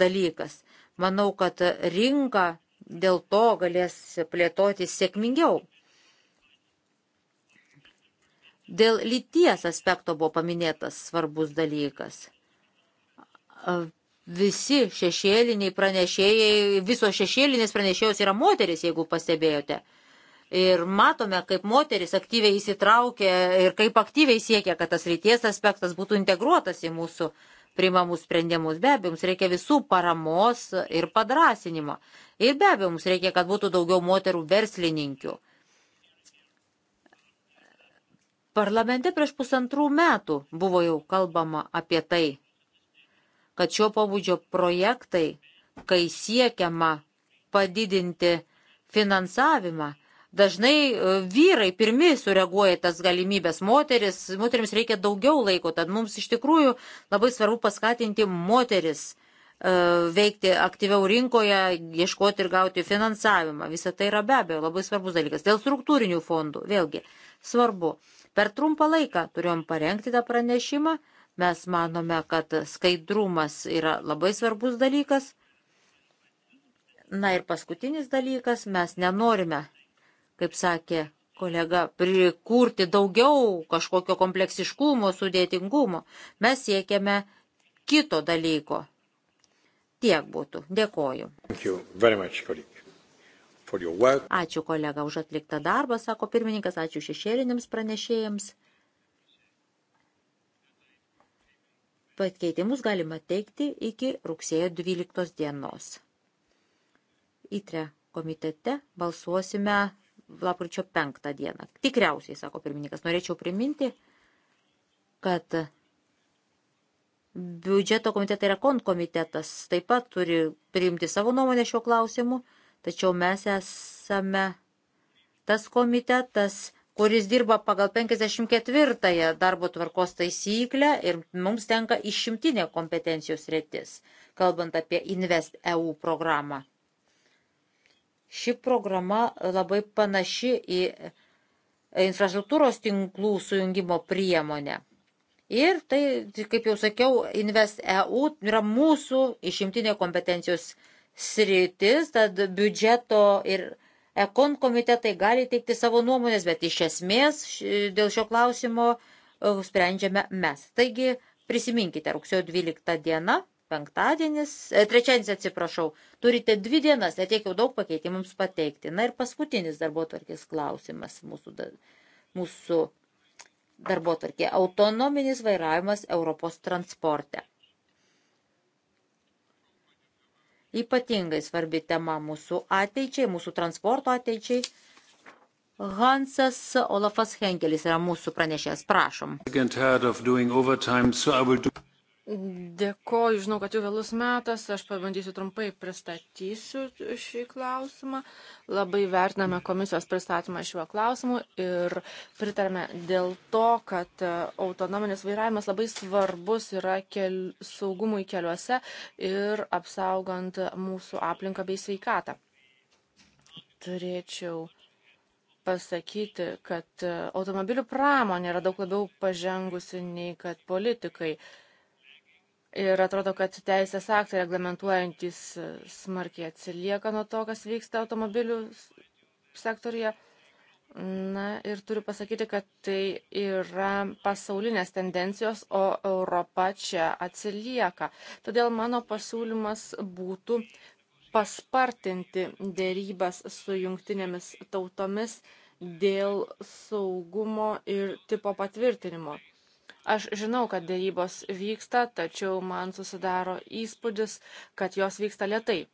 dalykas. Manau, kad rinka dėl to galės plėtoti sėkmingiau. Dėl lyties aspekto buvo paminėtas svarbus dalykas visi šešėliniai pranešėjai, visos šešėlinės pranešėjos yra moteris, jeigu pastebėjote. Ir matome, kaip moteris aktyviai įsitraukia ir kaip aktyviai siekia, kad tas ryties aspektas būtų integruotas į mūsų priimamus sprendimus. Be abejo, mums reikia visų paramos ir padrasinimo. Ir be abejo, mums reikia, kad būtų daugiau moterų verslininkių. Parlamente prieš pusantrų metų buvo jau kalbama apie tai kad šio pobūdžio projektai, kai siekiama padidinti finansavimą, dažnai e, vyrai pirmi sureaguoja tas galimybės, moteris, moteriams reikia daugiau laiko, tad mums iš tikrųjų labai svarbu paskatinti moteris e, veikti aktyviau rinkoje, ieškoti ir gauti finansavimą. Visą tai yra be abejo labai svarbus dalykas. Dėl struktūrinių fondų, vėlgi, svarbu. Per trumpą laiką turėjom parengti tą pranešimą Mes manome, kad skaidrumas yra labai svarbus dalykas. Na ir paskutinis dalykas, mes nenorime, kaip sakė kolega, prikurti daugiau kažkokio kompleksiškumo, sudėtingumo. Mes siekiame kito dalyko. Tiek būtų. Dėkoju. Much, Ačiū kolega už atliktą darbą, sako pirmininkas, ačiū šešėlinėms pranešėjams. Pakeitimus galima teikti iki rugsėjo 12 dienos. Įtre komitete balsuosime lapkričio 5 dieną. Tikriausiai, sako pirmininkas, norėčiau priminti, kad biudžeto komitetai yra konkomitetas, taip pat turi priimti savo nuomonę šiuo klausimu, tačiau mes esame tas komitetas, kuris dirba pagal 54-ąją darbo tvarkos taisyklę ir mums tenka išimtinė kompetencijos rėtis, kalbant apie Invest EU programą. Ši programa labai panaši į infrastruktūros tinklų sujungimo priemonę. Ir tai, kaip jau sakiau, Invest EU yra mūsų išimtinė kompetencijos sritis, tad biudžeto ir Ekon komitetai gali teikti savo nuomonės, bet iš esmės dėl šio klausimo e, sprendžiame mes. Taigi prisiminkite, rugsėjo 12 diena, penktadienis, e, trečiadienis atsiprašau, turite dvi dienas, netiek jau daug pakeitimams pateikti. Na ir paskutinis darbo tvarkės klausimas mūsų, mūsų darbo tvarkė - autonominis vairavimas Europos transporte. ypatingai svarbi tema mūsų ateičiai, mūsų transporto ateičiai. Hansas Olafas Henkelis yra mūsų pranešėjas, prašom. Dėkoju, žinau, kad jau vėlus metas, aš pabandysiu trumpai pristatysiu šį klausimą. Labai vertiname komisijos pristatymą šiuo klausimu ir pritarme dėl to, kad e, autonominis vairavimas labai svarbus yra kel, saugumui keliuose ir apsaugant mūsų aplinką bei sveikatą. Turėčiau pasakyti, kad e, automobilių pramonė yra daug labiau pažengusi nei kad politikai. Uh, Ir atrodo, kad teisės aktai reglamentuojantis e, smarkiai atsilieka nuo to, kas vyksta automobilių sektorija. Na ir turiu pasakyti, kad tai yra pasaulinės tendencijos, o Europa čia atsilieka. Todėl mano pasiūlymas būtų paspartinti dėrybas su jungtinėmis tautomis dėl saugumo ir tipo patvirtinimo. Aš žinau, kad dėrybos vyksta, tačiau man susidaro įspūdis, kad jos vyksta lietai.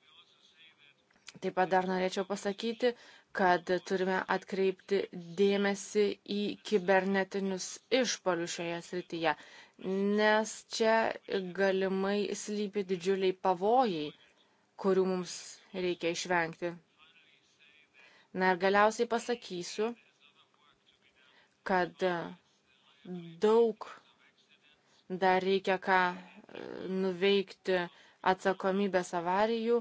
Taip pat dar norėčiau pasakyti, kad turime atkreipti dėmesį į kibernetinius išpolius šioje srityje, nes čia galimai slypi didžiuliai pavojai, kurių mums reikia išvengti. Na ir galiausiai pasakysiu, kad daug dar reikia ką e, nuveikti atsakomybės avarijų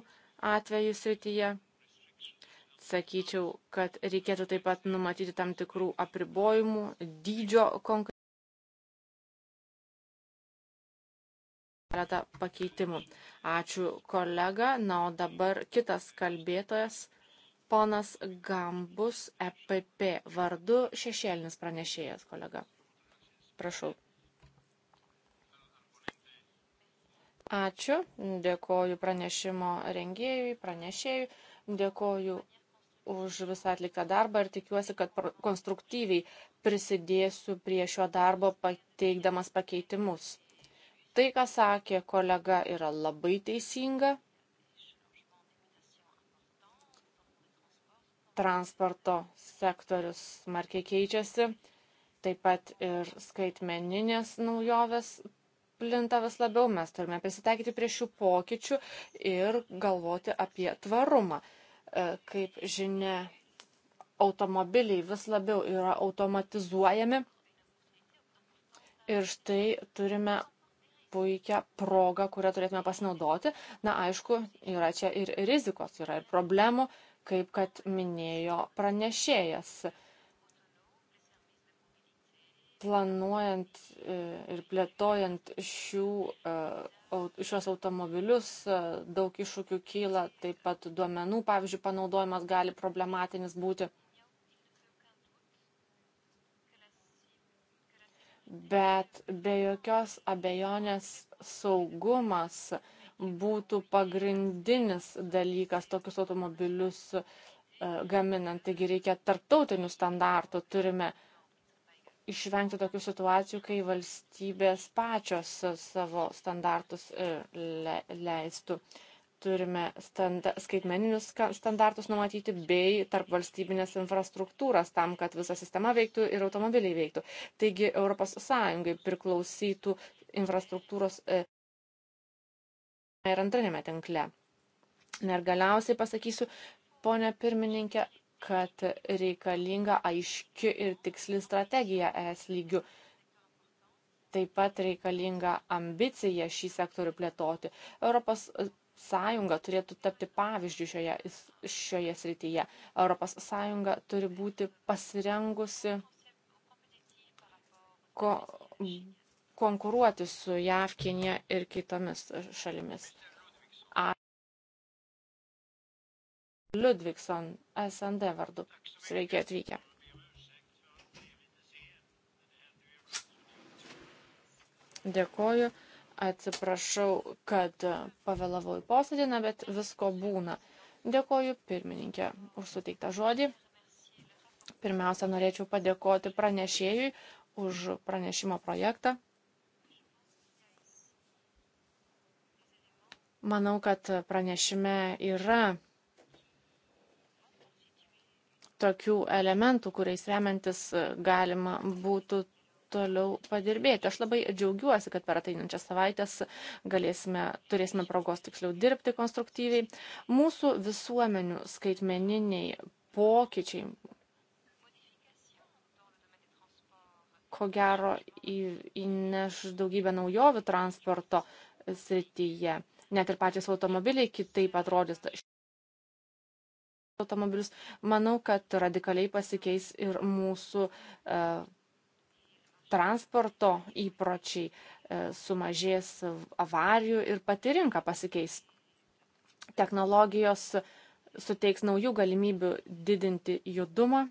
atvejų srityje. Sakyčiau, kad reikėtų taip pat numatyti tam tikrų apribojimų, dydžio konkrečių. Keletą pakeitimų. Ačiū kolega. Na, o dabar kitas kalbėtojas, ponas Gambus EPP vardu, šešėlinis pranešėjas kolega. Prašau. Ačiū, dėkoju pranešimo rengėjui, pranešėjui, dėkoju už visą atliktą darbą ir tikiuosi, kad konstruktyviai prisidėsiu prie šio darbo pateikdamas pakeitimus. Tai, ką sakė kolega, yra labai teisinga. Transporto sektorius smarkiai keičiasi Taip pat ir skaitmeninės naujovės plinta vis labiau, mes turime prisitaikyti prie šių pokyčių ir galvoti apie tvarumą. E, kaip žinia, automobiliai vis labiau yra automatizuojami. Ir štai turime puikią progą, kurią turėtume pasinaudoti. Na, aišku, yra čia ir rizikos, yra ir problemų, kaip kad minėjo pranešėjas planuojant e, ir plėtojant šių, e, šios automobilius e, daug iššūkių kyla, taip pat duomenų, pavyzdžiui, panaudojimas gali problematinis būti. Bet be jokios abejonės saugumas būtų pagrindinis dalykas tokius automobilius gaminant. Taigi reikia tarptautinių standartų, turime uh, išvengti tokių situacijų, kai valstybės pačios savo standartus e, le, leistų. Turime standa, skaitmeninius standartus numatyti bei tarp valstybinės infrastruktūras tam, kad visa sistema veiktų ir automobiliai veiktų. Taigi ES priklausytų infrastruktūros e, ir antrinėme tinkle. Ir galiausiai pasakysiu, ponė pirmininkė, kad reikalinga aiški ir tiksli strategija ES lygių. Taip pat reikalinga ambicija šį sektorių plėtoti. Europos e, Sąjunga turėtų tapti pavyzdžių šioje, šioje srityje. Europos Sąjunga turi būti pasirengusi ko, konkuruoti su JAV, Kinija ir kitomis šalimis. Ludvigson, SND vardu. Sveiki atvykę. Dėkoju, atsiprašau, kad pavėlavau į posėdį, na, bet visko būna. Dėkoju pirmininkė už suteiktą žodį. Pirmiausia, norėčiau padėkoti pranešėjui už pranešimo projektą. Manau, kad pranešime yra tokių elementų, kuriais remiantis e, galima būtų toliau padirbėti. Aš labai džiaugiuosi, kad per ateinančias savaitės galėsime, turėsime progos tiksliau dirbti konstruktyviai. Mūsų visuomenių skaitmeniniai pokyčiai, ko gero, įneš daugybę naujovių transporto srityje. Net ir patys automobiliai kitaip atrodys automobilius, manau, kad radikaliai pasikeis ir mūsų e, transporto įpročiai, e, sumažės avarijų ir pati rinka pasikeis. Technologijos suteiks naujų galimybių didinti judumą,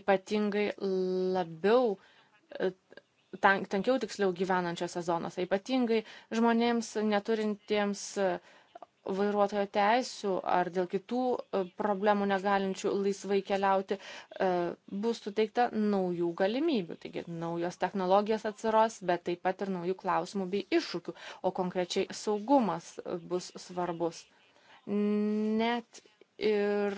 ypatingai labiau, e, tankiau tiksliau gyvenančiose zonose, ypatingai žmonėms neturintiems e, vairuotojo teisų ar dėl kitų e, problemų negalinčių laisvai keliauti e, bus suteikta naujų galimybių. Taigi naujos technologijos atsiros, bet taip pat ir naujų klausimų bei iššūkių, o konkrečiai saugumas bus svarbus. Net ir.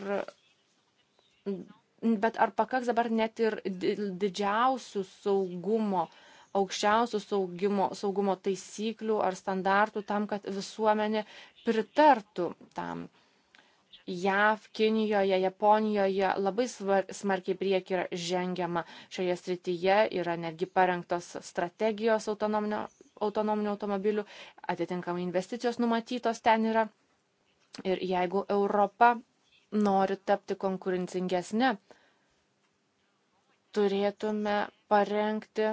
Bet ar pakaks dabar net ir didžiausių saugumo uh, aukščiausių saugimo, saugumo taisyklių ar standartų tam, kad visuomenė pritartų tam. JAV, Kinijoje, Japonijoje labai smarkiai prieki yra žengiama šioje srityje, yra netgi parengtos strategijos autonominio, autonominio automobilių, atitinkamai investicijos numatytos ten yra. Ir jeigu Europa nori tapti konkurencingesnė, turėtume parengti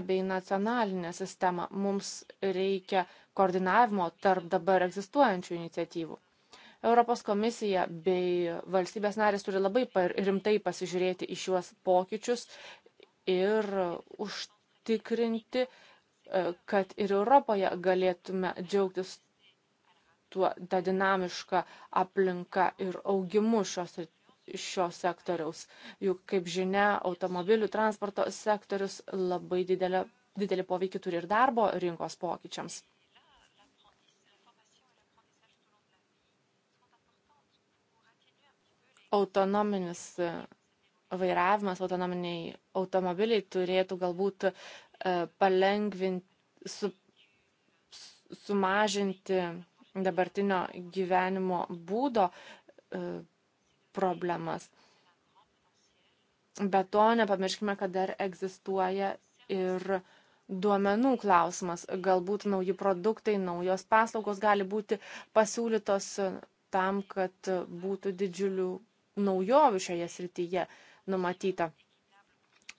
bei nacionalinę sistemą. Mums reikia koordinavimo tarp dabar egzistuojančių iniciatyvų. Europos komisija bei valstybės narės turi labai rimtai pasižiūrėti į šiuos pokyčius ir užtikrinti, e, kad ir Europoje galėtume džiaugtis tuo tą dinamišką aplinką ir augimu šios šio sektoriaus. Juk, kaip žinia, automobilių transporto sektorius labai didelė, didelį poveikį turi ir darbo rinkos pokyčiams. Autonominis e, vairavimas, autonominiai automobiliai turėtų galbūt e, palengvinti, su, sumažinti dabartinio gyvenimo būdo e, problemas. Be to, nepamirškime, kad dar egzistuoja ir duomenų klausimas. Galbūt nauji produktai, naujos paslaugos gali būti pasiūlytos tam, kad būtų didžiulių naujovių šioje srityje numatyta.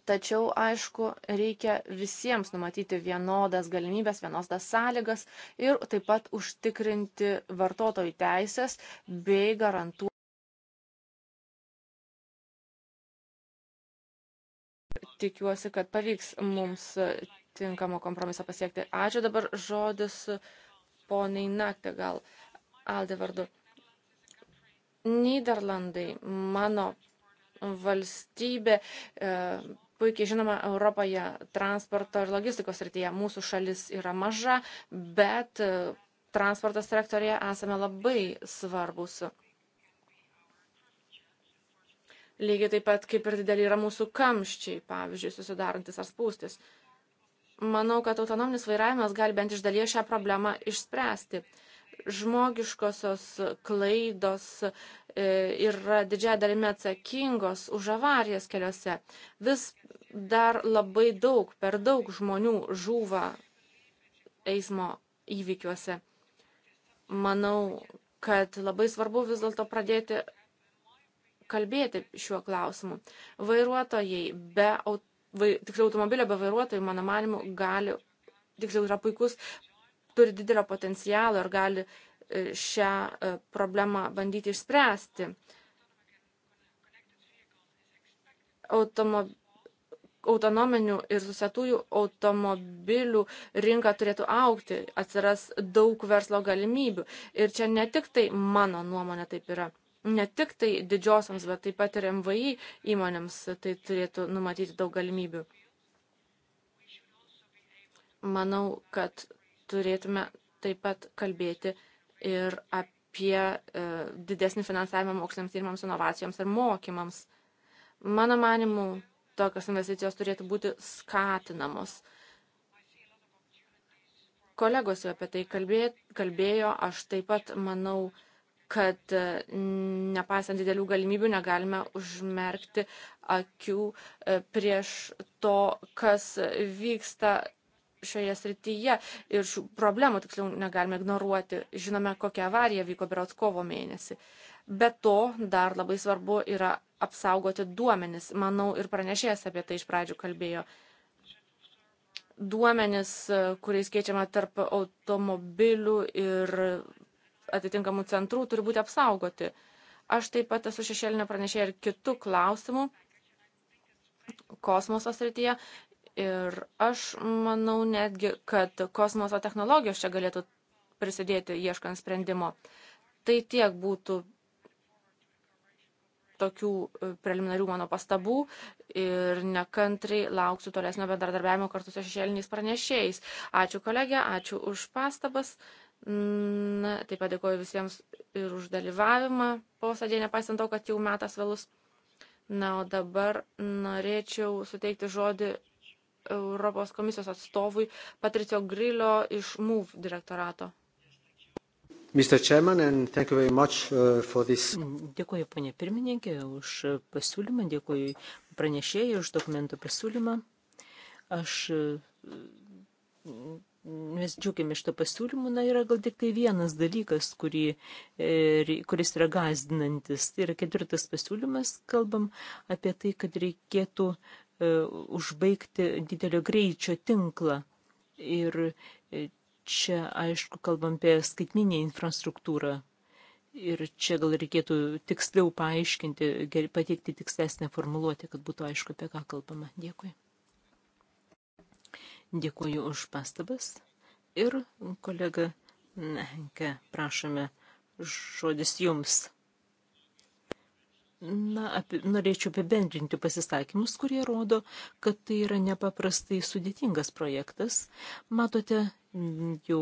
Tačiau, aišku, reikia visiems numatyti vienodas galimybės, vienodas sąlygas ir taip pat užtikrinti vartotojų teisės bei garantuoti. tikiuosi, kad pavyks mums tinkamo kompromiso pasiekti. Ačiū dabar žodis poniai naktį gal. Alde vardu. Niderlandai, mano valstybė, e, puikiai žinoma, Europoje transporto ir logistikos srityje mūsų šalis yra maža, bet e, transporto sektorėje esame labai svarbus. Lygiai taip pat kaip ir dideli yra mūsų kamščiai, pavyzdžiui, susidarantis ar spūstis. Manau, kad autonominis vairavimas gali bent iš dalies šią problemą išspręsti. Žmogiškosios klaidos e, yra didžiai dalimi atsakingos už avarijas keliuose. Vis dar labai daug, per daug žmonių žūva eismo įvykiuose. Manau, kad labai svarbu vis dėlto pradėti kalbėti šiuo klausimu. Vairuotojai be, vai, tiksliau automobilio be vairuotojų, mano manimu, gali, tiksliau yra puikus, turi didelio potencialo ir gali e, šią e, problemą bandyti išspręsti. Automo, autonominių ir susietųjų automobilių rinka turėtų aukti, atsiras daug verslo galimybių. Ir čia ne tik tai mano nuomonė taip yra ne tik tai didžiosioms, bet taip pat ir MVI įmonėms tai turėtų numatyti daug galimybių. Manau, kad turėtume taip pat kalbėti ir apie e, didesnį finansavimą moksliniams tyrimams, inovacijoms ir mokymams. Mano manimu, tokios investicijos turėtų būti skatinamos. Kolegos jau apie tai kalbėjo, kalbėjo aš taip pat manau, e, kad e, nepaisant didelių galimybių negalime užmerkti akių e, prieš to, kas vyksta šioje srityje ir šių problemų tiksliau negalime ignoruoti. Žinome, kokia avarija vyko berots kovo mėnesį. Be to, dar labai svarbu yra apsaugoti duomenis. Manau, ir pranešėjas apie tai iš pradžių kalbėjo. Duomenis, e, kuriais keičiama tarp automobilių ir atitinkamų centrų turi būti apsaugoti. Aš taip pat esu šešėlinė pranešėja ir kitų klausimų kosmoso srityje. Ir aš manau netgi, kad kosmoso technologijos čia galėtų prisidėti ieškant sprendimo. Tai tiek būtų tokių e, preliminarių mano pastabų ir nekantriai lauksiu tolesnio bendradarbiavimo kartu su šešėliniais pranešėjais. Ačiū kolegė, ačiū už pastabas. Na, taip pat dėkoju visiems ir už dalyvavimą posėdėje, nepaisant to, kad jau metas vėlus. Na, o dabar norėčiau suteikti žodį Europos komisijos atstovui Patricio Grillo iš MUV direktorato. Mr. Chairman, and thank you very much uh, for this. Dėkuoju, ponė pirmininkė, už pasiūlymą, dėkuoju pranešėjai už dokumentų pasiūlymą. Aš uh, mes džiugiame šito pasiūlymu, na yra gal tik tai vienas dalykas, kurį, e, kuris yra gazdinantis. Tai yra ketvirtas pasiūlymas, kalbam apie tai, kad reikėtų e, užbaigti didelio greičio tinklą. Ir e, čia, aišku, kalbam apie skaitminę infrastruktūrą. Ir čia gal reikėtų tiksliau paaiškinti, pateikti tikslesnę formuluotę, kad būtų aišku, apie ką kalbama. Dėkui. Dėkuoju už pastabas. Ir kolega Henke, prašome, žodis jums. Na, apie, norėčiau apibendrinti pasisakymus, kurie rodo, kad tai yra nepaprastai sudėtingas projektas. Matote, jau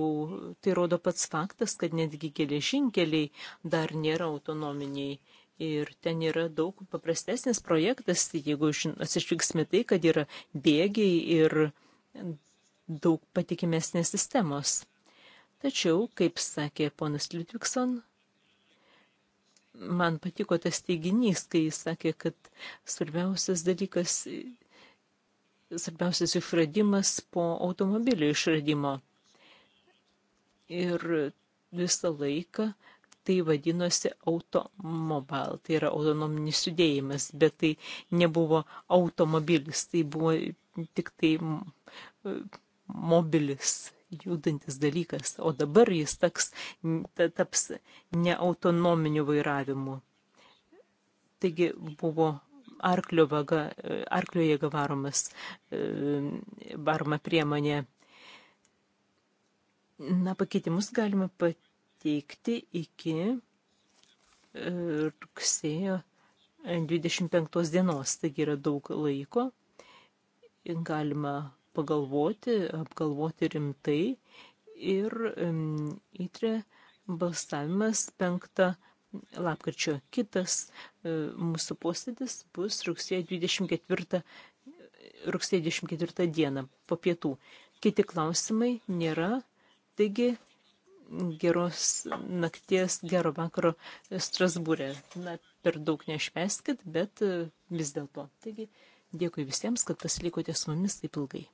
tai rodo pats faktas, kad netgi geležinkeliai dar nėra autonominiai. Ir ten yra daug paprastesnis projektas, jeigu atsižvelgsime tai, kad yra bėgiai ir daug patikimesnės sistemos. Tačiau, kaip sakė ponas Liudvikson, man patiko tas teiginys, kai jis sakė, kad svarbiausias dalykas, svarbiausias išradimas po automobilio išradimo. Ir visą laiką tai vadinosi automobile, tai yra autonominis judėjimas, bet tai nebuvo automobilis, tai buvo tik tai mobilis, judantis dalykas, o dabar jis taks, taps neautonominiu vairavimu. Taigi buvo arklio, vaga, arklio jėga varomas, e, varoma priemonė. Na, pakeitimus galima pateikti iki e, rugsėjo 25 dienos, taigi yra daug laiko. Galima pagalvoti, apgalvoti rimtai ir įtrė balsavimas 5 lapkričio. Kitas e, mūsų posėdis bus rugsėjo 24, rugsėjo 24 dieną po pietų. Kiti klausimai nėra, taigi geros nakties, gero vakaro Strasbūrė. Na, per daug nešveskit, bet e, vis dėlto. Taigi, dėkui visiems, kad pasilikote su mumis taip ilgai.